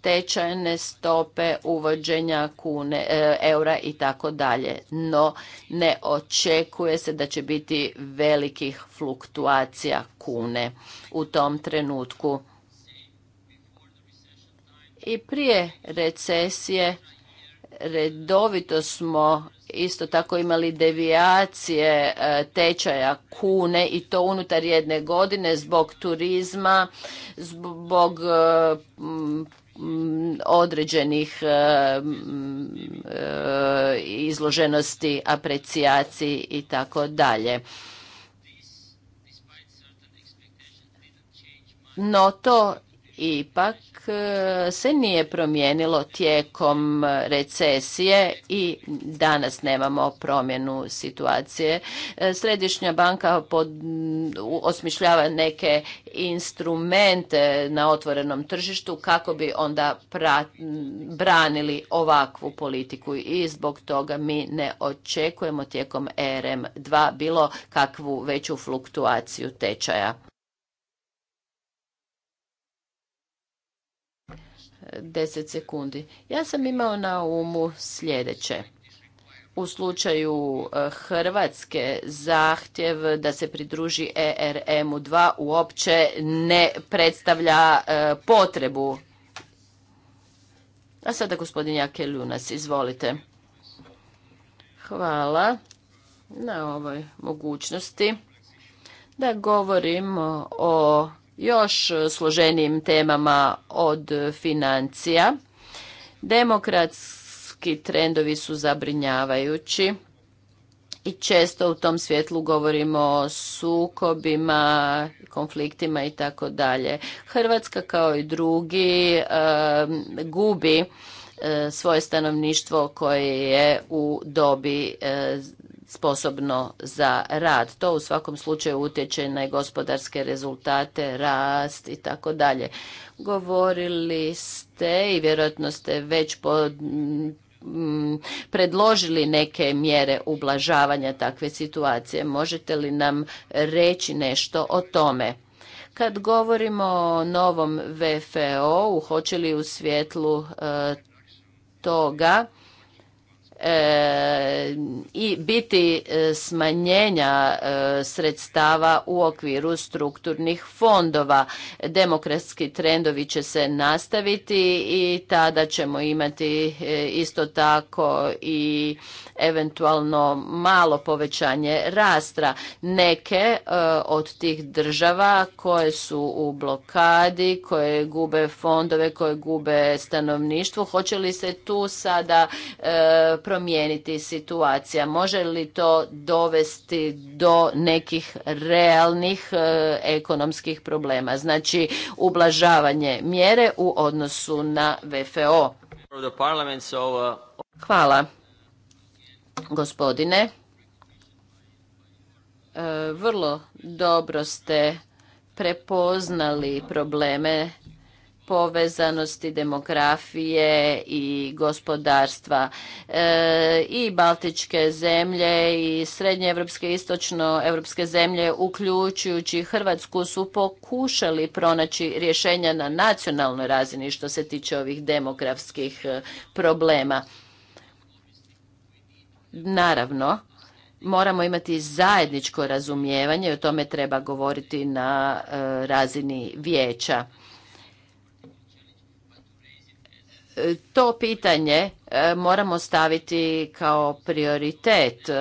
B: tečajne stope uvođenja kune, e, eura i tako dalje. No ne očekuje se da će biti velikih fluktuacija kune u tom trenutku. I prije recesije redovito smo isto tako imali devijacije e, tečaja kune i to unutar jedne godine zbog turizma, zbog e, određenih e, izloženosti, aprecijaciji i tako dalje. No to ipak e, se nije promijenilo tijekom recesije i danas nemamo promjenu situacije. E, Središnja banka pod, osmišljava neke instrumente na otvorenom tržištu kako bi onda branili ovakvu politiku i zbog toga mi ne očekujemo tijekom e RM2 bilo kakvu veću fluktuaciju tečaja. Deset sekundi. Ja sam imao na umu sljedeće. U slučaju e, Hrvatske zahtjev da se pridruži ERM-2 uopće ne predstavlja e, potrebu. A sada gospodin Jake Ljunas, izvolite. Hvala na ovoj mogućnosti da govorimo o još složenijim temama od financija. Demokratski trendovi su zabrinjavajući i često u tom svjetlu govorimo o sukobima, konfliktima i tako dalje. Hrvatska kao i drugi gubi svoje stanovništvo koje je u dobi sposobno za rad. To u svakom slučaju utječe na gospodarske rezultate, rast i tako dalje. Govorili ste i vjerojatno ste već mm, predložili neke mjere ublažavanja takve situacije. Možete li nam reći nešto o tome? Kad govorimo o novom VFO-u, hoće li u svjetlu e, toga i biti e, smanjenja e, sredstava u okviru strukturnih fondova. Demokratski trendovi će se nastaviti i tada ćemo imati e, isto tako i eventualno malo povećanje rastra. Neke od tih država koje su u blokadi, koje gube fondove, koje gube stanovništvo, hoće li se tu sada promijeniti situacija? Može li to dovesti do nekih realnih e, ekonomskih problema? Znači, ublažavanje mjere u odnosu na VFO. Hvala, gospodine. E, vrlo dobro ste prepoznali probleme povezanosti demografije i gospodarstva. E, I baltičke zemlje i srednje evropske i evropske zemlje, uključujući Hrvatsku, su pokušali pronaći rješenja na nacionalnoj razini što se tiče ovih demografskih e, problema. Naravno, moramo imati zajedničko razumijevanje i o tome treba govoriti na e, razini vijeća to pitanje e, moramo staviti kao prioritet. E,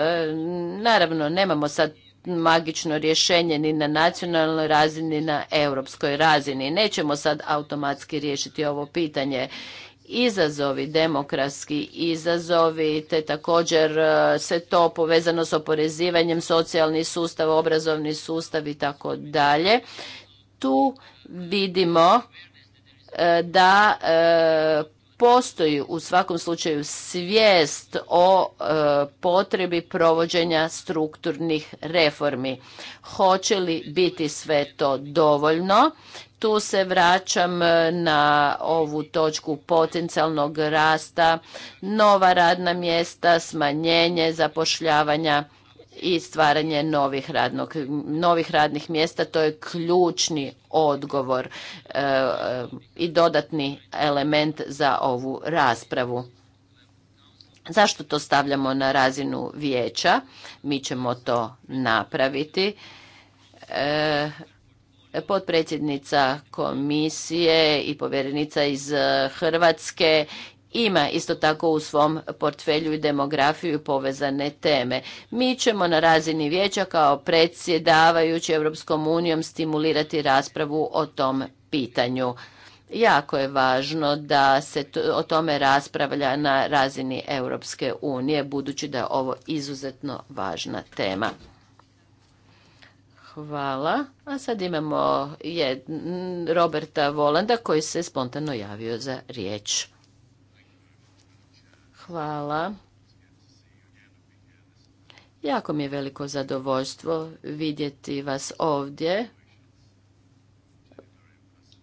B: naravno, nemamo sad magično rješenje ni na nacionalnoj razini, ni na europskoj razini. Nećemo sad automatski riješiti ovo pitanje. Izazovi, demokratski izazovi, te također se to povezano s oporezivanjem, socijalni sustav, obrazovni sustav i tako dalje. Tu vidimo e, da postoji u svakom slučaju svijest o e, potrebi provođenja strukturnih reformi. Hoće li biti sve to dovoljno? Tu se vraćam e, na ovu točku potencijalnog rasta, nova radna mjesta, smanjenje zapošljavanja i stvaranje novih, novih radnih mjesta. To je ključni odgovor e, i dodatni element za ovu raspravu. Zašto to stavljamo na razinu vijeća? Mi ćemo to napraviti. E, potpredsjednica komisije i povjerenica iz Hrvatske ima isto tako u svom portfelju i demografiju povezane teme. Mi ćemo na razini vijeća kao predsjedavajući Europskom unijom stimulirati raspravu o tom pitanju. Jako je važno da se o tome raspravlja na razini Europske unije, budući da je ovo izuzetno važna tema. Hvala. A sad imamo Roberta Volanda koji se spontano javio za riječ. Hvala. Jako mi je veliko zadovoljstvo vidjeti vas ovdje.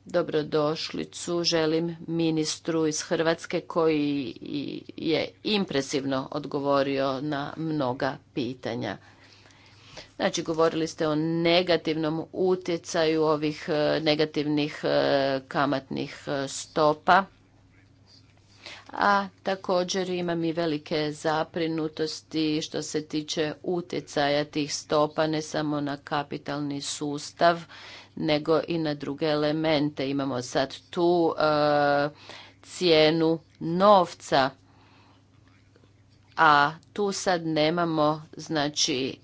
B: Dobrodošlicu želim ministru iz Hrvatske koji je impresivno odgovorio na mnoga pitanja. Znači, govorili ste o negativnom utjecaju ovih e, negativnih e, kamatnih e, stopa a također imam i velike zaprinutosti što se tiče utjecaja tih stopa ne samo na kapitalni sustav nego i na druge elemente. Imamo sad tu e, cijenu novca, a tu sad nemamo znači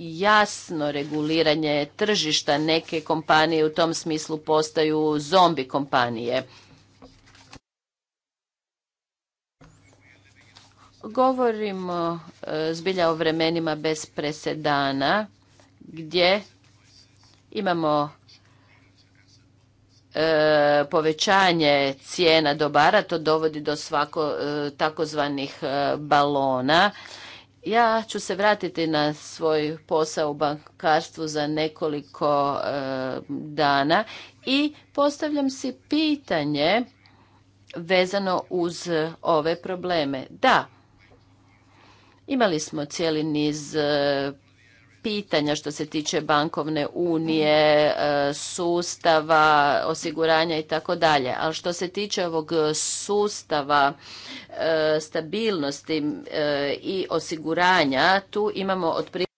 B: jasno reguliranje tržišta. Neke kompanije u tom smislu postaju zombi kompanije Govorimo e, zbilja o vremenima bez presedana gdje imamo e, povećanje cijena dobara, to dovodi do svako e, takozvanih balona. Ja ću se vratiti na svoj posao u bankarstvu za nekoliko dana i postavljam si pitanje vezano uz ove probleme. Da, Imali smo cijeli niz e, pitanja što se tiče bankovne unije, e, sustava, osiguranja i tako dalje. Ali što se tiče ovog sustava e, stabilnosti i osiguranja, tu imamo otprilike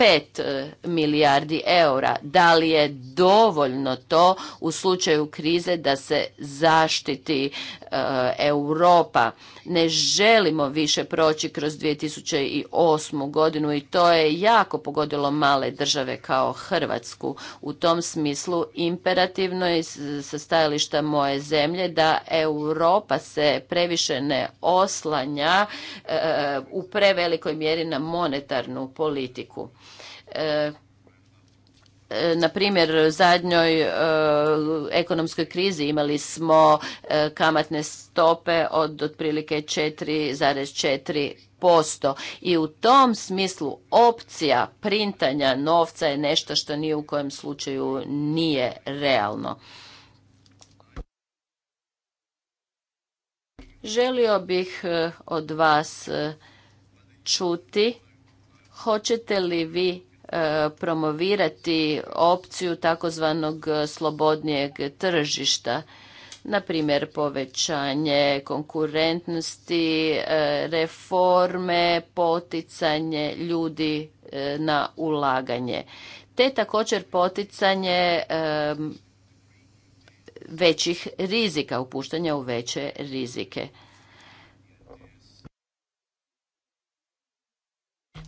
B: 5 e, milijardi eura. Da li je dovoljno to u slučaju krize da se zaštiti e, Europa? Ne želimo više proći kroz 2008. godinu i to je jako pogodilo male države kao Hrvatsku. U tom smislu imperativno je sa stajališta moje zemlje da Europa se previše ne oslanja e, u prevelikoj mjeri na monetarnu politiku. E, e, na primjer zadnjoj e, ekonomskoj krizi imali smo kamatne stope od otprilike 4,4 posto i u tom smislu opcija printanja novca je nešto što ni u kojem slučaju nije realno. Želio bih od vas čuti hoćete li vi E, promovirati opciju takozvanog slobodnijeg tržišta na primjer povećanje konkurentnosti, e, reforme, poticanje ljudi e, na ulaganje, te također poticanje većih rizika, upuštanja u veće rizike.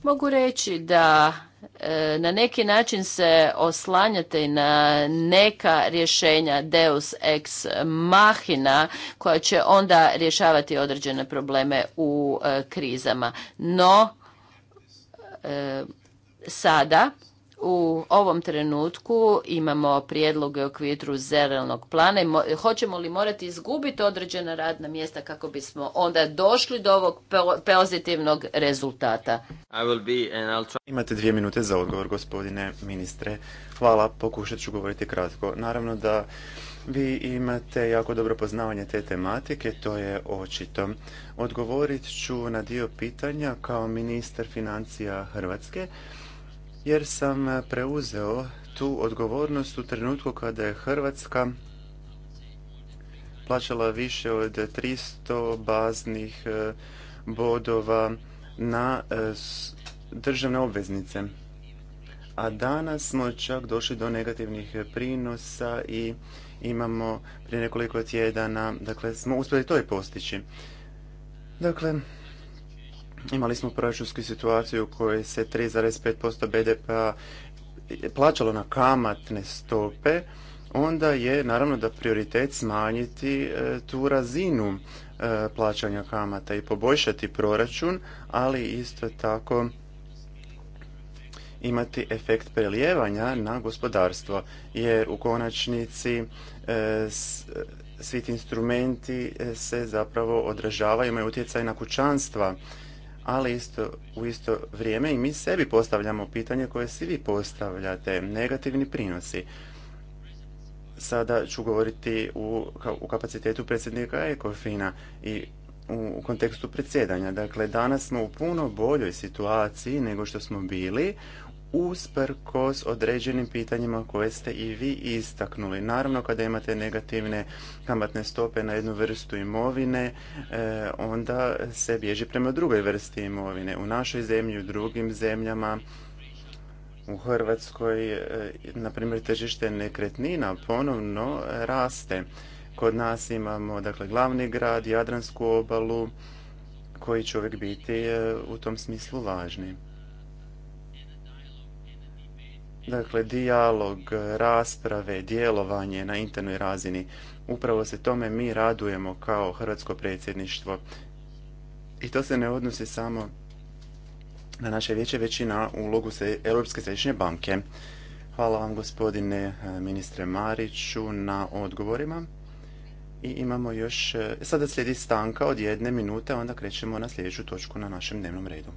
B: Mogu reći da E, na neki način se oslanjate na neka rješenja deus ex machina koja će onda rješavati određene probleme u e, krizama. No, e, sada u ovom trenutku imamo prijedloge u okviru zelenog plana i hoćemo li morati izgubiti određena radna mjesta kako bismo onda došli do ovog pozitivnog rezultata.
D: Imate dvije minute za odgovor, gospodine ministre. Hvala, pokušat ću govoriti kratko. Naravno da vi imate jako dobro poznavanje te tematike, to je očito. Odgovorit ću na dio pitanja kao ministar financija Hrvatske jer sam eh, preuzeo tu odgovornost u trenutku kada je Hrvatska plaćala više od 300 baznih eh, bodova na eh, državne obveznice. A danas smo čak došli do negativnih prinosa i imamo prije nekoliko tjedana, dakle smo uspjeli to i postići. Dakle, Imali smo proračunsku situaciju u kojoj se 3,5% BDP-a plaćalo na kamatne stope, onda je naravno da prioritet smanjiti e, tu razinu e, plaćanja kamata i poboljšati proračun, ali isto tako imati efekt prelijevanja na gospodarstvo, jer u konačnici e, svi ti instrumenti se zapravo odražavaju, imaju utjecaj na kućanstva ali isto, u isto vrijeme i mi sebi postavljamo pitanje koje si vi postavljate, negativni prinosi. Sada ću govoriti u, u kapacitetu predsjednika Ekofina i u, u kontekstu predsjedanja. Dakle, danas smo u puno boljoj situaciji nego što smo bili usprkos određenim pitanjima koje ste i vi istaknuli. Naravno, kada imate negativne kamatne stope na jednu vrstu imovine, e, onda se bježi prema drugoj vrsti imovine. U našoj zemlji, u drugim zemljama, u Hrvatskoj, e, na primjer, tržište nekretnina ponovno raste. Kod nas imamo dakle, glavni grad, Jadransku obalu, koji će uvijek biti e, u tom smislu važni. Dakle, dijalog, rasprave, djelovanje na internoj razini. Upravo se tome mi radujemo kao hrvatsko predsjedništvo. I to se ne odnosi samo na naše vijeće, većina ulogu se Europske središnje banke. Hvala vam gospodine eh, ministre Mariću na odgovorima. I imamo još, eh, sada slijedi stanka od jedne minute, onda krećemo na sljedeću točku na našem dnevnom redu.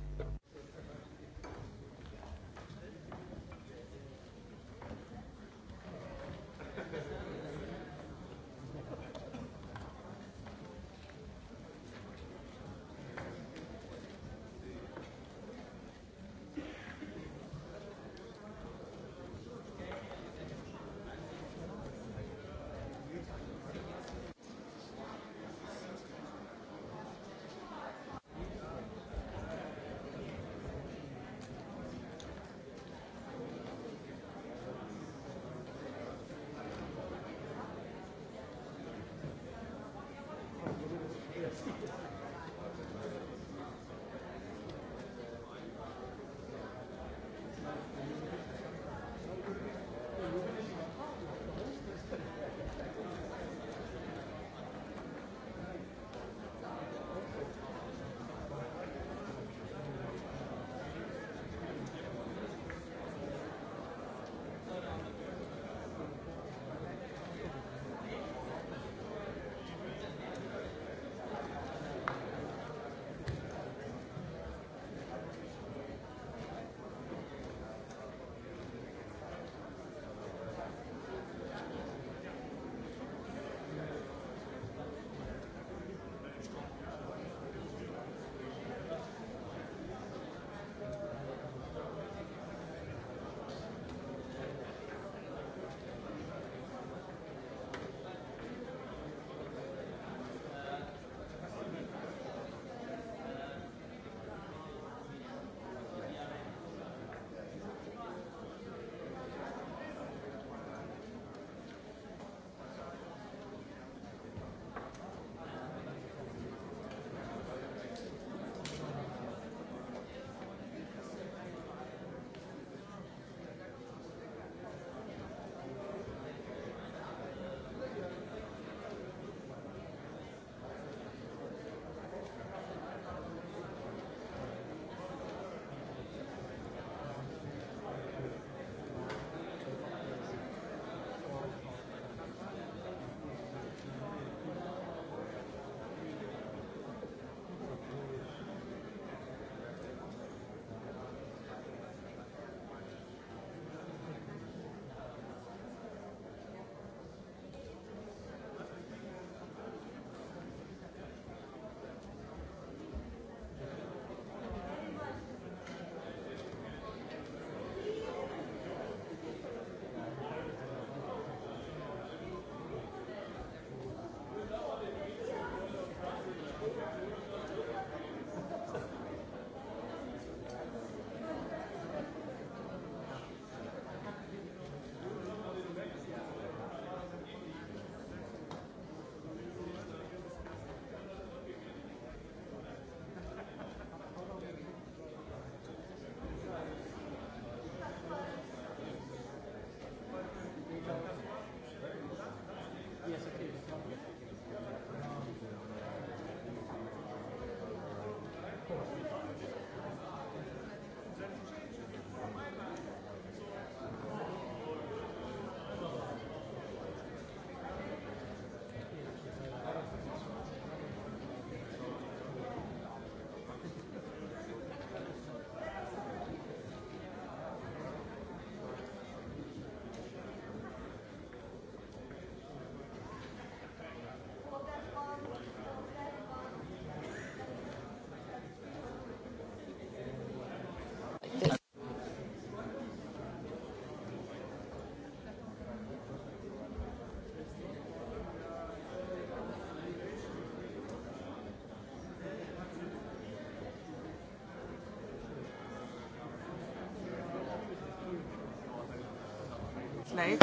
C: late.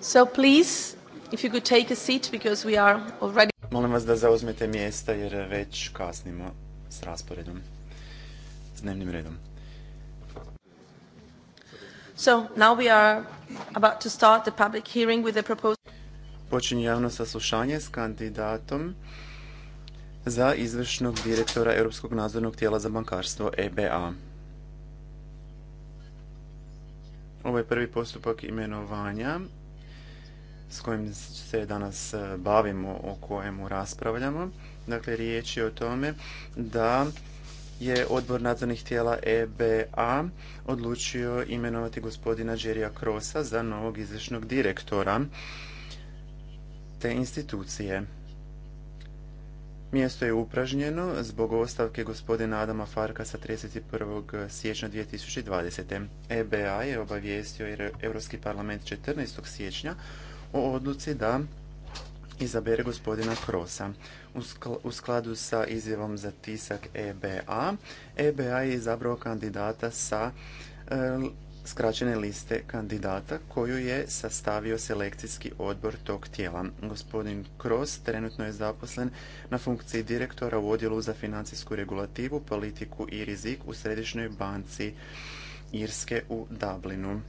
C: so
D: Molim vas da zauzmete mjesta jer već kasnimo s rasporedom, s dnevnim redom. So Počinje javno saslušanje s kandidatom za izvršnog direktora Europskog nadzornog tijela za bankarstvo EBA. Ovo je prvi postupak imenovanja s kojim se danas e, bavimo, o kojemu raspravljamo. Dakle, riječ je o tome da je odbor nadzornih tijela EBA odlučio imenovati gospodina Đerija Krosa za novog izvršnog direktora te institucije. Mjesto je upražnjeno zbog ostavke gospodina Adama Farka sa 31. siječnja 2020. EBA je obavijestio Europski parlament 14. siječnja o odluci da izabere gospodina Krosa. U skladu sa izjavom za tisak EBA, EBA je izabrao kandidata sa e, skraćene liste kandidata koju je sastavio selekcijski odbor tog tijela. Gospodin Kroz trenutno je zaposlen na funkciji direktora u odjelu za financijsku regulativu, politiku i rizik u Središnjoj banci Irske u Dublinu.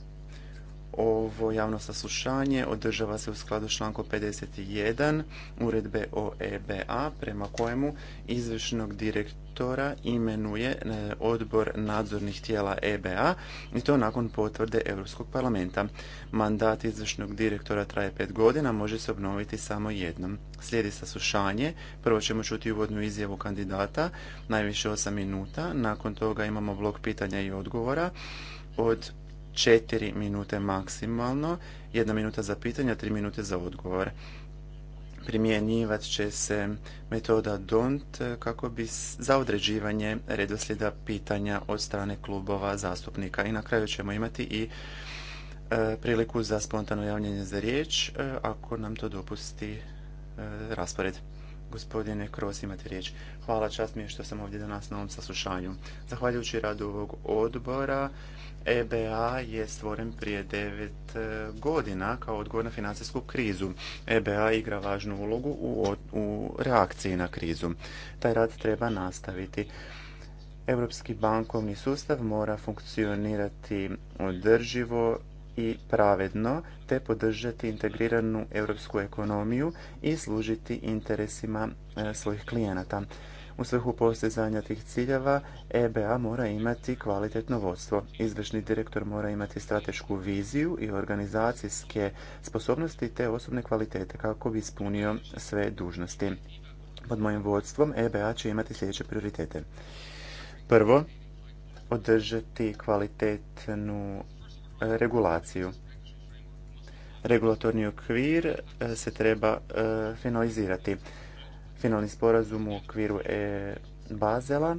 D: Ovo javno saslušanje održava se u skladu s člankom 51 uredbe o EBA prema kojemu izvršnog direktora imenuje e, odbor nadzornih tijela EBA i to nakon potvrde Europskog parlamenta. Mandat izvršnog direktora traje pet godina, može se obnoviti samo jednom. Slijedi saslušanje, prvo ćemo čuti uvodnu izjavu kandidata, najviše osam minuta, nakon toga imamo blok pitanja i odgovora od četiri minute maksimalno, jedna minuta za pitanja, tri minute za odgovor. Primjenjivat će se metoda DONT kako bi za određivanje redoslijeda pitanja od strane klubova zastupnika. I na kraju ćemo imati i e, priliku za spontano javljanje za riječ, e, ako nam to dopusti e, raspored. Gospodine Kros, imate riječ. Hvala, čast mi je što sam ovdje danas na ovom saslušanju. Zahvaljujući radu ovog odbora, EBA je stvoren prije devet e, godina kao odgovor na financijsku krizu. EBA igra važnu ulogu u, u reakciji na krizu. Taj rad treba nastaviti. Europski bankovni sustav mora funkcionirati održivo i pravedno, te podržati integriranu europsku ekonomiju i služiti interesima e, svojih klijenata. U svrhu postizanja tih ciljeva EBA mora imati kvalitetno vodstvo. Izvršni direktor mora imati stratešku viziju i organizacijske sposobnosti te osobne kvalitete kako bi ispunio sve dužnosti. Pod mojim vodstvom EBA će imati sljedeće prioritete. Prvo, održati kvalitetnu e, regulaciju. Regulatorni okvir e, se treba e, finalizirati finalni sporazum u okviru e Bazela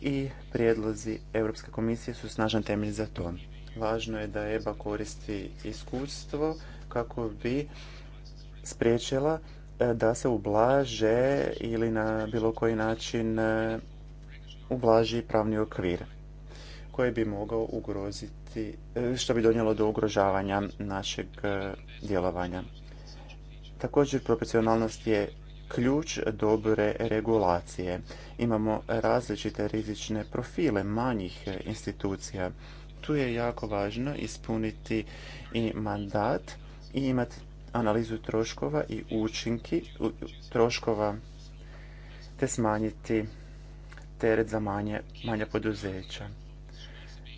D: i prijedlozi Europske komisije su snažan temelj za to. Važno je da EBA koristi iskustvo kako bi spriječila e, da se ublaže ili na bilo koji način e, ublaži pravni okvir koji bi mogao ugroziti, e, što bi donijelo do ugrožavanja našeg djelovanja. Također, proporcionalnost je ključ dobre regulacije. Imamo različite rizične profile manjih institucija. Tu je jako važno ispuniti i mandat i imati analizu troškova i učinki troškova te smanjiti teret za manje, manja poduzeća.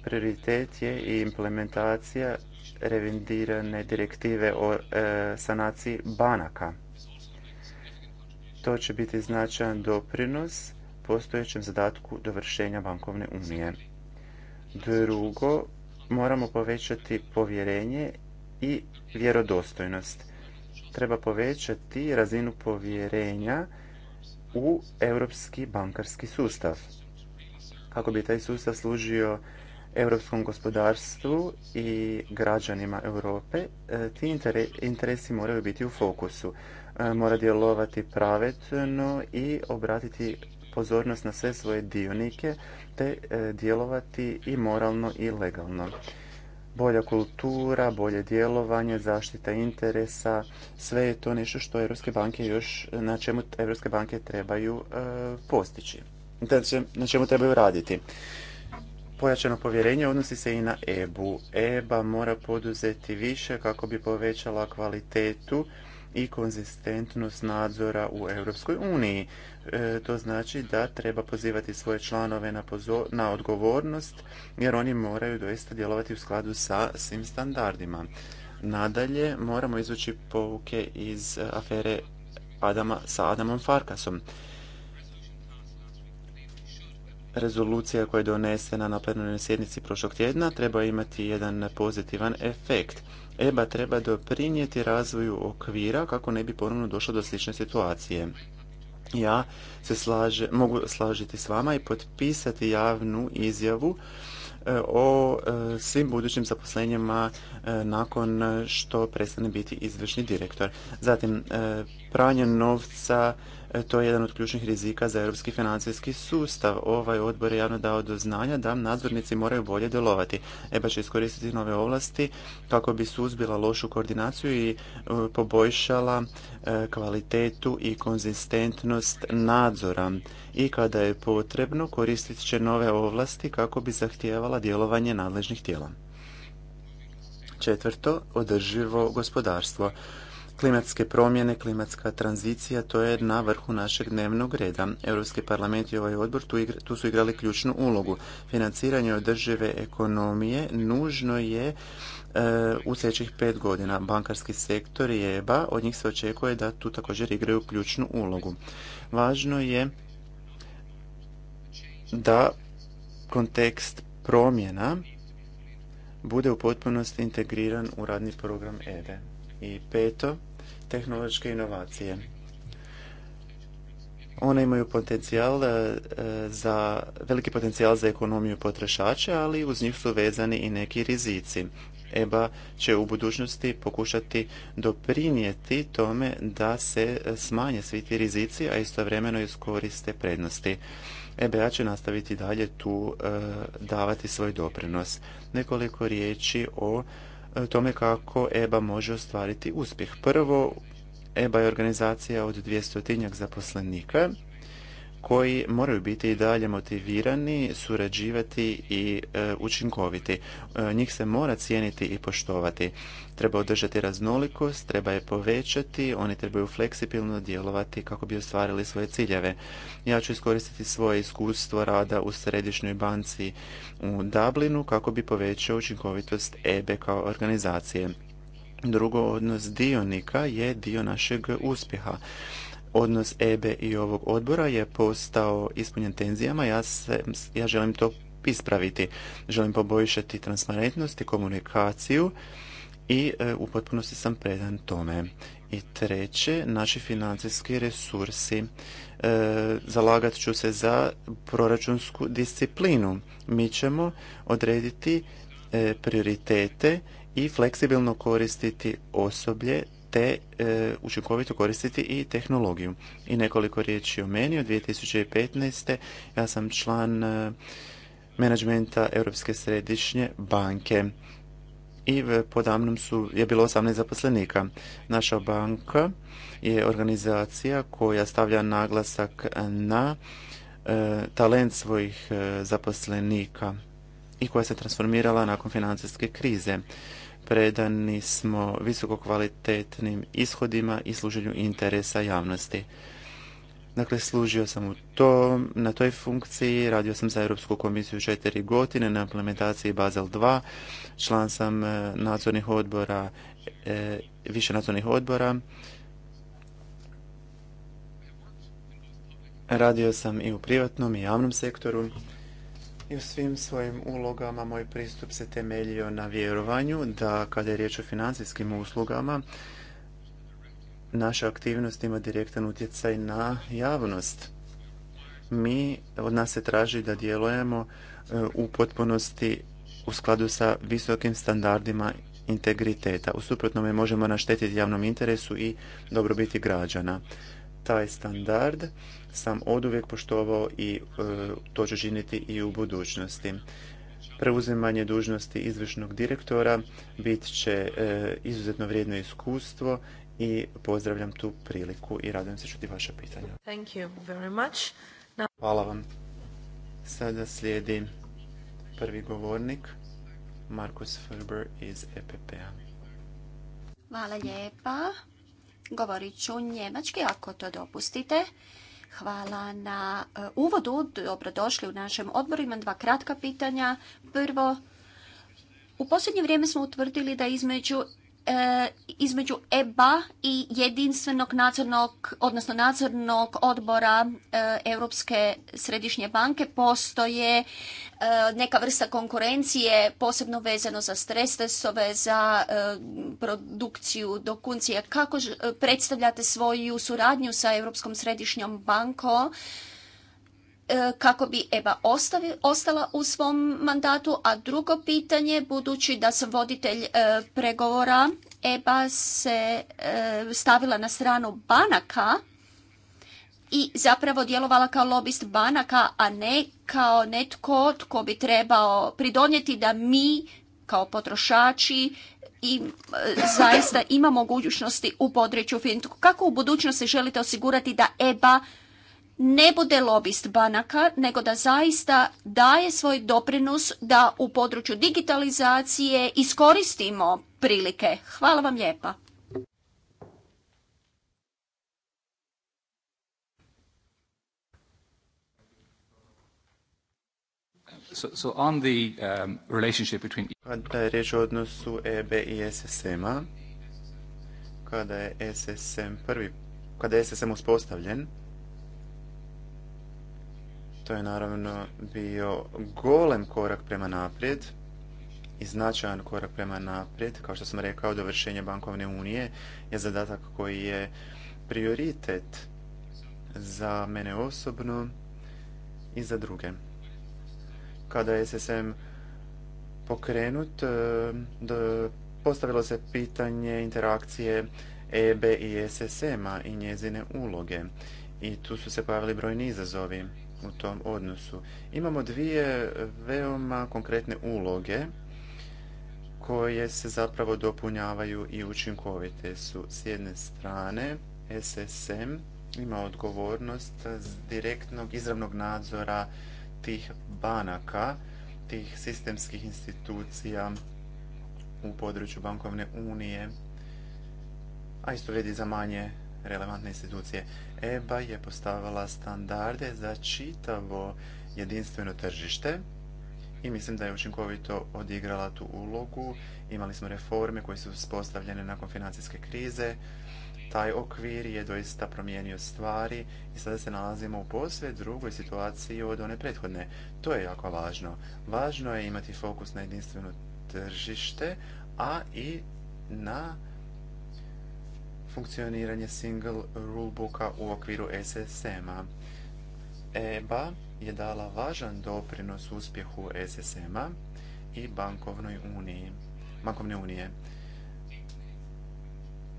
D: Prioritet je i implementacija revidirane direktive o e, sanaciji banaka. To će biti značajan doprinos postojećem zadatku dovršenja bankovne unije. Drugo, moramo povećati povjerenje i vjerodostojnost. Treba povećati razinu povjerenja u europski bankarski sustav. Kako bi taj sustav služio europskom gospodarstvu i građanima Europe, e, ti interesi moraju biti u fokusu. E, mora djelovati pravedno i obratiti pozornost na sve svoje dionike te e, djelovati i moralno i legalno. Bolja kultura, bolje djelovanje, zaštita interesa, sve je to nešto što Europske banke još, na čemu Europske banke trebaju e, postići, na čemu trebaju raditi. Pojačano povjerenje odnosi se i na EBU. EBA mora poduzeti više kako bi povećala kvalitetu i konzistentnost nadzora u Europskoj uniji. E, to znači da treba pozivati svoje članove na, na odgovornost jer oni moraju doista djelovati u skladu sa svim standardima. Nadalje moramo izvući pouke iz afere Adama, sa Adamom Farkasom. Rezolucija koja je donesena na plenarnoj sjednici prošlog tjedna treba imati jedan pozitivan efekt. EBA treba doprinijeti razvoju okvira kako ne bi ponovno došlo do slične situacije. Ja se mogu slažiti s vama i potpisati javnu izjavu e, o e, svim budućim zaposlenjima e, nakon što prestane biti izvršni direktor. Zatim, pranje novca, E, to je jedan od ključnih rizika za europski financijski sustav. Ovaj odbor je javno dao do znanja da nadzornici moraju bolje djelovati. EBA pa će iskoristiti nove ovlasti kako bi suzbila lošu koordinaciju i e, poboljšala e, kvalitetu i konzistentnost nadzora. I kada je potrebno, koristit će nove ovlasti kako bi zahtijevala djelovanje nadležnih tijela. Četvrto, održivo gospodarstvo klimatske promjene, klimatska tranzicija, to je na vrhu našeg dnevnog reda. Europski parlament i ovaj odbor tu, su igrali ključnu ulogu. Financiranje održive ekonomije nužno je e, u sljedećih pet godina. Bankarski sektor i EBA, od njih se očekuje da tu također igraju ključnu ulogu. Važno je da kontekst promjena bude u potpunosti integriran u radni program EBE. E. I peto, tehnološke inovacije. One imaju potencijal e, za, veliki potencijal za ekonomiju potrošača, ali uz njih su vezani i neki rizici. EBA će u budućnosti pokušati doprinijeti tome da se smanje svi ti rizici, a istovremeno iskoriste prednosti. EBA će nastaviti dalje tu e, davati svoj doprinos. Nekoliko riječi o E, tome kako EBA može ostvariti uspjeh. Prvo, EBA je organizacija od 200 zaposlenika koji moraju biti i dalje motivirani, surađivati i e, učinkoviti. E, njih se mora cijeniti i poštovati. Treba održati raznolikost, treba je povećati, oni trebaju fleksibilno djelovati kako bi ostvarili svoje ciljeve. Ja ću iskoristiti svoje iskustvo rada u središnjoj banci u Dublinu kako bi povećao učinkovitost EBE kao organizacije. Drugo, odnos dionika je dio našeg uspjeha odnos EBE i ovog odbora je postao ispunjen tenzijama. Ja, ja želim to ispraviti. Želim poboljšati transparentnost i komunikaciju i e, u potpunosti sam predan tome. I treće, naši financijski resursi. E, zalagat ću se za proračunsku disciplinu. Mi ćemo odrediti e, prioritete i fleksibilno koristiti osoblje te e, učinkovito koristiti i tehnologiju. I nekoliko riječi o meni. Od 2015. ja sam član e, menadžmenta Europske središnje banke i podamnom su je bilo 18 zaposlenika. Naša banka je organizacija koja stavlja naglasak na e, talent svojih e, zaposlenika i koja se transformirala nakon financijske krize predani smo visokokvalitetnim ishodima i služenju interesa javnosti. Dakle, služio sam u tom, na toj funkciji, radio sam za Europsku komisiju četiri godine na implementaciji Basel 2, član sam e, nadzornih odbora, e, više nadzornih odbora. Radio sam i u privatnom i javnom sektoru. I u svim svojim ulogama moj pristup se temeljio na vjerovanju da kada je riječ o financijskim uslugama, naša aktivnost ima direktan utjecaj na javnost. Mi, od nas se traži da djelujemo e, u potpunosti u skladu sa visokim standardima integriteta. U suprotnome možemo naštetiti javnom interesu i dobrobiti građana. Taj standard sam oduvijek poštovao i e, to ću činiti i u budućnosti. Preuzimanje dužnosti izvršnog direktora bit će e, izuzetno vrijedno iskustvo i pozdravljam tu priliku i radujem se čuti vaše pitanja. Thank you very much. Hvala vam. Sada slijedi prvi govornik, Markus Ferber iz EPP-a.
A: Hvala lijepa. Govorit ću njemački ako to dopustite. Hvala na eh, uvodu. Dobrodošli u našem odboru. Imam dva kratka pitanja. Prvo, u posljednje vrijeme smo utvrdili da između E, između EBA i jedinstvenog nadzornog, odnosno nadzornog odbora e, Europske središnje banke postoje e, neka vrsta konkurencije posebno vezano za stres testove, za produkciju dokuncije. Kako predstavljate svoju suradnju sa Europskom središnjom bankom E, kako bi EBA ostala u svom mandatu, a drugo pitanje, budući da sam voditelj e, pregovora, EBA se e, stavila na stranu banaka i zapravo djelovala kao lobist banaka, a ne kao netko tko bi trebao pridonijeti da mi kao potrošači i zaista ima mogućnosti u području fintech. Kako u budućnosti želite osigurati da EBA ne bude lobist banaka, nego da zaista daje svoj doprinos da u području digitalizacije iskoristimo prilike. Hvala vam lijepa.
C: Um, e-
D: kada je riječ o odnosu EB i SSM-a, kada je SSM prvi, kada je SSM uspostavljen, to je naravno bio golem korak prema naprijed i značajan korak prema naprijed. Kao što sam rekao, dovršenje bankovne unije je zadatak koji je prioritet za mene osobno i za druge. Kada je SSM pokrenut, eh, postavilo se pitanje interakcije EB i SSM-a i njezine uloge. I tu su se pojavili brojni izazovi u tom odnosu. Imamo dvije veoma konkretne uloge koje se zapravo dopunjavaju i učinkovite su. S jedne strane, SSM ima odgovornost direktnog izravnog nadzora tih banaka, tih sistemskih institucija u području bankovne unije, a isto vrijedi za manje relevantne institucije. EBA je postavila standarde za čitavo jedinstveno tržište i mislim da je učinkovito odigrala tu ulogu. Imali smo reforme koje su uspostavljene nakon financijske krize. Taj okvir je doista promijenio stvari i sada se nalazimo u posve drugoj situaciji od one prethodne. To je jako važno. Važno je imati fokus na jedinstveno tržište, a i na funkcioniranje single rulebooka u okviru SSM-a. EBA je dala važan doprinos uspjehu SSM-a i bankovnoj uniji, bankovne unije.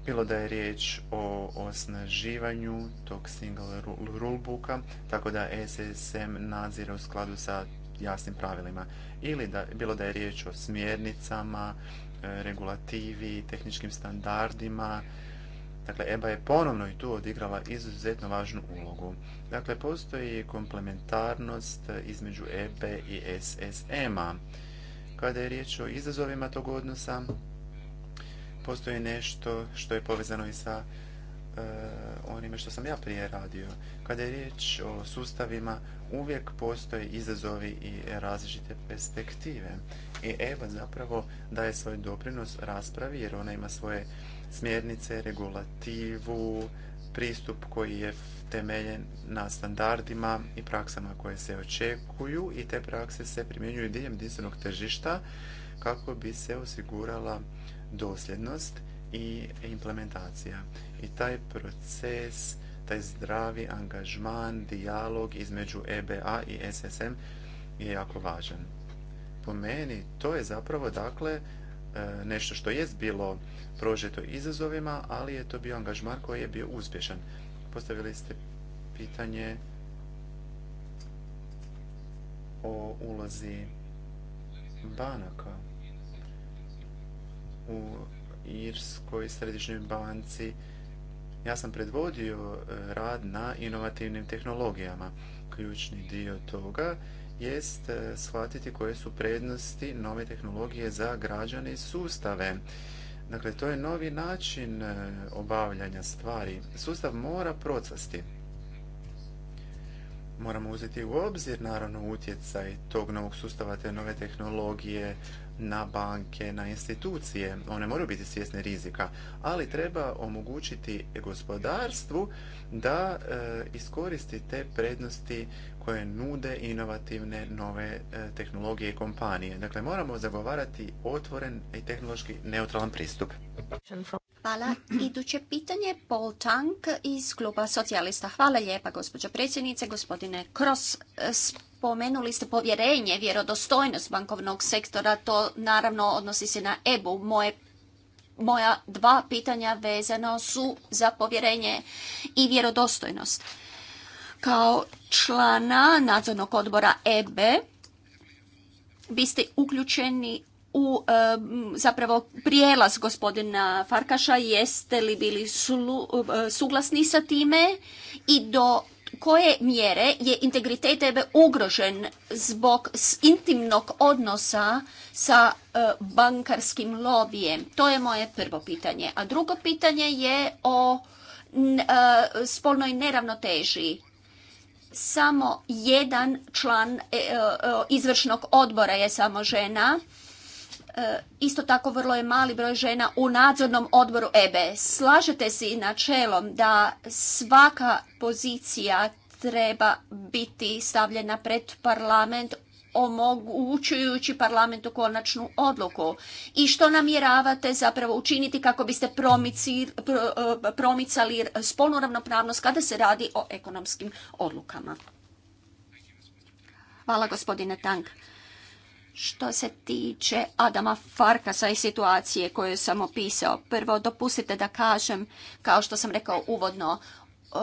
D: Bilo da je riječ o osnaživanju tog single rulebooka, tako da SSM nadzire u skladu sa jasnim pravilima. Ili da, bilo da je riječ o smjernicama, e, regulativi, tehničkim standardima Dakle, EBA je ponovno i tu odigrala izuzetno važnu ulogu. Dakle, postoji komplementarnost između EP i SSM-a. Kada je riječ o izazovima tog odnosa, postoji nešto što je povezano i sa e, onime što sam ja prije radio. Kada je riječ o sustavima, uvijek postoje izazovi i različite perspektive. I EBA zapravo daje svoj doprinos raspravi jer ona ima svoje smjernice, regulativu, pristup koji je temeljen na standardima i praksama koje se očekuju i te prakse se primjenjuju diljem jedinstvenog tržišta kako bi se osigurala dosljednost i implementacija. I taj proces, taj zdravi angažman, dijalog između EBA i SSM je jako važan. Po meni to je zapravo dakle E, nešto što jest bilo prožeto izazovima, ali je to bio angažman koji je bio uspješan. Postavili ste pitanje o ulozi banaka u Irskoj središnjoj banci. Ja sam predvodio e, rad na inovativnim tehnologijama. Ključni dio toga jest e, shvatiti koje su prednosti nove tehnologije za građane i sustave. Dakle, to je novi način e, obavljanja stvari. Sustav mora procasti. Moramo uzeti u obzir, naravno, utjecaj tog novog sustava, te nove tehnologije, na banke, na institucije. One moraju biti svjesne rizika, ali treba omogućiti gospodarstvu da e, iskoristi te prednosti koje nude inovativne nove e, tehnologije i kompanije. Dakle, moramo zagovarati otvoren i tehnološki neutralan pristup.
A: Hvala. Iduće pitanje, Paul Tank iz kluba socijalista. Hvala lijepa, gospođo predsjednice, gospodine kroz Spomenuli ste povjerenje, vjerodostojnost bankovnog sektora. To naravno odnosi se na EBU. moja dva pitanja vezano su za povjerenje i vjerodostojnost. Kao člana nadzornog odbora EBE biste uključeni u e, zapravo prijelaz gospodina Farkaša, jeste li bili e, suglasni sa time i do koje mjere je integritet tebe ugrožen zbog intimnog odnosa sa e, bankarskim lobijem? To je moje prvo pitanje. A drugo pitanje je o spolnoj neravnoteži samo jedan član izvršnog odbora je samo žena E, isto tako vrlo je mali broj žena u nadzornom odboru EBE. E. Slažete si načelom da svaka pozicija treba biti stavljena pred parlament omogućujući parlamentu konačnu odluku i što namjeravate zapravo učiniti kako biste e, promicali spolnu ravnopravnost kada se radi o ekonomskim odlukama. Hvala gospodine Tank. Što se tiče Adama Farkasa i situacije koju sam opisao, prvo dopustite da kažem, kao što sam rekao uvodno, e,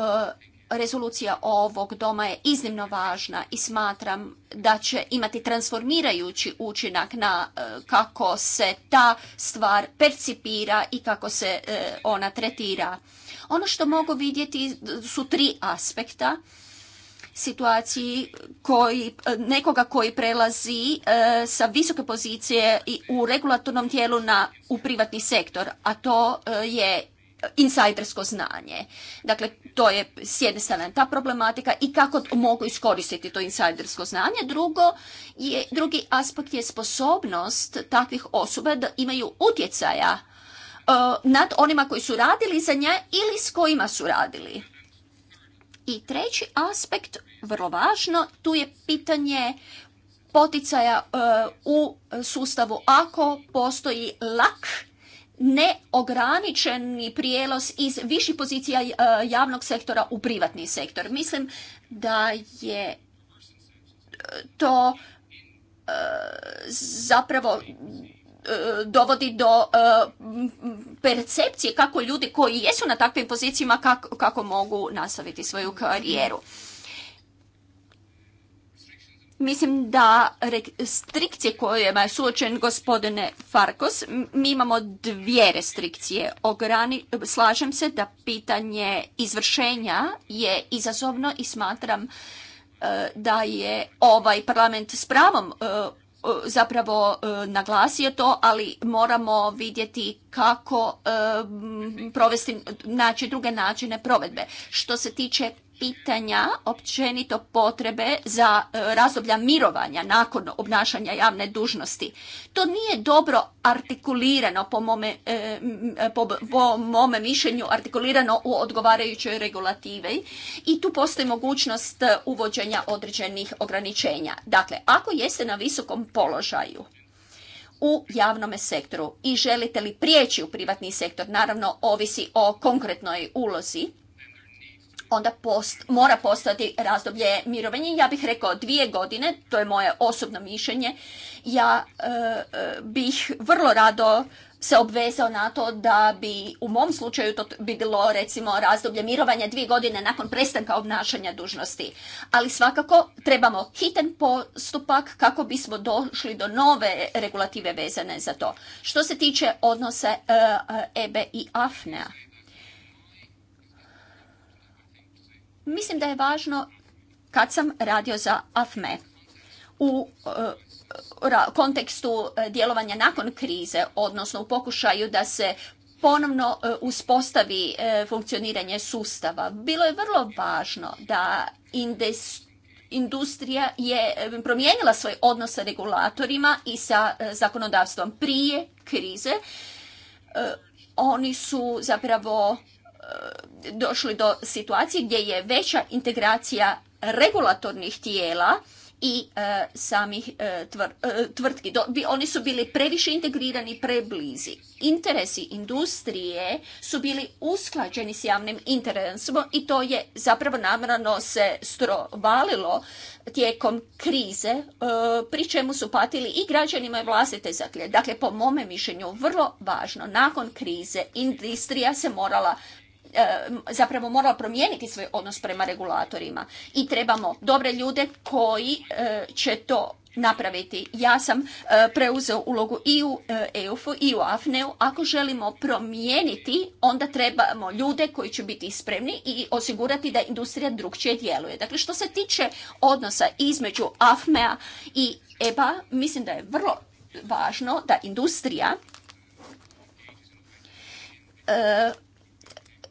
A: rezolucija ovog doma je iznimno važna i smatram da će imati transformirajući učinak na e, kako se ta stvar percipira i kako se e, ona tretira. Ono što mogu vidjeti su tri aspekta situaciji koji, nekoga koji prelazi e, sa visoke pozicije i u regulatornom tijelu na, u privatni sektor, a to e, je insajdersko znanje. Dakle, to je s jedne strane ta problematika i kako mogu iskoristiti to insajdersko znanje. Drugo je, drugi aspekt je sposobnost takvih osoba da imaju utjecaja e, nad onima koji su radili za nje ili s kojima su radili. I treći aspekt, vrlo važno, tu je pitanje poticaja e, u sustavu ako postoji lak neograničeni prijelos iz viših pozicija e, javnog sektora u privatni sektor. Mislim da je e, to zapravo E, dovodi do e, percepcije kako ljudi koji jesu na takvim pozicijama kako, mogu nastaviti svoju karijeru. Mislim da restrikcije kojima je suočen gospodine Farkos, mi imamo dvije restrikcije. Ograni, slažem se da pitanje izvršenja je izazovno i smatram e, da je ovaj parlament s pravom zapravo e, naglasio to, ali moramo vidjeti kako e, provesti, naći druge načine provedbe. Što se tiče pitanja općenito potrebe za e, razdoblja mirovanja nakon obnašanja javne dužnosti. To nije dobro artikulirano po mome, e, e, po, po mome mišljenju artikulirano u odgovarajućoj regulativi i tu postoji mogućnost uvođenja određenih ograničenja. Dakle, ako jeste na visokom položaju, u javnom sektoru i želite li prijeći u privatni sektor, naravno ovisi o konkretnoj ulozi, onda post, mora postati razdoblje mirovanja. Ja bih rekao dvije godine, to je moje osobno mišljenje. Ja e, e, bih vrlo rado se obvezao na to da bi u mom slučaju to bi bilo recimo razdoblje mirovanja dvije godine nakon prestanka obnašanja dužnosti. Ali svakako trebamo hitan postupak kako bismo došli do nove regulative vezane za to. Što se tiče odnose EBE i Afnea, mislim da je važno kad sam radio za AFME u eh, kontekstu eh, djelovanja nakon krize, odnosno u pokušaju da se ponovno eh, uspostavi funkcioniranje sustava. Bilo je vrlo važno da industrija je promijenila svoj odnos sa regulatorima i sa zakonodavstvom prije krize. Oni su zapravo E, došli do situacije gdje je veća integracija regulatornih tijela i e, samih e, tvrtki. oni su bili previše integrirani, preblizi. Interesi industrije su bili usklađeni s javnim interesom i to je zapravo namrano se strovalilo tijekom krize, pri čemu su patili i građanima i vlastite zaklje. Dakle, po mome mišljenju, vrlo važno, nakon krize industrija se morala E, zapravo morala promijeniti svoj odnos prema regulatorima i trebamo dobre ljude koji e, će to napraviti. Ja sam e, preuzeo ulogu i u EUF-u i u AFNE-u. Ako želimo promijeniti, onda trebamo ljude koji će biti spremni i osigurati da industrija drugčije djeluje. Dakle, što se tiče odnosa između AFME-a i EBA, mislim da je vrlo važno da industrija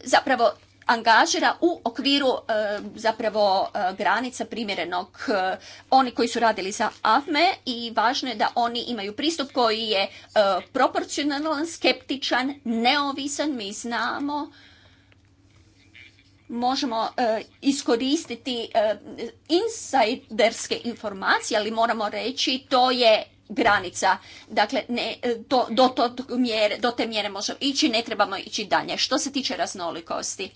A: zapravo angažira u okviru e, zapravo e, granica primjerenog e, oni koji su radili za AFME i važno je da oni imaju pristup koji je proporcionalan, skeptičan, neovisan. Mi znamo možemo iskoristiti insajderske informacije, ali moramo reći to je granica. Dakle, ne, e, do, mjere, do te mjere možemo ići, ne trebamo ići dalje. Što se tiče raznolikosti,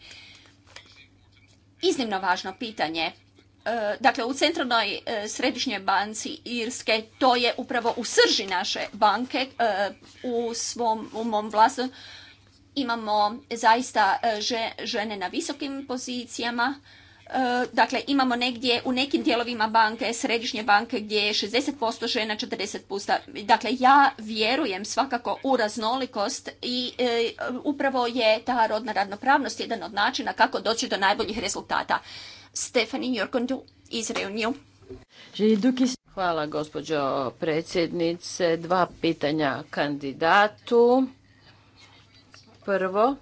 A: iznimno važno pitanje. E, dakle, u centralnoj e, središnjoj banci Irske to je upravo u srži naše banke u svom u mom vlastu imamo zaista žene na visokim pozicijama E, dakle, imamo negdje u nekim dijelovima banke, središnje banke gdje je 60% žena, 40%. Dakle, ja vjerujem svakako u raznolikost i e, upravo je ta rodna radnopravnost jedan od načina kako doći do najboljih rezultata. Stefani Njorkundu iz Reuniju.
B: Hvala gospođo predsjednice. Dva pitanja kandidatu. Prvo,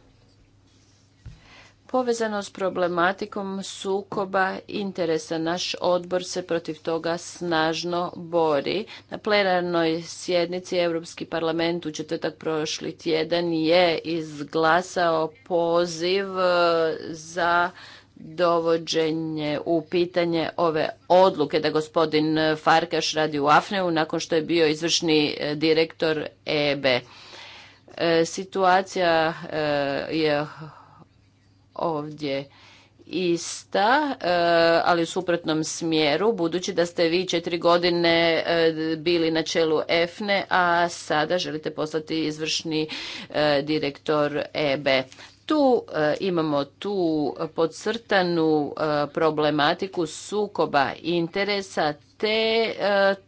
B: povezano s problematikom sukoba interesa. Naš odbor se protiv toga snažno bori. Na plenarnoj sjednici Europski parlament u četvrtak prošli tjedan je izglasao poziv e, za dovođenje u pitanje ove odluke da gospodin Farkaš radi u Afneu nakon što je bio izvršni e, direktor EBE. E, situacija je ovdje ista, eh, ali u suprotnom smjeru, budući da ste vi četiri godine eh, bili na čelu EFNE, a sada želite postati izvršni eh, direktor EB. Tu imamo tu podcrtanu problematiku sukoba interesa, te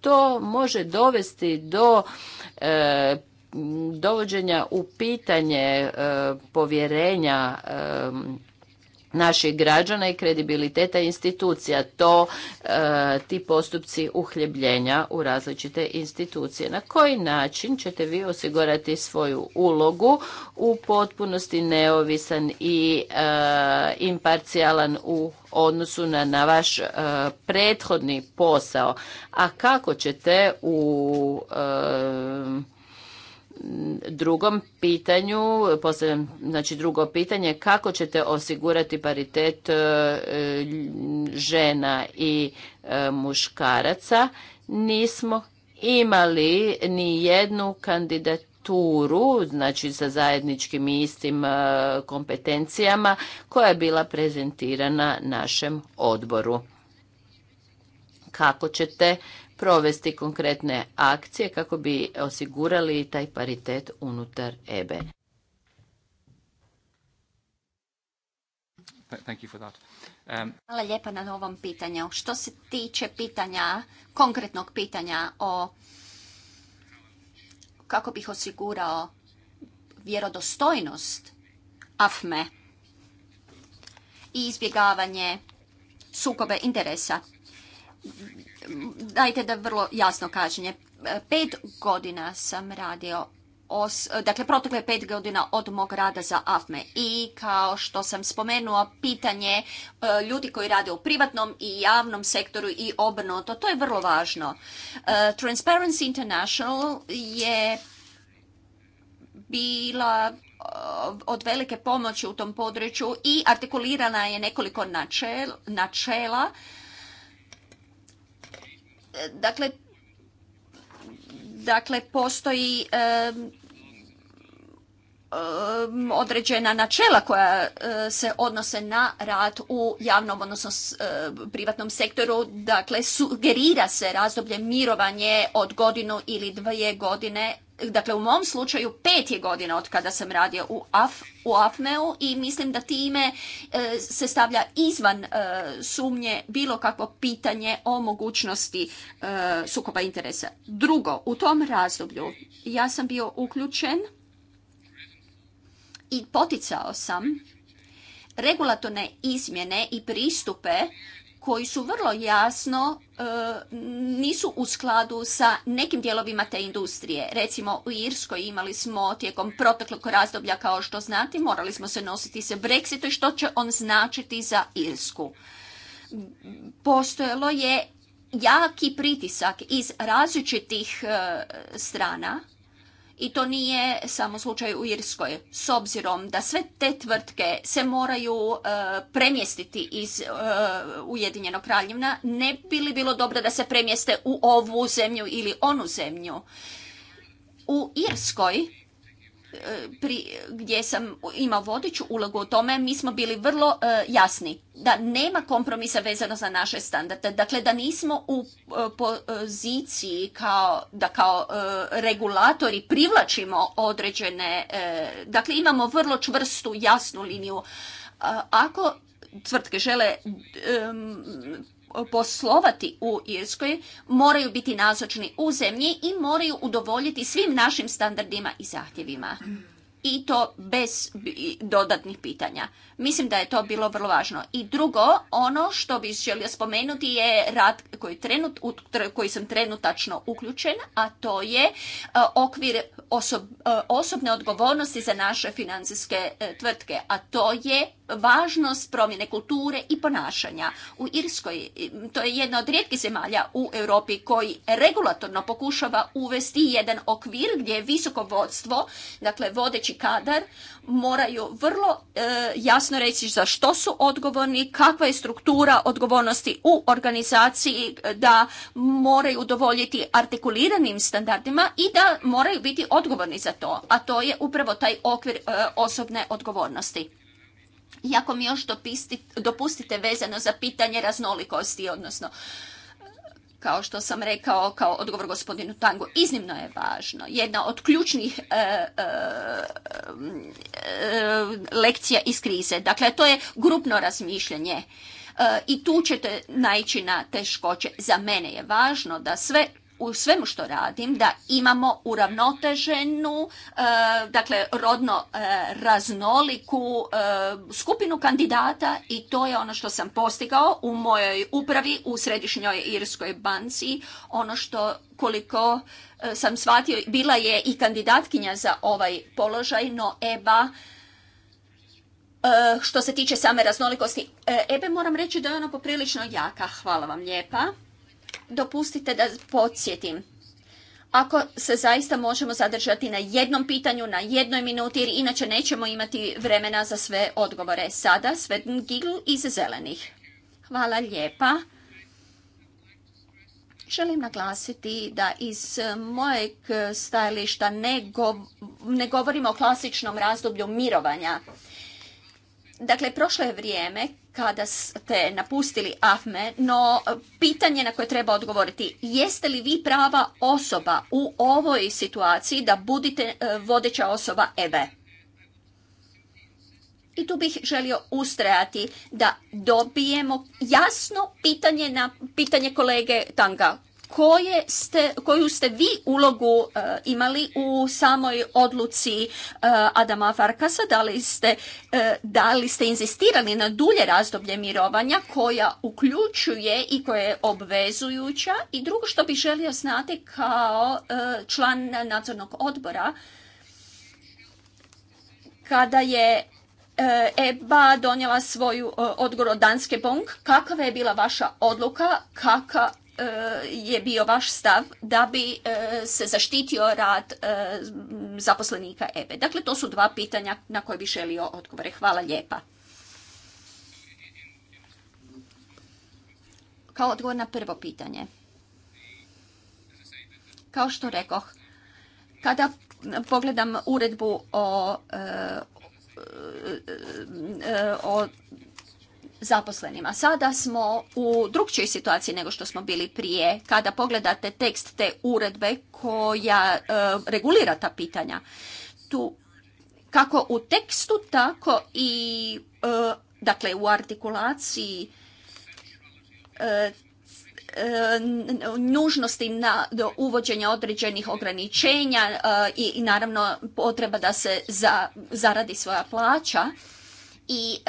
B: to može dovesti do dovođenja u pitanje e, povjerenja e, naših građana i kredibiliteta institucija. To e, ti postupci uhljebljenja u različite institucije. Na koji način ćete vi osigurati svoju ulogu u potpunosti neovisan i imparcijalan u odnosu na, vaš prethodni posao? A kako ćete u drugom pitanju, postavljam znači drugo pitanje, kako ćete osigurati paritet e, žena i e, muškaraca? Nismo imali ni jednu kandidaturu, znači sa zajedničkim istim e, kompetencijama koja je bila prezentirana našem odboru. Kako ćete provesti konkretne akcije kako bi osigurali taj paritet unutar EBE.
C: Um,
A: Hvala lijepa na ovom pitanju. Što se tiče pitanja, konkretnog pitanja o kako bih osigurao vjerodostojnost AFME i izbjegavanje sukobe interesa dajte da vrlo jasno kažem. Pet godina sam radio dakle protokle pet godina od mog rada za AFME i kao što sam spomenuo pitanje e, ljudi koji rade u privatnom i javnom sektoru i obrnuto, to je vrlo važno. E, Transparency International je bila e, od velike pomoći u tom području i artikulirana je nekoliko načela Dakle, dakle postoji određena načela koja e, se odnose na rad u javnom, odnosno e, privatnom sektoru. Dakle, sugerira se razdoblje mirovanje od godinu ili dvije godine dakle u mom slučaju pet je godina od kada sam radio u, Af, u AFME-u i mislim da time e, se stavlja izvan e, sumnje bilo kakvo pitanje o mogućnosti e, sukoba interesa. Drugo, u tom razdoblju ja sam bio uključen i poticao sam regulatorne izmjene i pristupe koji su vrlo jasno e, nisu u skladu sa nekim dijelovima te industrije. Recimo u Irskoj imali smo tijekom proteklog razdoblja kao što znate, morali smo se nositi sa Brexitom i što će on značiti za Irsku. Postojalo je jaki pritisak iz različitih e, strana i to nije samo slučaj u Irskoj. S obzirom da sve te tvrtke se moraju e, premjestiti iz e, Ujedinjenog kraljevna, ne bi li bilo dobro da se premjeste u ovu zemlju ili onu zemlju. U Irskoj E, pri, gdje sam imao vodeću ulogu u tome, mi smo bili vrlo e, jasni da nema kompromisa vezano za naše standarde. Dakle, da nismo u e, poziciji kao, da kao regulatori privlačimo određene, dakle imamo vrlo čvrstu, jasnu liniju. Ako tvrtke žele poslovati u Irskoj moraju biti nazočni u zemlji i moraju udovoljiti svim našim standardima i zahtjevima i to bez dodatnih pitanja. Mislim da je to bilo vrlo važno. I drugo, ono što bih želio spomenuti je rad koji, trenut, koji sam trenutačno uključen, a to je e, okvir e, osobne odgovornosti za naše financijske e, tvrtke, a to je važnost promjene kulture i ponašanja. U Irskoj, to je jedna od rijetkih zemalja u Europi koji regulatorno pokušava uvesti jedan okvir gdje je visoko vodstvo, dakle vodeći kadar moraju vrlo e, jasno reći za što su odgovorni, kakva je struktura odgovornosti u organizaciji, e, da moraju udovoljiti artikuliranim standardima i da moraju biti odgovorni za to, a to je upravo taj okvir e, osobne odgovornosti. Iako mi još dopustite vezano za pitanje raznolikosti, odnosno kao što sam rekao kao odgovor gospodinu Tangu, iznimno je važno. Jedna od ključnih e, e, e, lekcija iz krize. Dakle, to je grupno razmišljanje i tu ćete naići na teškoće. Za mene je važno da sve u svemu što radim da imamo uravnoteženu, e, dakle rodno e, raznoliku e, skupinu kandidata i to je ono što sam postigao u mojoj upravi u Središnjoj Irskoj banci. Ono što koliko sam shvatio, bila je i kandidatkinja za ovaj položaj, no EBA što se tiče same raznolikosti, EBE moram reći da je ona poprilično jaka. Hvala vam lijepa dopustite da podsjetim. Ako se zaista možemo zadržati na jednom pitanju, na jednoj minuti, jer inače nećemo imati vremena za sve odgovore. Sada sve Gigl iz Zelenih. Hvala lijepa. Želim naglasiti da iz mojeg stajališta ne govorimo o klasičnom razdoblju mirovanja Dakle, prošlo je vrijeme kada ste napustili AFME, no e, pitanje na koje treba odgovoriti, jeste li vi prava osoba u ovoj situaciji da budite e, vodeća osoba EVE? I tu bih želio ustrajati da dobijemo jasno pitanje na pitanje kolege Tanga koje ste, koju ste vi ulogu e, imali u samoj odluci e, Adama Farkasa, da li ste, e, da li ste inzistirali na dulje razdoblje mirovanja koja uključuje i koja je obvezujuća i drugo što bi želio znati kao e, član nadzornog odbora kada je EBA donijela svoju odgovor od Danske Bank. Kakva je bila vaša odluka? Kaka, Eh, je bio vaš stav da bi eh, se zaštitio rad eh, zaposlenika EBE? Dakle, to su dva pitanja na koje bi želio odgovore. Hvala lijepa. Kao odgovor na prvo pitanje. Kao što rekoh, kada pogledam uredbu o o zaposlenima. Sada smo u drugčoj situaciji nego što smo bili prije. Kada pogledate tekst te uredbe koja e, regulira ta pitanja, tu kako u tekstu, tako i e, dakle u artikulaciji e, e nužnosti na uvođenja određenih ograničenja i, i naravno potreba da se za, zaradi svoja plaća i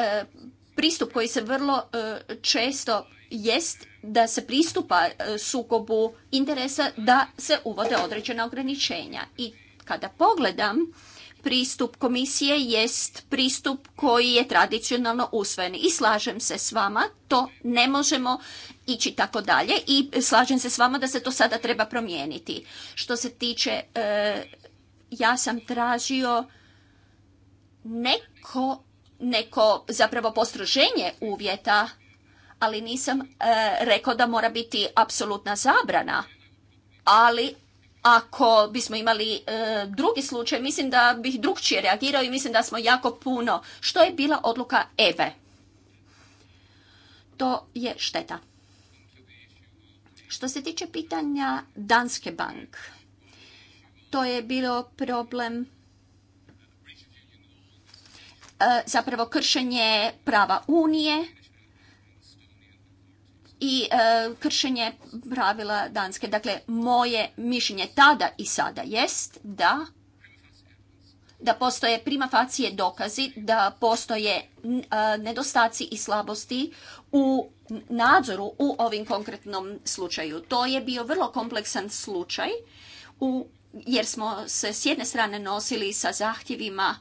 A: pristup koji se vrlo e, često jest da se pristupa e, sukobu interesa da se uvode određena ograničenja. I kada pogledam pristup komisije jest pristup koji je tradicionalno usvojen. I slažem se s vama, to ne možemo ići tako dalje i slažem se s vama da se to sada treba promijeniti. Što se tiče, e, ja sam tražio neko neko zapravo postroženje uvjeta, ali nisam e, rekao da mora biti apsolutna zabrana. Ali ako bismo imali e, drugi slučaj, mislim da bih drugčije reagirao i mislim da smo jako puno. Što je bila odluka EVE? To je šteta. Što se tiče pitanja Danske bank, to je bilo problem E, zapravo kršenje prava Unije i e, kršenje pravila Danske. Dakle, moje mišljenje tada i sada jest da da postoje prima facije dokazi, da postoje e, nedostaci i slabosti u nadzoru u ovim konkretnom slučaju. To je bio vrlo kompleksan slučaj jer smo se s jedne strane nosili sa zahtjevima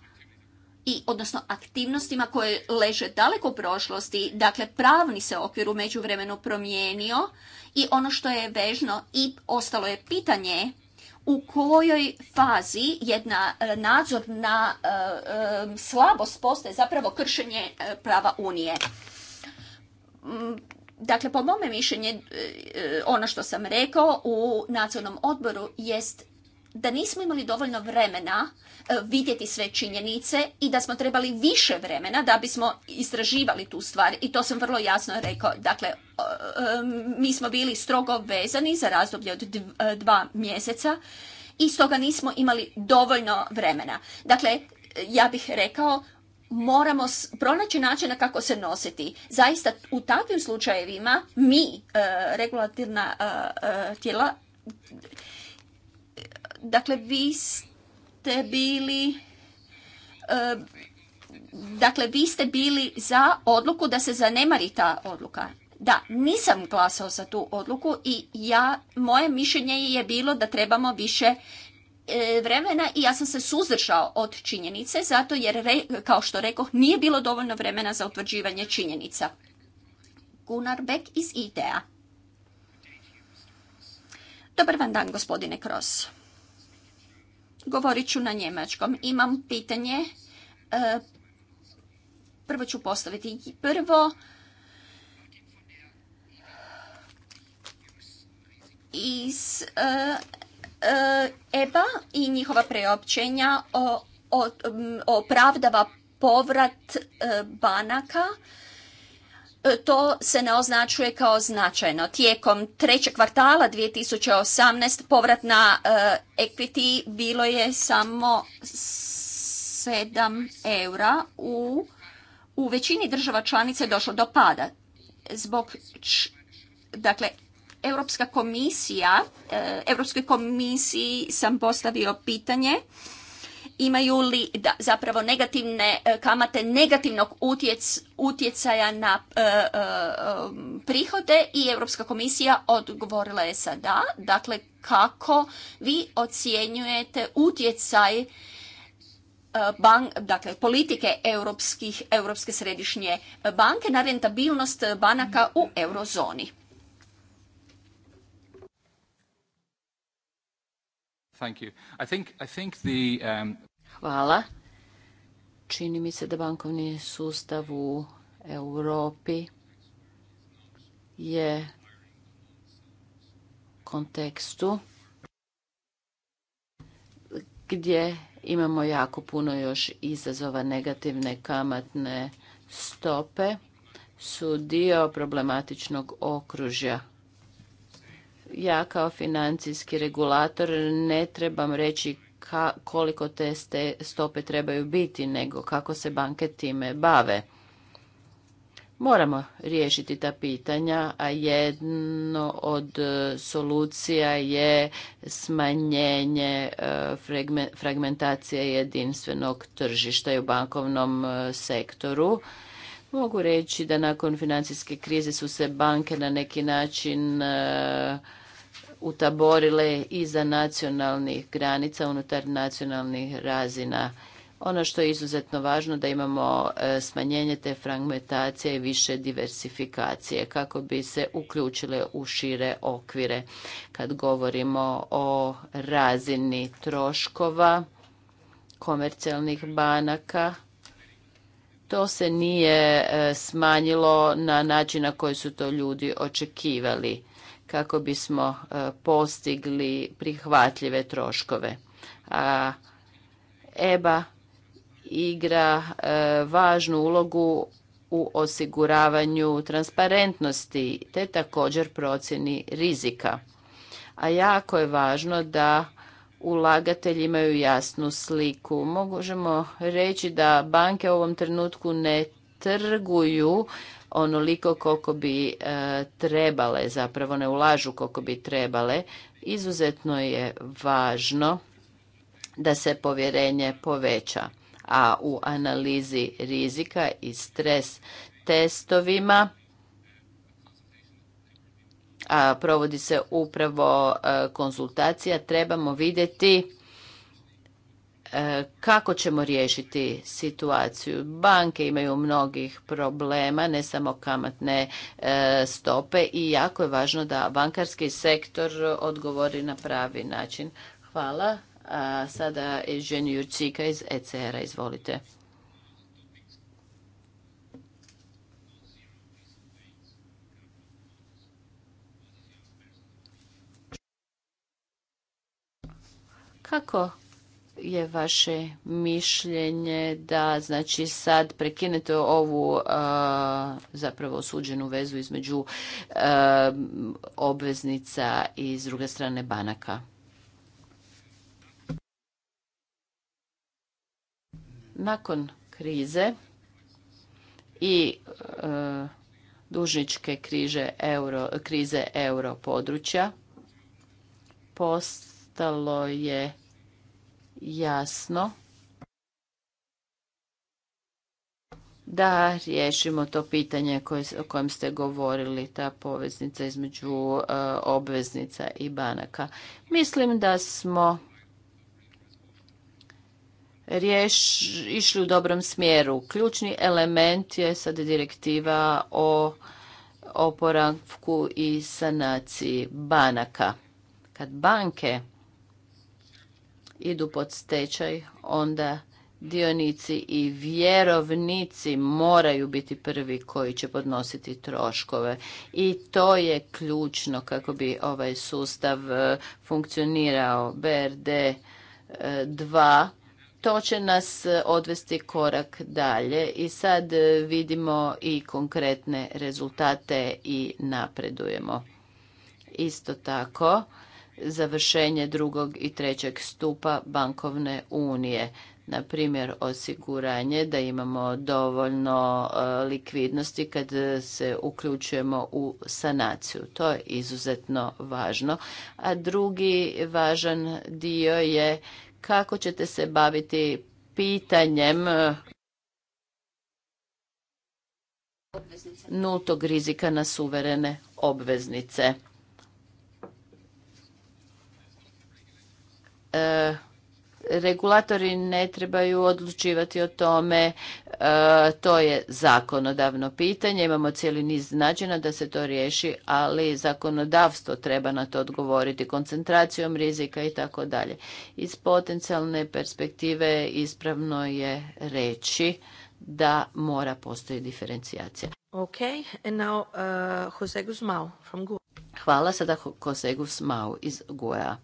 A: i odnosno aktivnostima koje leže daleko u prošlosti, dakle pravni se okvir u međuvremenu promijenio i ono što je vežno i ostalo je pitanje u kojoj fazi jedna e, nadzor na e, e, slabost postaje zapravo kršenje prava Unije. Mm, dakle, po mome mišljenju, ono što sam rekao u nacionalnom odboru jest da nismo imali dovoljno vremena e, vidjeti sve činjenice i da smo trebali više vremena da bismo istraživali tu stvar i to sam vrlo jasno rekao. Dakle, mi smo bili strogo vezani za razdoblje od e, dva mjeseca i stoga nismo imali dovoljno vremena. Dakle, ja bih rekao moramo pronaći načina kako se nositi. Zaista u takvim slučajevima mi, e, regulativna tijela, Dakle, vi ste bili e, dakle, vi ste bili za odluku da se zanemari ta odluka. Da, nisam glasao za tu odluku i ja, moje mišljenje je bilo da trebamo više e, vremena i ja sam se suzdržao od činjenice zato jer, kao što rekoh, nije bilo dovoljno vremena za utvrđivanje činjenica. Gunnar Beck iz IDEA. Dobar vam dan, gospodine Kroos. Govorit ću na njemačkom. Imam pitanje. E, prvo ću postaviti. Prvo, iz e, e, EBA i njihova preopćenja opravdava povrat banaka E, to se ne označuje kao značajno. Tijekom trećeg kvartala 2018 povrat na e, equity bilo je samo 7 eura. U, većini država članica je došlo do pada. Zbog, dakle, Europska komisija, e, Europskoj komisiji sam postavio pitanje imaju li zapravo negativne e, kamate negativnog utjecaja na e, e, prihode i Europska komisija odgovorila je sa da. Dakle, kako vi ocjenjujete utjecaj dakle, politike Europskih, Europske središnje banke na rentabilnost banaka u eurozoni.
C: Thank um,
B: Hvala. Čini mi se da bankovni sustav u Europi je kontekstu gdje imamo jako puno još izazova negativne kamatne stope su dio problematičnog okružja ja kao financijski regulator ne trebam reći ka, koliko te stope trebaju biti, nego kako se banke time bave. Moramo riješiti ta pitanja, a jedno od e, solucija je smanjenje e, fragmentacije jedinstvenog tržišta u bankovnom e, sektoru. Mogu reći da nakon financijske krize su se banke na neki način utaborile iza nacionalnih granica, unutar nacionalnih razina. Ono što je izuzetno važno da imamo e, smanjenje te fragmentacije i više diversifikacije kako bi se uključile u šire okvire. Kad govorimo o razini troškova komercijalnih banaka, to se nije e, smanjilo na način na koji su to ljudi očekivali kako bismo e, postigli prihvatljive troškove. A EBA igra e, važnu ulogu u osiguravanju transparentnosti te također procjeni rizika. A jako je važno da ulagatelji imaju jasnu sliku. Možemo reći da banke u ovom trenutku ne trguju onoliko koliko bi e, trebale, zapravo ne ulažu koliko bi trebale. Izuzetno je važno da se povjerenje poveća, a u analizi rizika i stres testovima a provodi se upravo e, konzultacija, trebamo vidjeti E, kako ćemo riješiti situaciju. Banke imaju mnogih problema, ne samo kamatne e, stope i jako je važno da bankarski sektor odgovori na pravi način. Hvala. sada je Žen Jurčika iz ECR-a. Izvolite. Kako je vaše mišljenje da znači sad prekinete ovu e, zapravo osuđenu vezu između e, obveznica i s druge strane banaka? Nakon krize i e, dužničke krize euro područja postalo je jasno da riješimo to pitanje o kojem ste govorili, ta poveznica između e, obveznica i banaka. Mislim da smo išli u dobrom smjeru. Ključni element je sad direktiva o oporavku i sanaciji banaka. Kad banke idu pod stečaj, onda dionici i vjerovnici moraju biti prvi koji će podnositi troškove i to je ključno kako bi ovaj sustav e, funkcionirao BRD 2 e, to će nas e, odvesti korak dalje i sad vidimo i konkretne rezultate i napredujemo. Isto tako završenje drugog i trećeg stupa bankovne unije na primjer osiguranje da imamo dovoljno e, likvidnosti kad se uključujemo u sanaciju. To je izuzetno važno. A drugi važan dio je kako ćete se baviti pitanjem nultog rizika na suverene obveznice. E, regulatori ne trebaju odlučivati o tome, e, to je zakonodavno pitanje, imamo cijeli niz načina da se to riješi, ali zakonodavstvo treba na to odgovoriti koncentracijom rizika i tako dalje. Iz potencijalne perspektive ispravno je reći da mora postoji diferencijacija.
C: ok and now uh, Jose from
B: Hvala sada Jose Guzmao iz Goa.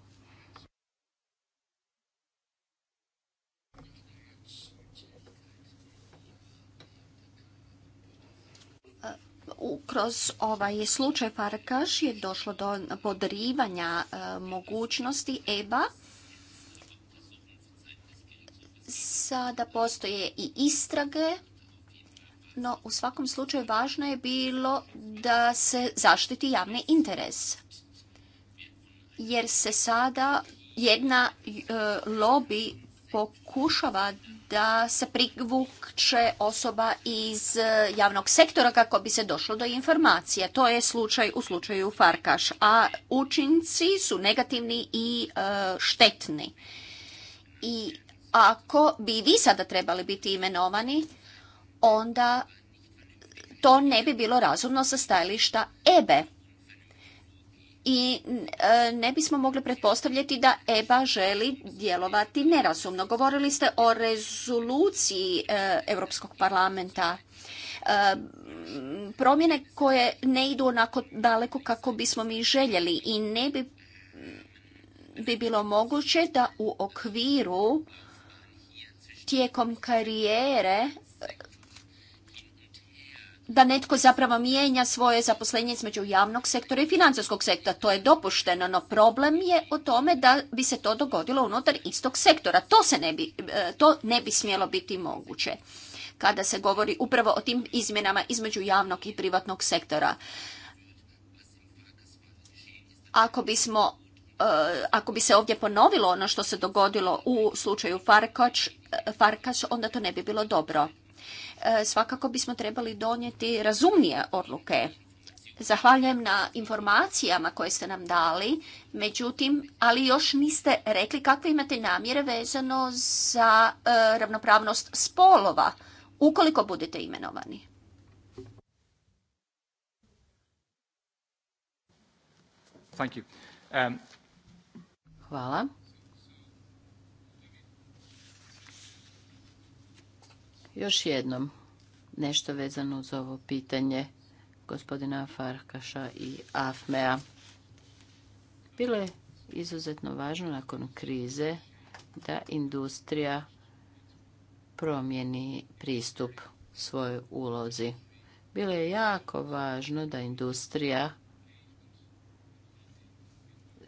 A: kroz ovaj slučaj Farkaš je došlo do podrivanja e, mogućnosti EBA sada postoje i istrage, no u svakom slučaju važno je bilo da se zaštiti javni interes. Jer se sada jedna e, lobby pokušava da se privukće osoba iz e, javnog sektora kako bi se došlo do informacije. To je slučaj u slučaju Farkaš, a učinci su negativni i e, štetni. I ako bi vi sada trebali biti imenovani, onda to ne bi bilo razumno sa stajališta EBE i e, ne bismo mogli pretpostavljati da EBA želi djelovati nerazumno. Govorili ste o rezoluciji e, Europskog parlamenta e, promjene koje ne idu onako daleko kako bismo mi željeli i ne bi, bi bilo moguće da u okviru tijekom karijere da netko zapravo mijenja svoje zaposlenje između javnog sektora i financijskog sektora. To je dopušteno, no problem je o tome da bi se to dogodilo unutar istog sektora. To, se ne, bi, e, to ne bi smjelo biti moguće kada se govori upravo o tim izmjenama između javnog i privatnog sektora. Ako bismo e, ako bi se ovdje ponovilo ono što se dogodilo u slučaju Farkač, e, Farkač, onda to ne bi bilo dobro. E, svakako bismo trebali donijeti razumnije odluke. Zahvaljujem na informacijama koje ste nam dali, međutim, ali još niste rekli kakve imate namjere vezano za e, ravnopravnost spolova ukoliko budete imenovani.
C: Um, Hvala.
B: Još jednom nešto vezano uz ovo pitanje gospodina Farkaša i Afmea. Bilo je izuzetno važno nakon krize da industrija promijeni pristup svojoj ulozi. Bilo je jako važno da industrija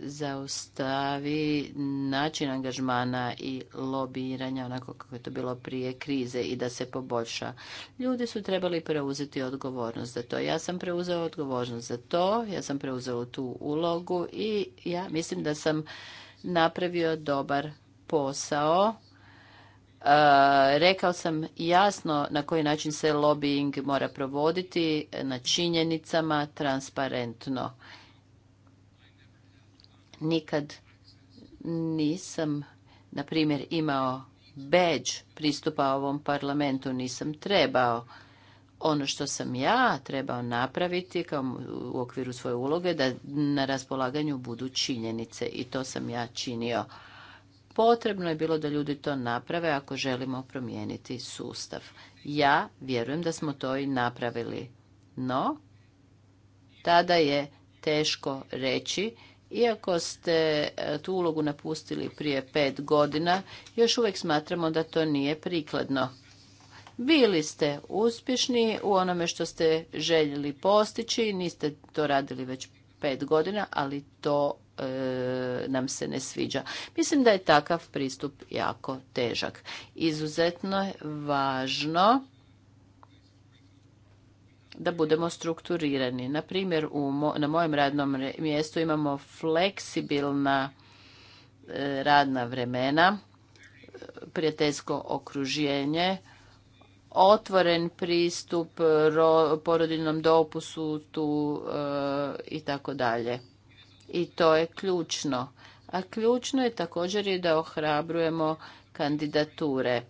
B: zaustavi način angažmana i lobiranja onako kako je to bilo prije krize i da se poboljša. Ljudi su trebali preuzeti odgovornost za to. Ja sam preuzeo odgovornost za to, ja sam preuzeo tu ulogu i ja mislim da sam napravio dobar posao. E, rekao sam jasno na koji način se lobbying mora provoditi, na činjenicama, transparentno nikad nisam, na primjer, imao beđ pristupa ovom parlamentu, nisam trebao. Ono što sam ja trebao napraviti kao u okviru svoje uloge da na raspolaganju budu činjenice i to sam ja činio. Potrebno je bilo da ljudi to naprave ako želimo promijeniti sustav. Ja vjerujem da smo to i napravili. No, tada je teško reći iako ste e, tu ulogu napustili prije pet godina, još uvijek smatramo da to nije prikladno. Bili ste uspješni u onome što ste željeli postići, niste to radili već pet godina, ali to e, nam se ne sviđa. Mislim da je takav pristup jako težak. Izuzetno je važno da budemo strukturirani. Na primjer, na mojem radnom mjestu imamo fleksibilna e, radna vremena, e, prijateljsko okruženje, otvoren pristup porodiljnom dopusu tu e, i tako dalje. I to je ključno. A ključno je također i da ohrabrujemo kandidature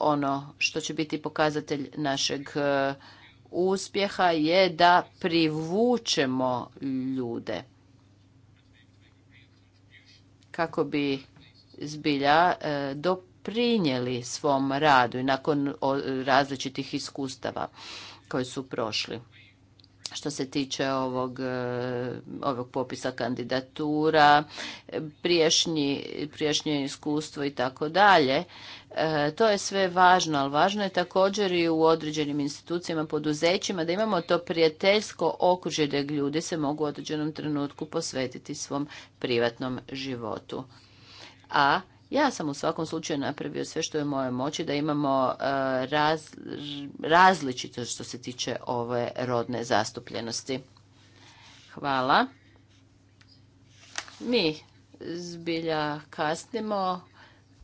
B: ono što će biti pokazatelj našeg e, uspjeha je da privučemo ljude kako bi zbilja e, doprinijeli svom radu i nakon različitih iskustava koji su prošli što se tiče ovog, e, ovog popisa kandidatura, priješnji, priješnje iskustvo i tako dalje. E, to je sve važno, ali važno je također i u određenim institucijama, poduzećima da imamo to prijateljsko okružje gdje ljudi se mogu u određenom trenutku posvetiti svom privatnom životu. A ja sam u svakom slučaju napravio sve što je moje moći da imamo e, raz, različito što se tiče ove rodne zastupljenosti. Hvala. Mi zbilja kasnimo,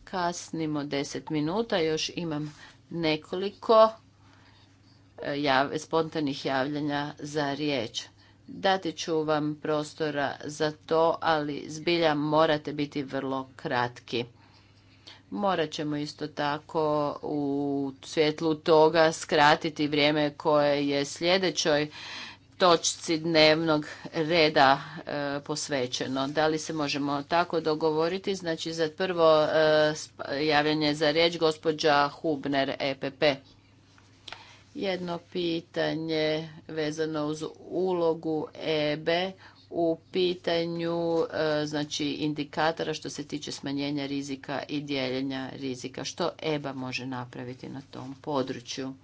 B: kasnimo 10 minuta, još imam nekoliko e, spontanih javljanja za riječ. Dati ću vam prostora za to, ali zbilja morate biti vrlo kratki. Morat ćemo isto tako u svjetlu toga skratiti vrijeme koje je sljedećoj točci dnevnog reda e, posvećeno. Da li se možemo tako dogovoriti? Znači za prvo e, javljanje za riječ gospođa Hubner EPP jedno pitanje vezano uz ulogu EBE u pitanju e, znači indikatora što se tiče smanjenja rizika i dijeljenja rizika. Što EBA može napraviti na tom području?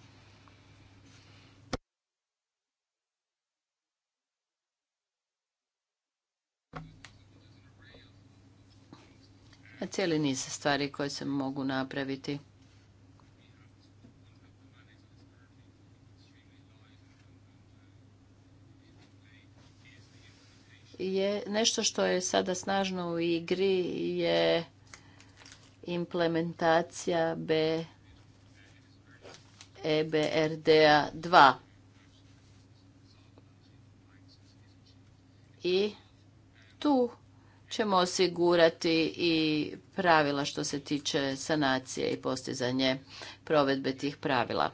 B: cijeli niz stvari koje se mogu napraviti. je nešto što je sada snažno u igri je implementacija B ebrd 2. I tu ćemo osigurati i pravila što se tiče sanacije i postizanje provedbe tih pravila.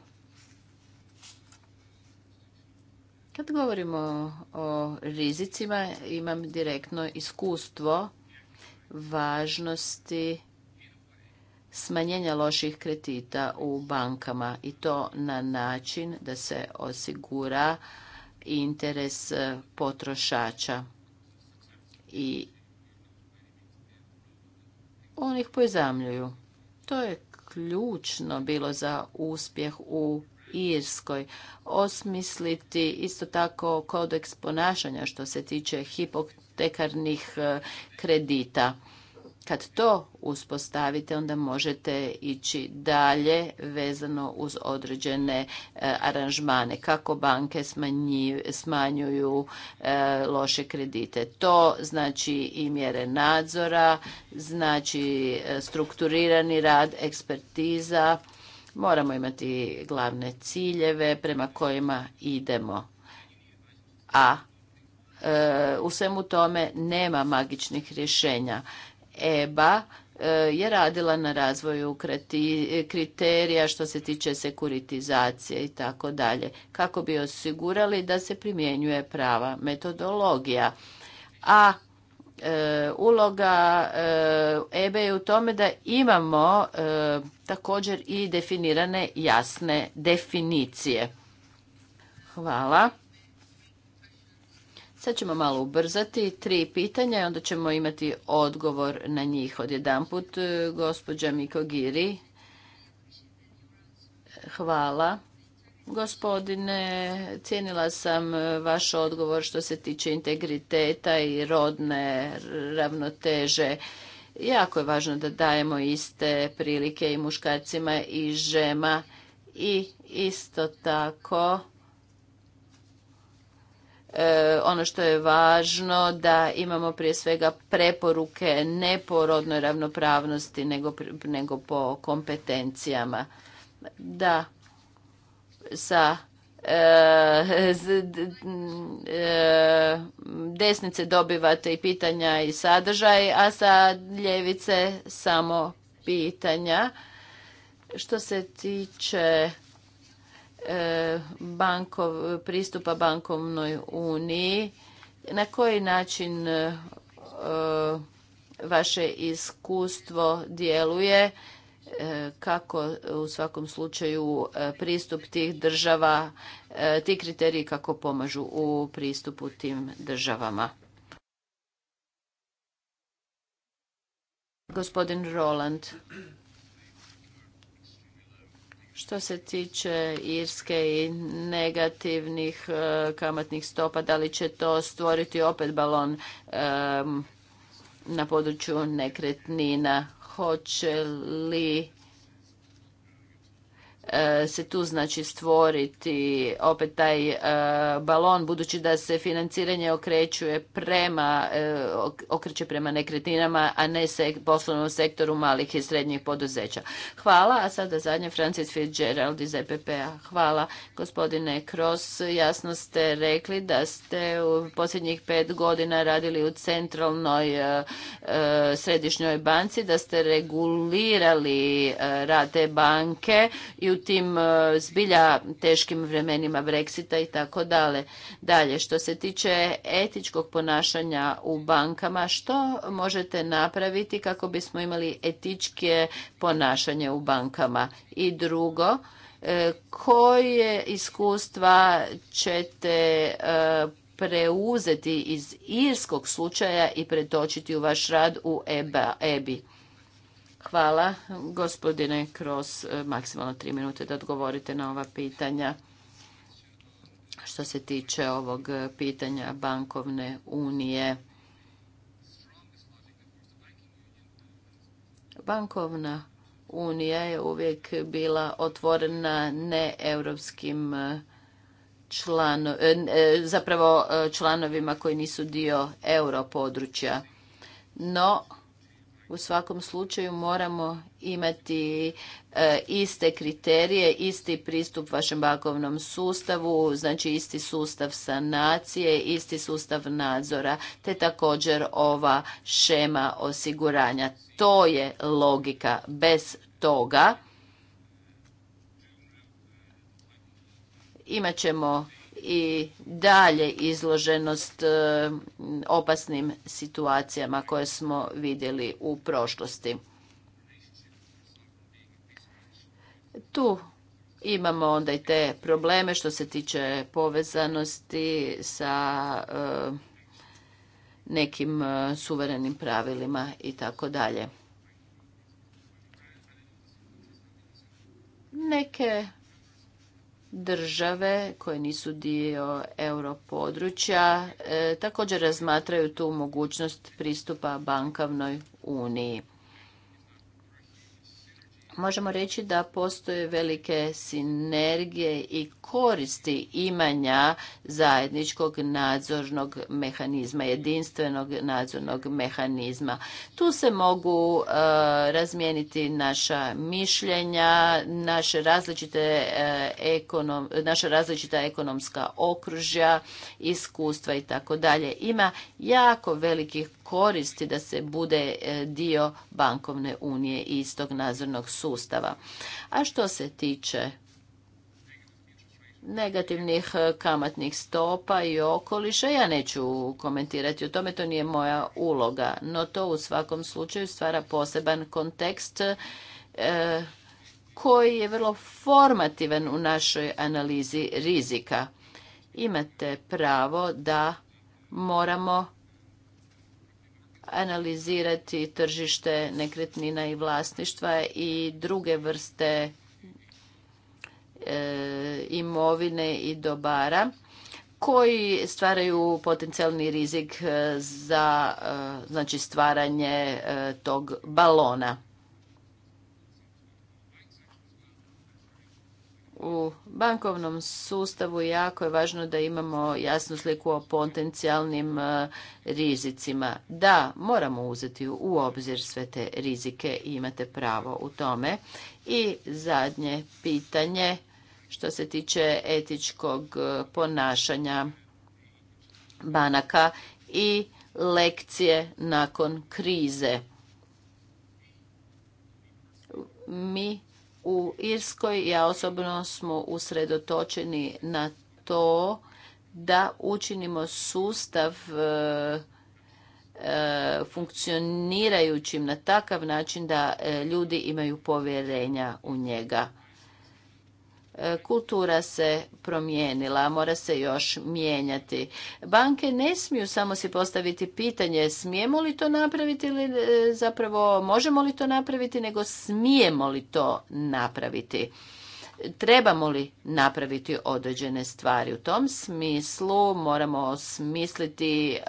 B: Kad govorimo o rizicima, imam direktno iskustvo važnosti smanjenja loših kredita u bankama i to na način da se osigura interes potrošača i onih pojzamljuju. To je ključno bilo za uspjeh u Irskoj. Osmisliti isto tako kodeks ponašanja što se tiče hipotekarnih e, kredita. Kad to uspostavite, onda možete ići dalje vezano uz određene e, aranžmane, kako banke smanjuju e, loše kredite. To znači i mjere nadzora, znači strukturirani rad, ekspertiza, Moramo imati glavne ciljeve prema kojima idemo. A e, u svemu tome nema magičnih rješenja. EBA e, je radila na razvoju kriterija što se tiče sekuritizacije i tako dalje, kako bi osigurali da se primjenjuje prava metodologija. A E, uloga e, EBE je u tome da imamo e, također i definirane jasne definicije. Hvala. Sad ćemo malo ubrzati tri pitanja i onda ćemo imati odgovor na njih odjedanput. Gospođa Mikogiri. Hvala. Gospodine, cijenila sam e, vaš odgovor što se tiče integriteta i rodne ravnoteže. Jako je važno da dajemo iste prilike i muškarcima i žema i isto tako e, ono što je važno da imamo prije svega preporuke ne po rodnoj ravnopravnosti nego, nego po kompetencijama. Da, sa e, e, desnice dobivate i pitanja i sadržaj, a sa ljevice samo pitanja. Što se tiče e, bankov, pristupa bankovnoj uniji, na koji način vaše iskustvo djeluje E, kako u svakom slučaju e, pristup tih država, e, ti kriteriji kako pomažu u pristupu tim državama. Gospodin Roland. Što se tiče Irske i negativnih kamatnih stopa, da li će to stvoriti opet balon na području nekretnina? hoće li E, se tu znači stvoriti opet taj e, balon budući da se financiranje okrećuje prema e, okreće prema nekretninama a ne se poslovnom sektoru malih i srednjih poduzeća. Hvala, a sada zadnje Francis Fitzgerald iz EPP-a. Hvala gospodine Kroz jasno ste rekli da ste u posljednjih pet godina radili u centralnoj središnjoj banci, da ste regulirali rad te banke i u tim e, zbilja teškim vremenima Brexita i tako dalje. Dalje, što se tiče etičkog ponašanja u bankama, što možete napraviti kako bismo imali etičke ponašanje u bankama? I drugo, e, koje iskustva ćete e, preuzeti iz irskog slučaja i pretočiti u vaš rad u EBA, EBI? Hvala. Gospodine Kroz, maksimalno tri minute da odgovorite na ova pitanja. Što se tiče ovog pitanja bankovne unije, bankovna unija je uvijek bila otvorena ne europskim e, e, zapravo e, članovima koji nisu dio europodručja. No, u svakom slučaju moramo imati e, iste kriterije, isti pristup vašem bankovnom sustavu, znači isti sustav sanacije, isti sustav nadzora, te također ova šema osiguranja. To je logika. Bez toga imat ćemo i dalje izloženost e, opasnim situacijama koje smo vidjeli u prošlosti. Tu imamo onda i te probleme što se tiče povezanosti sa e, nekim e, suverenim pravilima i tako dalje. Neke države koje nisu dio europodručja e, također razmatraju tu mogućnost pristupa bankavnoj uniji možemo reći da postoje velike sinergije i koristi imanja zajedničkog nadzornog mehanizma, jedinstvenog nadzornog mehanizma. Tu se mogu e, razmijeniti naša mišljenja, e, naša različita ekonomska okružja, iskustva i tako dalje. Ima jako velikih koristi da se bude e, dio bankovne unije i istog nadzornog sustava. A što se tiče negativnih e, kamatnih stopa i okoliša. Ja neću komentirati o tome, to nije moja uloga, no to u svakom slučaju stvara poseban kontekst e, koji je vrlo formativan u našoj analizi rizika. Imate pravo da moramo analizirati tržište nekretnina i vlasništva i druge vrste e, imovine i dobara koji stvaraju potencijalni rizik e, za e, znači stvaranje tog balona. u bankovnom sustavu jako je važno da imamo jasnu sliku o potencijalnim e, rizicima. Da, moramo uzeti u obzir sve te rizike i imate pravo u tome. I zadnje pitanje što se tiče etičkog e, ponašanja banaka i lekcije nakon krize. Mi u Irskoj, ja osobno smo usredotočeni na to da učinimo sustav e, e, funkcionirajućim na takav način da e, ljudi imaju povjerenja u njega. E, kultura se promijenila, mora se još mijenjati. Banke ne smiju samo si postaviti pitanje smijemo li to napraviti ili e, zapravo možemo li to napraviti, nego smijemo li to napraviti trebamo li napraviti određene stvari. U tom smislu moramo osmisliti e,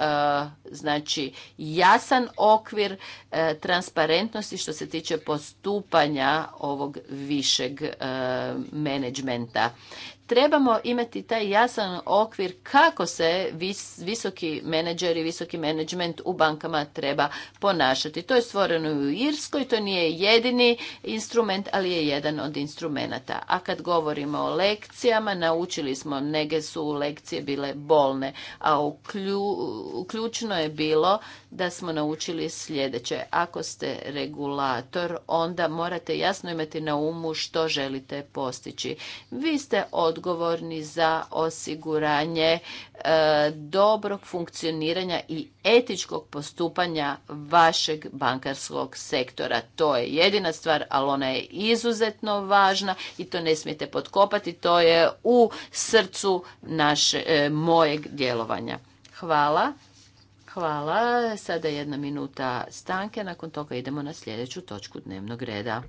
B: znači jasan okvir e, transparentnosti što se tiče postupanja ovog višeg e, menadžmenta trebamo imati taj jasan okvir kako se visoki menadžer i visoki menadžment u bankama treba ponašati. To je stvoreno u Irskoj, to nije jedini instrument, ali je jedan od instrumenata. A kad govorimo o lekcijama, naučili smo, nege su lekcije bile bolne, a uključno ključno je bilo da smo naučili sljedeće. Ako ste regulator, onda morate jasno imati na umu što želite postići. Vi ste odgovorni za osiguranje e, dobrog funkcioniranja i etičkog postupanja vašeg bankarskog sektora. To je jedina stvar, ali ona je izuzetno važna i to ne smijete potkopati. To je u srcu naše, e, mojeg djelovanja. Hvala. Hvala. Sada jedna minuta stanke, nakon toga idemo na sljedeću točku dnevnog reda.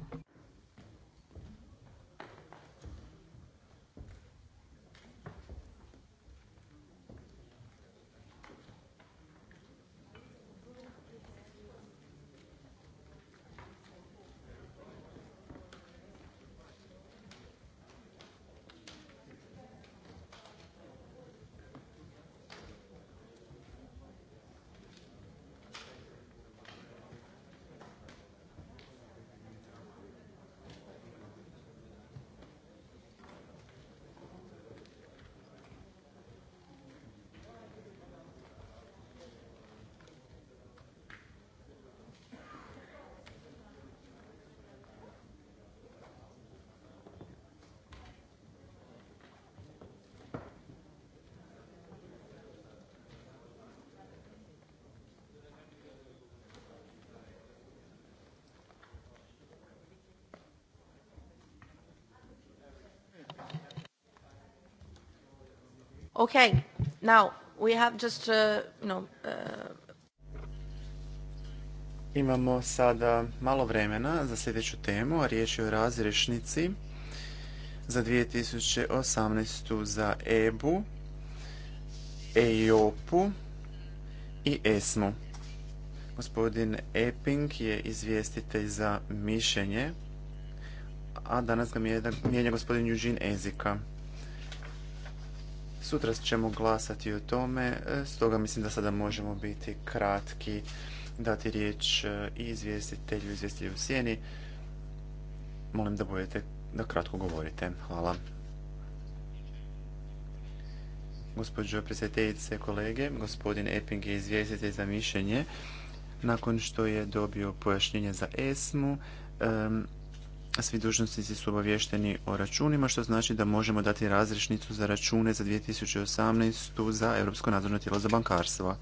C: Okay, now we have just, uh, know, uh,
D: Imamo sada malo vremena za sljedeću temu, a riječ je o razrješnici za 2018. za EBU, EIOPU i ESMU. E gospodin Eping je izvjestitelj za mišljenje, a danas ga mijenja gospodin Eugene Ezika. Sutra ćemo glasati o tome, e, stoga mislim da sada možemo biti kratki, dati riječ e, izvjestitelju, izvjestitelju u sjeni. Molim da budete, da kratko govorite. Hvala. Gospodžo, predsjedateljice, kolege, gospodin Epping je izvjestitelj za mišljenje. Nakon što je dobio pojašnjenje za ESMU, svi dužnosnici su obavješteni o računima, što znači da možemo dati razrešnicu za račune za 2018. za Europsko nadzorno tijelo za bankarstvo.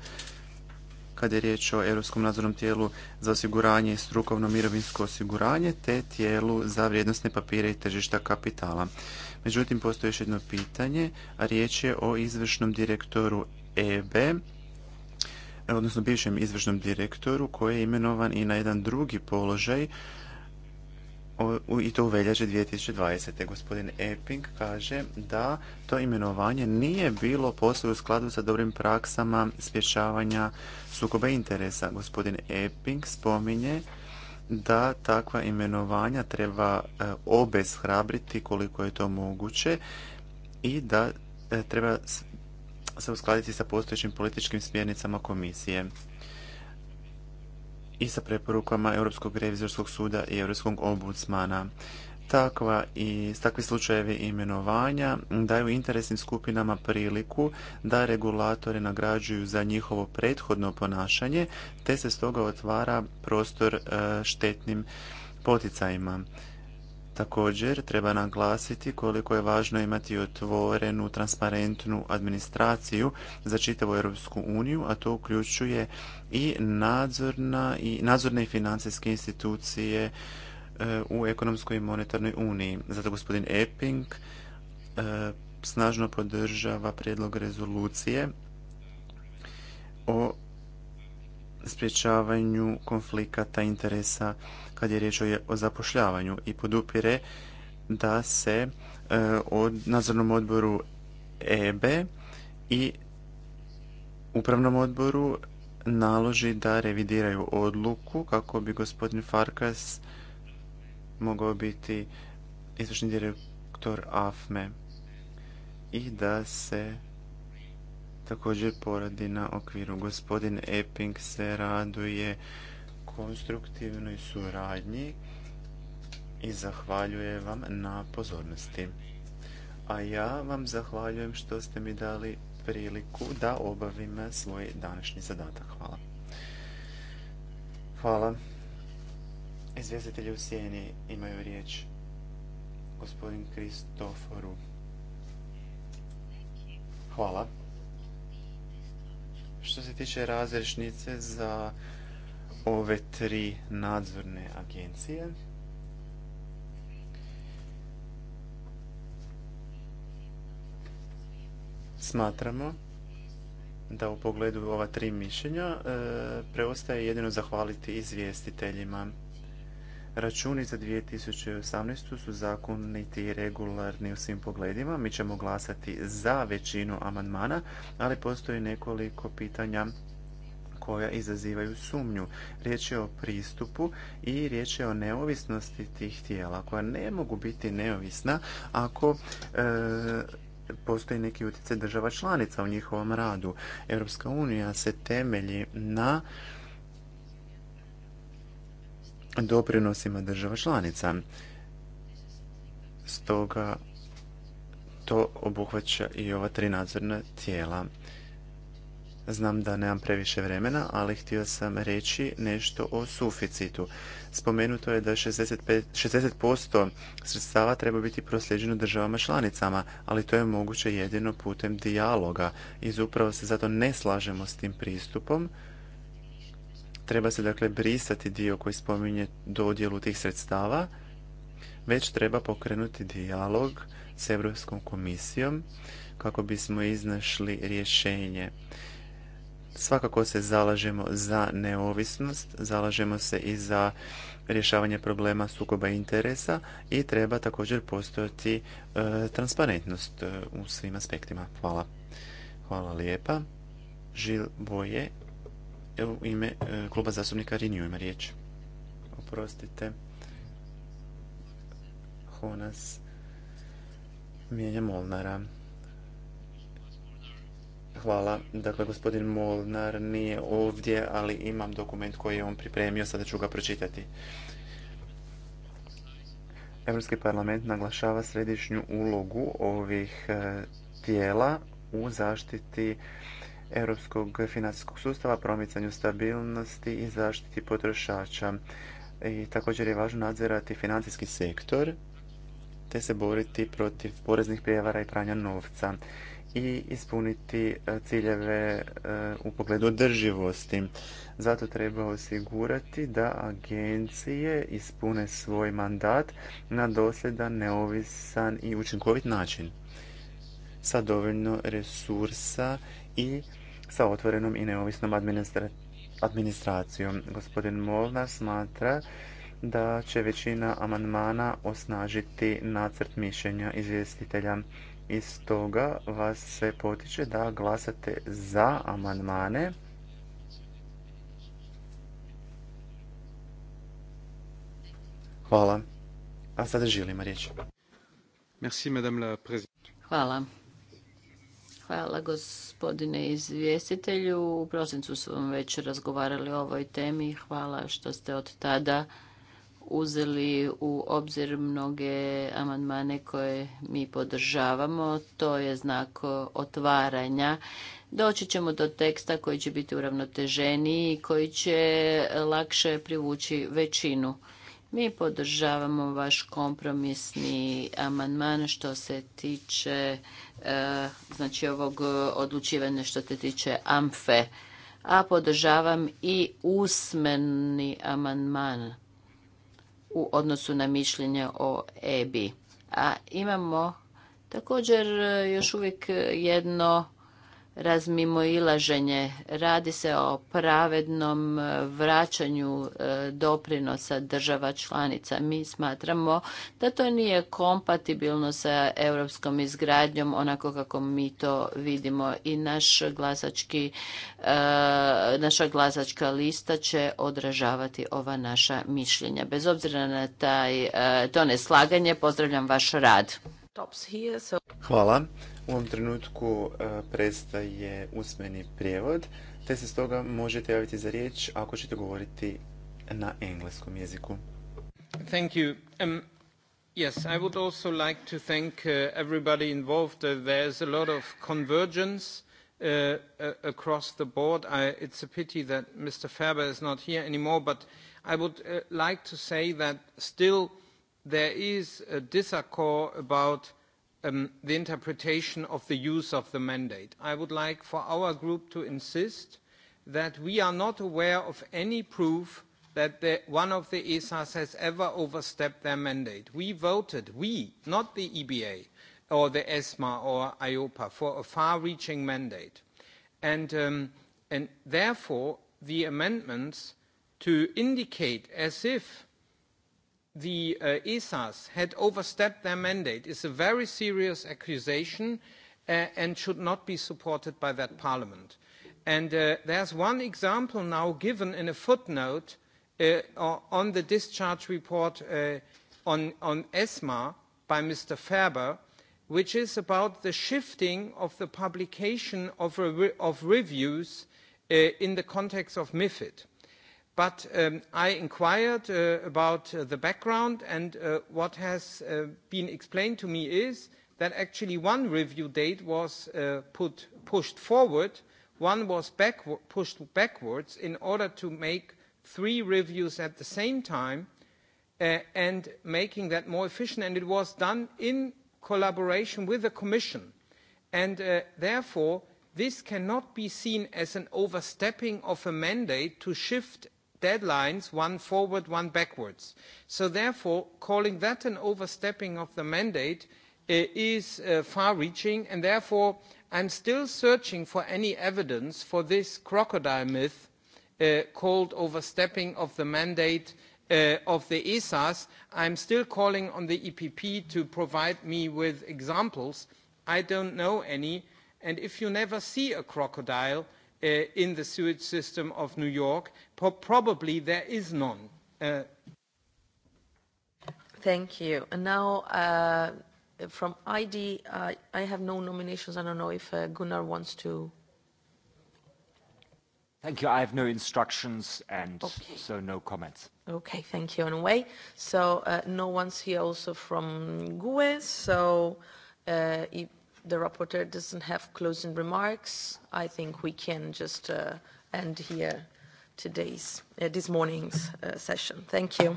D: Kad je riječ o Europskom nadzornom tijelu za osiguranje i strukovno mirovinsko osiguranje, te tijelu za vrijednosne papire i tržišta kapitala. Međutim, postoji još jedno pitanje, a riječ je o izvršnom direktoru eb odnosno bivšem izvršnom direktoru koji je imenovan i na jedan drugi položaj i to u veljači 2020. Gospodin Epping kaže da to imenovanje nije bilo posve u skladu sa dobrim praksama spješavanja sukoba interesa. Gospodin Epping spominje da takva imenovanja treba e, obeshrabriti koliko je to moguće i da e, treba se uskladiti sa postojećim političkim smjernicama komisije i sa preporukama Europskog revizorskog suda i Europskog ombudsmana. Takva i takvi slučajevi imenovanja daju interesnim skupinama priliku da regulatore nagrađuju za njihovo prethodno ponašanje, te se stoga otvara prostor e, štetnim poticajima. Također treba naglasiti koliko je važno imati otvorenu, transparentnu administraciju za čitavu Europsku uniju, a to uključuje i i nadzorne i financijske institucije e, u ekonomskoj i monetarnoj uniji. Zato gospodin Epping e, snažno podržava prijedlog rezolucije o sprječavanju konflikata interesa kad je riječ o zapošljavanju i podupire da se e, od nadzornom odboru EBE i upravnom odboru naloži da revidiraju odluku kako bi gospodin Farkas mogao biti izvršni direktor AFME i da se također poradi na okviru. Gospodin Epping se raduje konstruktivnoj suradnji i zahvaljujem vam na pozornosti. A ja vam zahvaljujem što ste mi dali priliku da obavim svoj današnji zadatak. Hvala. Hvala. Izvjestitelji u sjeni imaju riječ. Gospodin Kristoforu. Hvala. Što se tiče razrešnice za ove tri nadzorne agencije. Smatramo da u pogledu ova tri mišljenja e, preostaje jedino zahvaliti izvjestiteljima. Računi za 2018. su zakoniti i regularni u svim pogledima. Mi ćemo glasati za većinu amandmana, ali postoji nekoliko pitanja koja izazivaju sumnju. Riječ je o pristupu i riječ je o neovisnosti tih tijela koja ne mogu biti neovisna ako e, postoji neki utjecaj država članica u njihovom radu. Europska unija se temelji na doprinosima država članica. Stoga to obuhvaća i ova tri nadzorna tijela. Znam da nemam previše vremena, ali htio sam reći nešto o suficitu. Spomenuto je da 65, 60% sredstava treba biti prosljeđeno državama članicama, ali to je moguće jedino putem dijaloga. I upravo se zato ne slažemo s tim pristupom. Treba se dakle brisati dio koji spominje dodjelu tih sredstava, već treba pokrenuti dijalog s Europskom komisijom kako bismo iznašli rješenje. Svakako se zalažemo za neovisnost, zalažemo se i za rješavanje problema sukoba interesa i treba također postojati e, transparentnost e, u svim aspektima. Hvala. Hvala lijepa. Žil Boje u ime e, kluba zastupnika Riniju ima riječ. Oprostite. Honas mijenja Molnara. Hvala. Dakle, gospodin Molnar nije ovdje, ali imam dokument koji je on pripremio, sada ću ga pročitati. Europski parlament naglašava središnju ulogu ovih e, tijela u zaštiti europskog financijskog sustava, promicanju stabilnosti i zaštiti potrošača. I također je važno nadzirati financijski sektor te se boriti protiv poreznih prijevara i pranja novca i ispuniti e, ciljeve e, u pogledu održivosti. Zato treba osigurati da agencije ispune svoj mandat na dosljedan, neovisan i učinkovit način sa dovoljno resursa i sa otvorenom i neovisnom administracijom. Gospodin Molna smatra da će većina amandmana osnažiti nacrt mišljenja izvjestitelja i stoga vas se potiče da glasate za amandmane Hvala. A sada želimo riječ.
B: Hvala. Hvala gospodine izvjestitelju. U prosincu su vam već razgovarali o ovoj temi. Hvala što ste od tada uzeli u obzir mnoge amandmane koje mi podržavamo. To je znak otvaranja. Doći ćemo do teksta koji će biti uravnoteženiji i koji će lakše privući većinu. Mi podržavamo vaš kompromisni amandman što se tiče e, znači ovog odlučivanja što se tiče AMFE, a podržavam i usmeni amandman u odnosu na mišljenje o EBI. A imamo također e, još uvijek e, jedno razmimoilaženje. Radi se o pravednom e, vraćanju e, doprinosa država članica. Mi smatramo da to nije kompatibilno sa europskom izgradnjom onako kako mi to vidimo i naš glasački, e, naša glasačka lista će odražavati ova naša mišljenja. Bez obzira na taj, to neslaganje, pozdravljam vaš rad.
D: Hvala. U ovom trenutku e, prestaje usmeni prijevod, te se stoga možete javiti za riječ ako ćete govoriti na engleskom jeziku.
C: Thank you. Um, yes, I would also like to thank uh, everybody involved. Uh, there's a lot of convergence uh, uh across the board. I, it's a pity that Mr. Ferber is not here anymore, but I would uh, like to say that still there is a disaccord about Um, the interpretation of the use of the mandate. I would like for our group to insist that we are not aware of any proof that the, one of the ESAs has ever overstepped their mandate. We voted, we, not the EBA or the ESMA or IOPA, for a far-reaching mandate. And, um, and therefore, the amendments to indicate as if the uh, ESAs had overstepped their mandate is a very serious accusation uh, and should not be supported by that parliament. And uh, there's one example now given in a footnote uh, on the discharge report uh, on, on ESMA by Mr. Ferber, which is about the shifting of the publication of, re of reviews uh, in the context of MIFID. But um, I inquired uh, about uh, the background and uh, what has been explained to me is that actually one review date was put, pushed forward, one was pushed backwards in order to make three reviews at the same time and making that more efficient. And it was done in collaboration with the Commission. And therefore, this cannot be seen as an overstepping of a mandate to shift deadlines, one forward, one backwards. So therefore, calling that an overstepping of the mandate uh, is uh, far-reaching, and therefore I'm still searching for any evidence for this crocodile myth uh, called overstepping of the mandate of the ESAs. I'm still calling on the EPP to provide me with examples. I don't know any, and if you never see a crocodile, uh, in the sewage system of New York? Pro- probably there is none. Uh... Thank you. And now uh, from ID, uh, I have no nominations. I don't know if uh, Gunnar wants to. Thank you. I have no instructions and okay. so no comments. Okay, thank you anyway. So uh, no one's here also from GUE, so uh, the rapporteur doesn't have closing remarks, I think we can just uh, end here today's, uh, this morning's uh, session. Thank you.